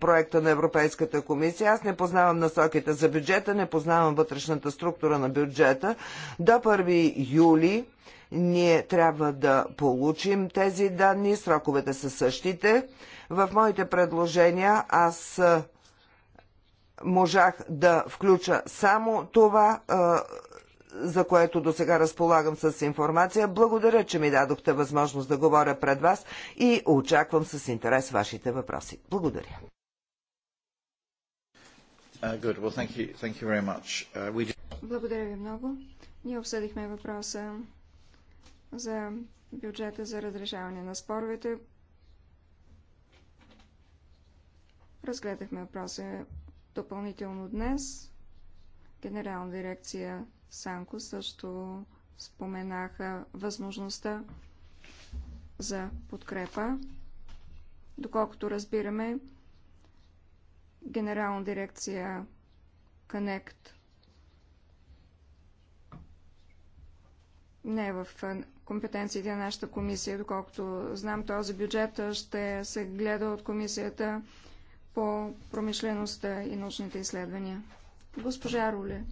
Speaker 3: проекта на Европейската комисия. Аз не познавам насоките за бюджета, не познавам вътрешната структура на бюджета. До 1 юли ние трябва да получим тези данни. Сроковете са същите. В моите предложения аз можах да включа само това за което до сега разполагам с информация. Благодаря, че ми дадохте възможност да говоря пред вас и очаквам с интерес вашите въпроси. Благодаря. Uh, uh,
Speaker 1: Благодаря ви много. Ние обсъдихме въпроса за бюджета за разрешаване на споровете. Разгледахме въпроса допълнително днес. Генерална дирекция Санко също споменаха възможността за подкрепа. Доколкото разбираме, Генерална дирекция Connect не е в компетенциите на нашата комисия. Доколкото знам, този бюджет ще се гледа от комисията по промишлеността и научните изследвания. Госпожа Руле.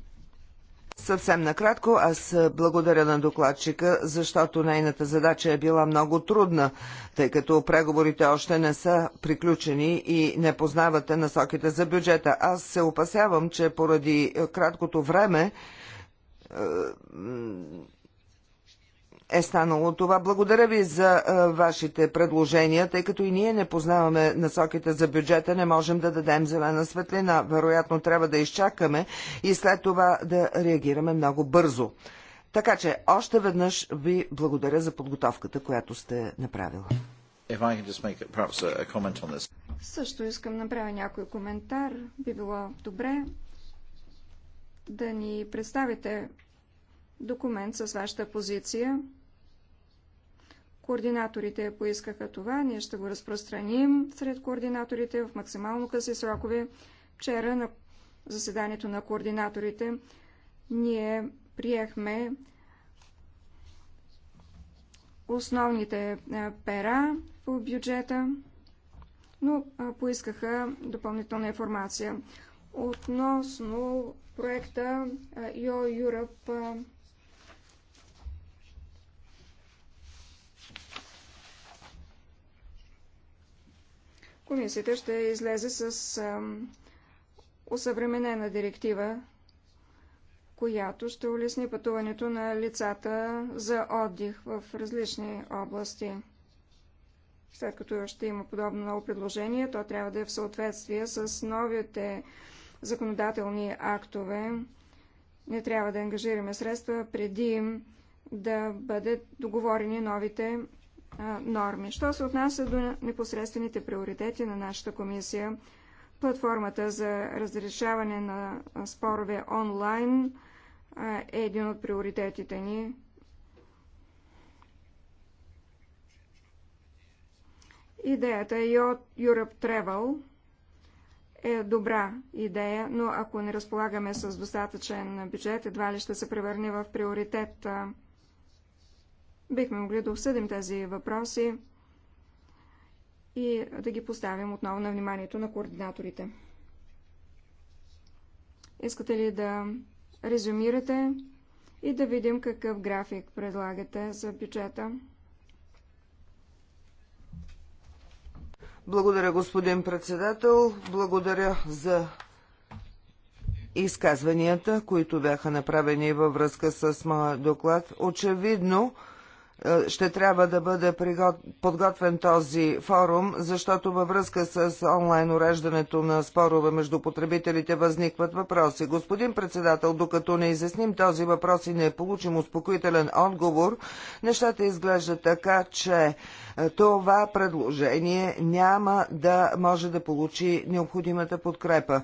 Speaker 3: Съвсем накратко, аз благодаря на докладчика, защото нейната задача е била много трудна, тъй като преговорите още не са приключени и не познавате насоките за бюджета. Аз се опасявам, че поради краткото време е, е станало това. Благодаря ви за а, е, вашите предложения, тъй като и ние не познаваме насоките за бюджета, не можем да дадем зелена светлина. Вероятно трябва да изчакаме и след това да реагираме много бързо. Така че още веднъж ви благодаря за подготовката, която сте направила.
Speaker 1: Също искам да направя някой коментар. Би било добре да ни представите документ с вашата позиция Координаторите поискаха това. Ние ще го разпространим сред координаторите в максимално къси срокове. Вчера на заседанието на координаторите ние приехме основните е, пера по бюджета, но е, поискаха допълнителна информация относно проекта е, Yo Europe комисията ще излезе с усъвременена директива, която ще улесни пътуването на лицата за отдих в различни области. След като ще има подобно ново предложение, то трябва да е в съответствие с новите законодателни актове. Не трябва да ангажираме средства преди да бъдат договорени новите норми. Що се отнася до непосредствените приоритети на нашата комисия, платформата за разрешаване на спорове онлайн е един от приоритетите ни. Идеята е Europe Travel е добра идея, но ако не разполагаме с достатъчен бюджет, едва ли ще се превърне в приоритет бихме могли да обсъдим тези въпроси и да ги поставим отново на вниманието на координаторите. Искате ли да резюмирате и да видим какъв график предлагате за бюджета?
Speaker 3: Благодаря, господин председател. Благодаря за изказванията, които бяха направени във връзка с моя доклад. Очевидно, е, ще трябва да бъде подготвен този форум, защото във връзка с онлайн уреждането на спорове между потребителите възникват въпроси. Господин председател, докато не изясним този въпрос и не получим успокоителен отговор, нещата изглеждат така, че е, това предложение няма да може да получи необходимата подкрепа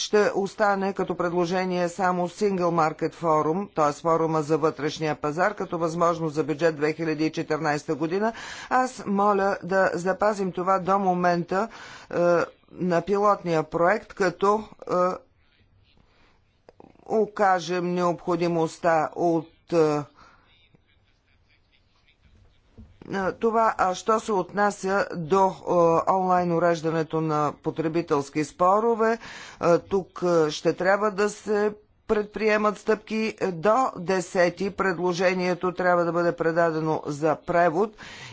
Speaker 3: ще остане като предложение само Single Market Forum, т.е. форума за вътрешния пазар, като възможност за бюджет 2014 година. Аз моля да запазим това до момента е, на пилотния проект, като е, окажем необходимостта от е, е, това, що се отнася до е, онлайн уреждането на потребителски спорове, е, тук ще трябва да се предприемат стъпки. До 10 предложението трябва да бъде предадено за превод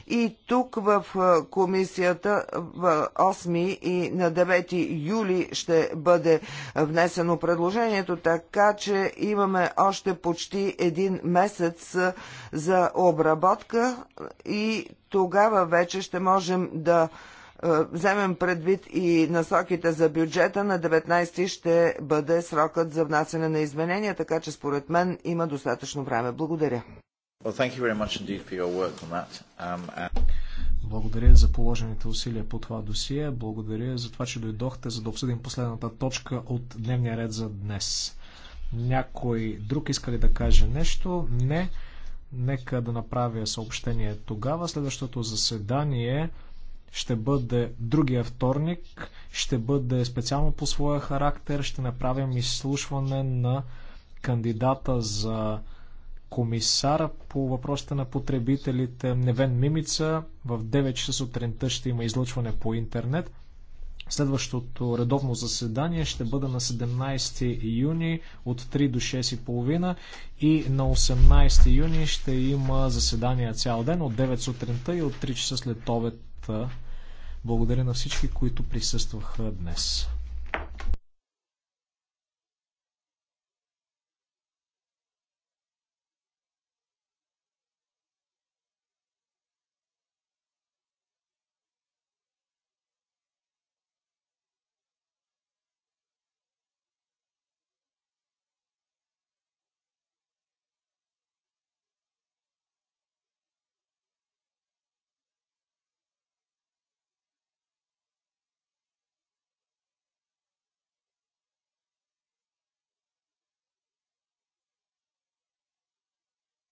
Speaker 3: и тук в комисията в 8 и на 9 юли ще бъде внесено предложението, така че имаме още почти един месец за обработка и тогава вече ще можем да е, вземем предвид и насоките за бюджета, на 19 ти ще бъде срокът за внасяне на изменения, така че според мен има достатъчно време. Благодаря. Um,
Speaker 2: Благодаря за положените усилия по това досие. Благодаря за това, че дойдохте, за да обсъдим последната точка от дневния ред за днес. Някой друг иска ли да каже нещо? Не. Нека да направя съобщение тогава. Следващото заседание ще бъде другия вторник, ще бъде специално по своя характер, ще направим изслушване на кандидата за комисар по въпросите на потребителите Невен Мимица. В 9 часа сутринта ще има излъчване по интернет. Следващото редовно заседание ще бъде на 17 юни от 3 до 6.30 и на 18 юни ще има заседание цял ден от 9 сутринта и от 3 часа след обед благодаря на всички, които присъстваха днес.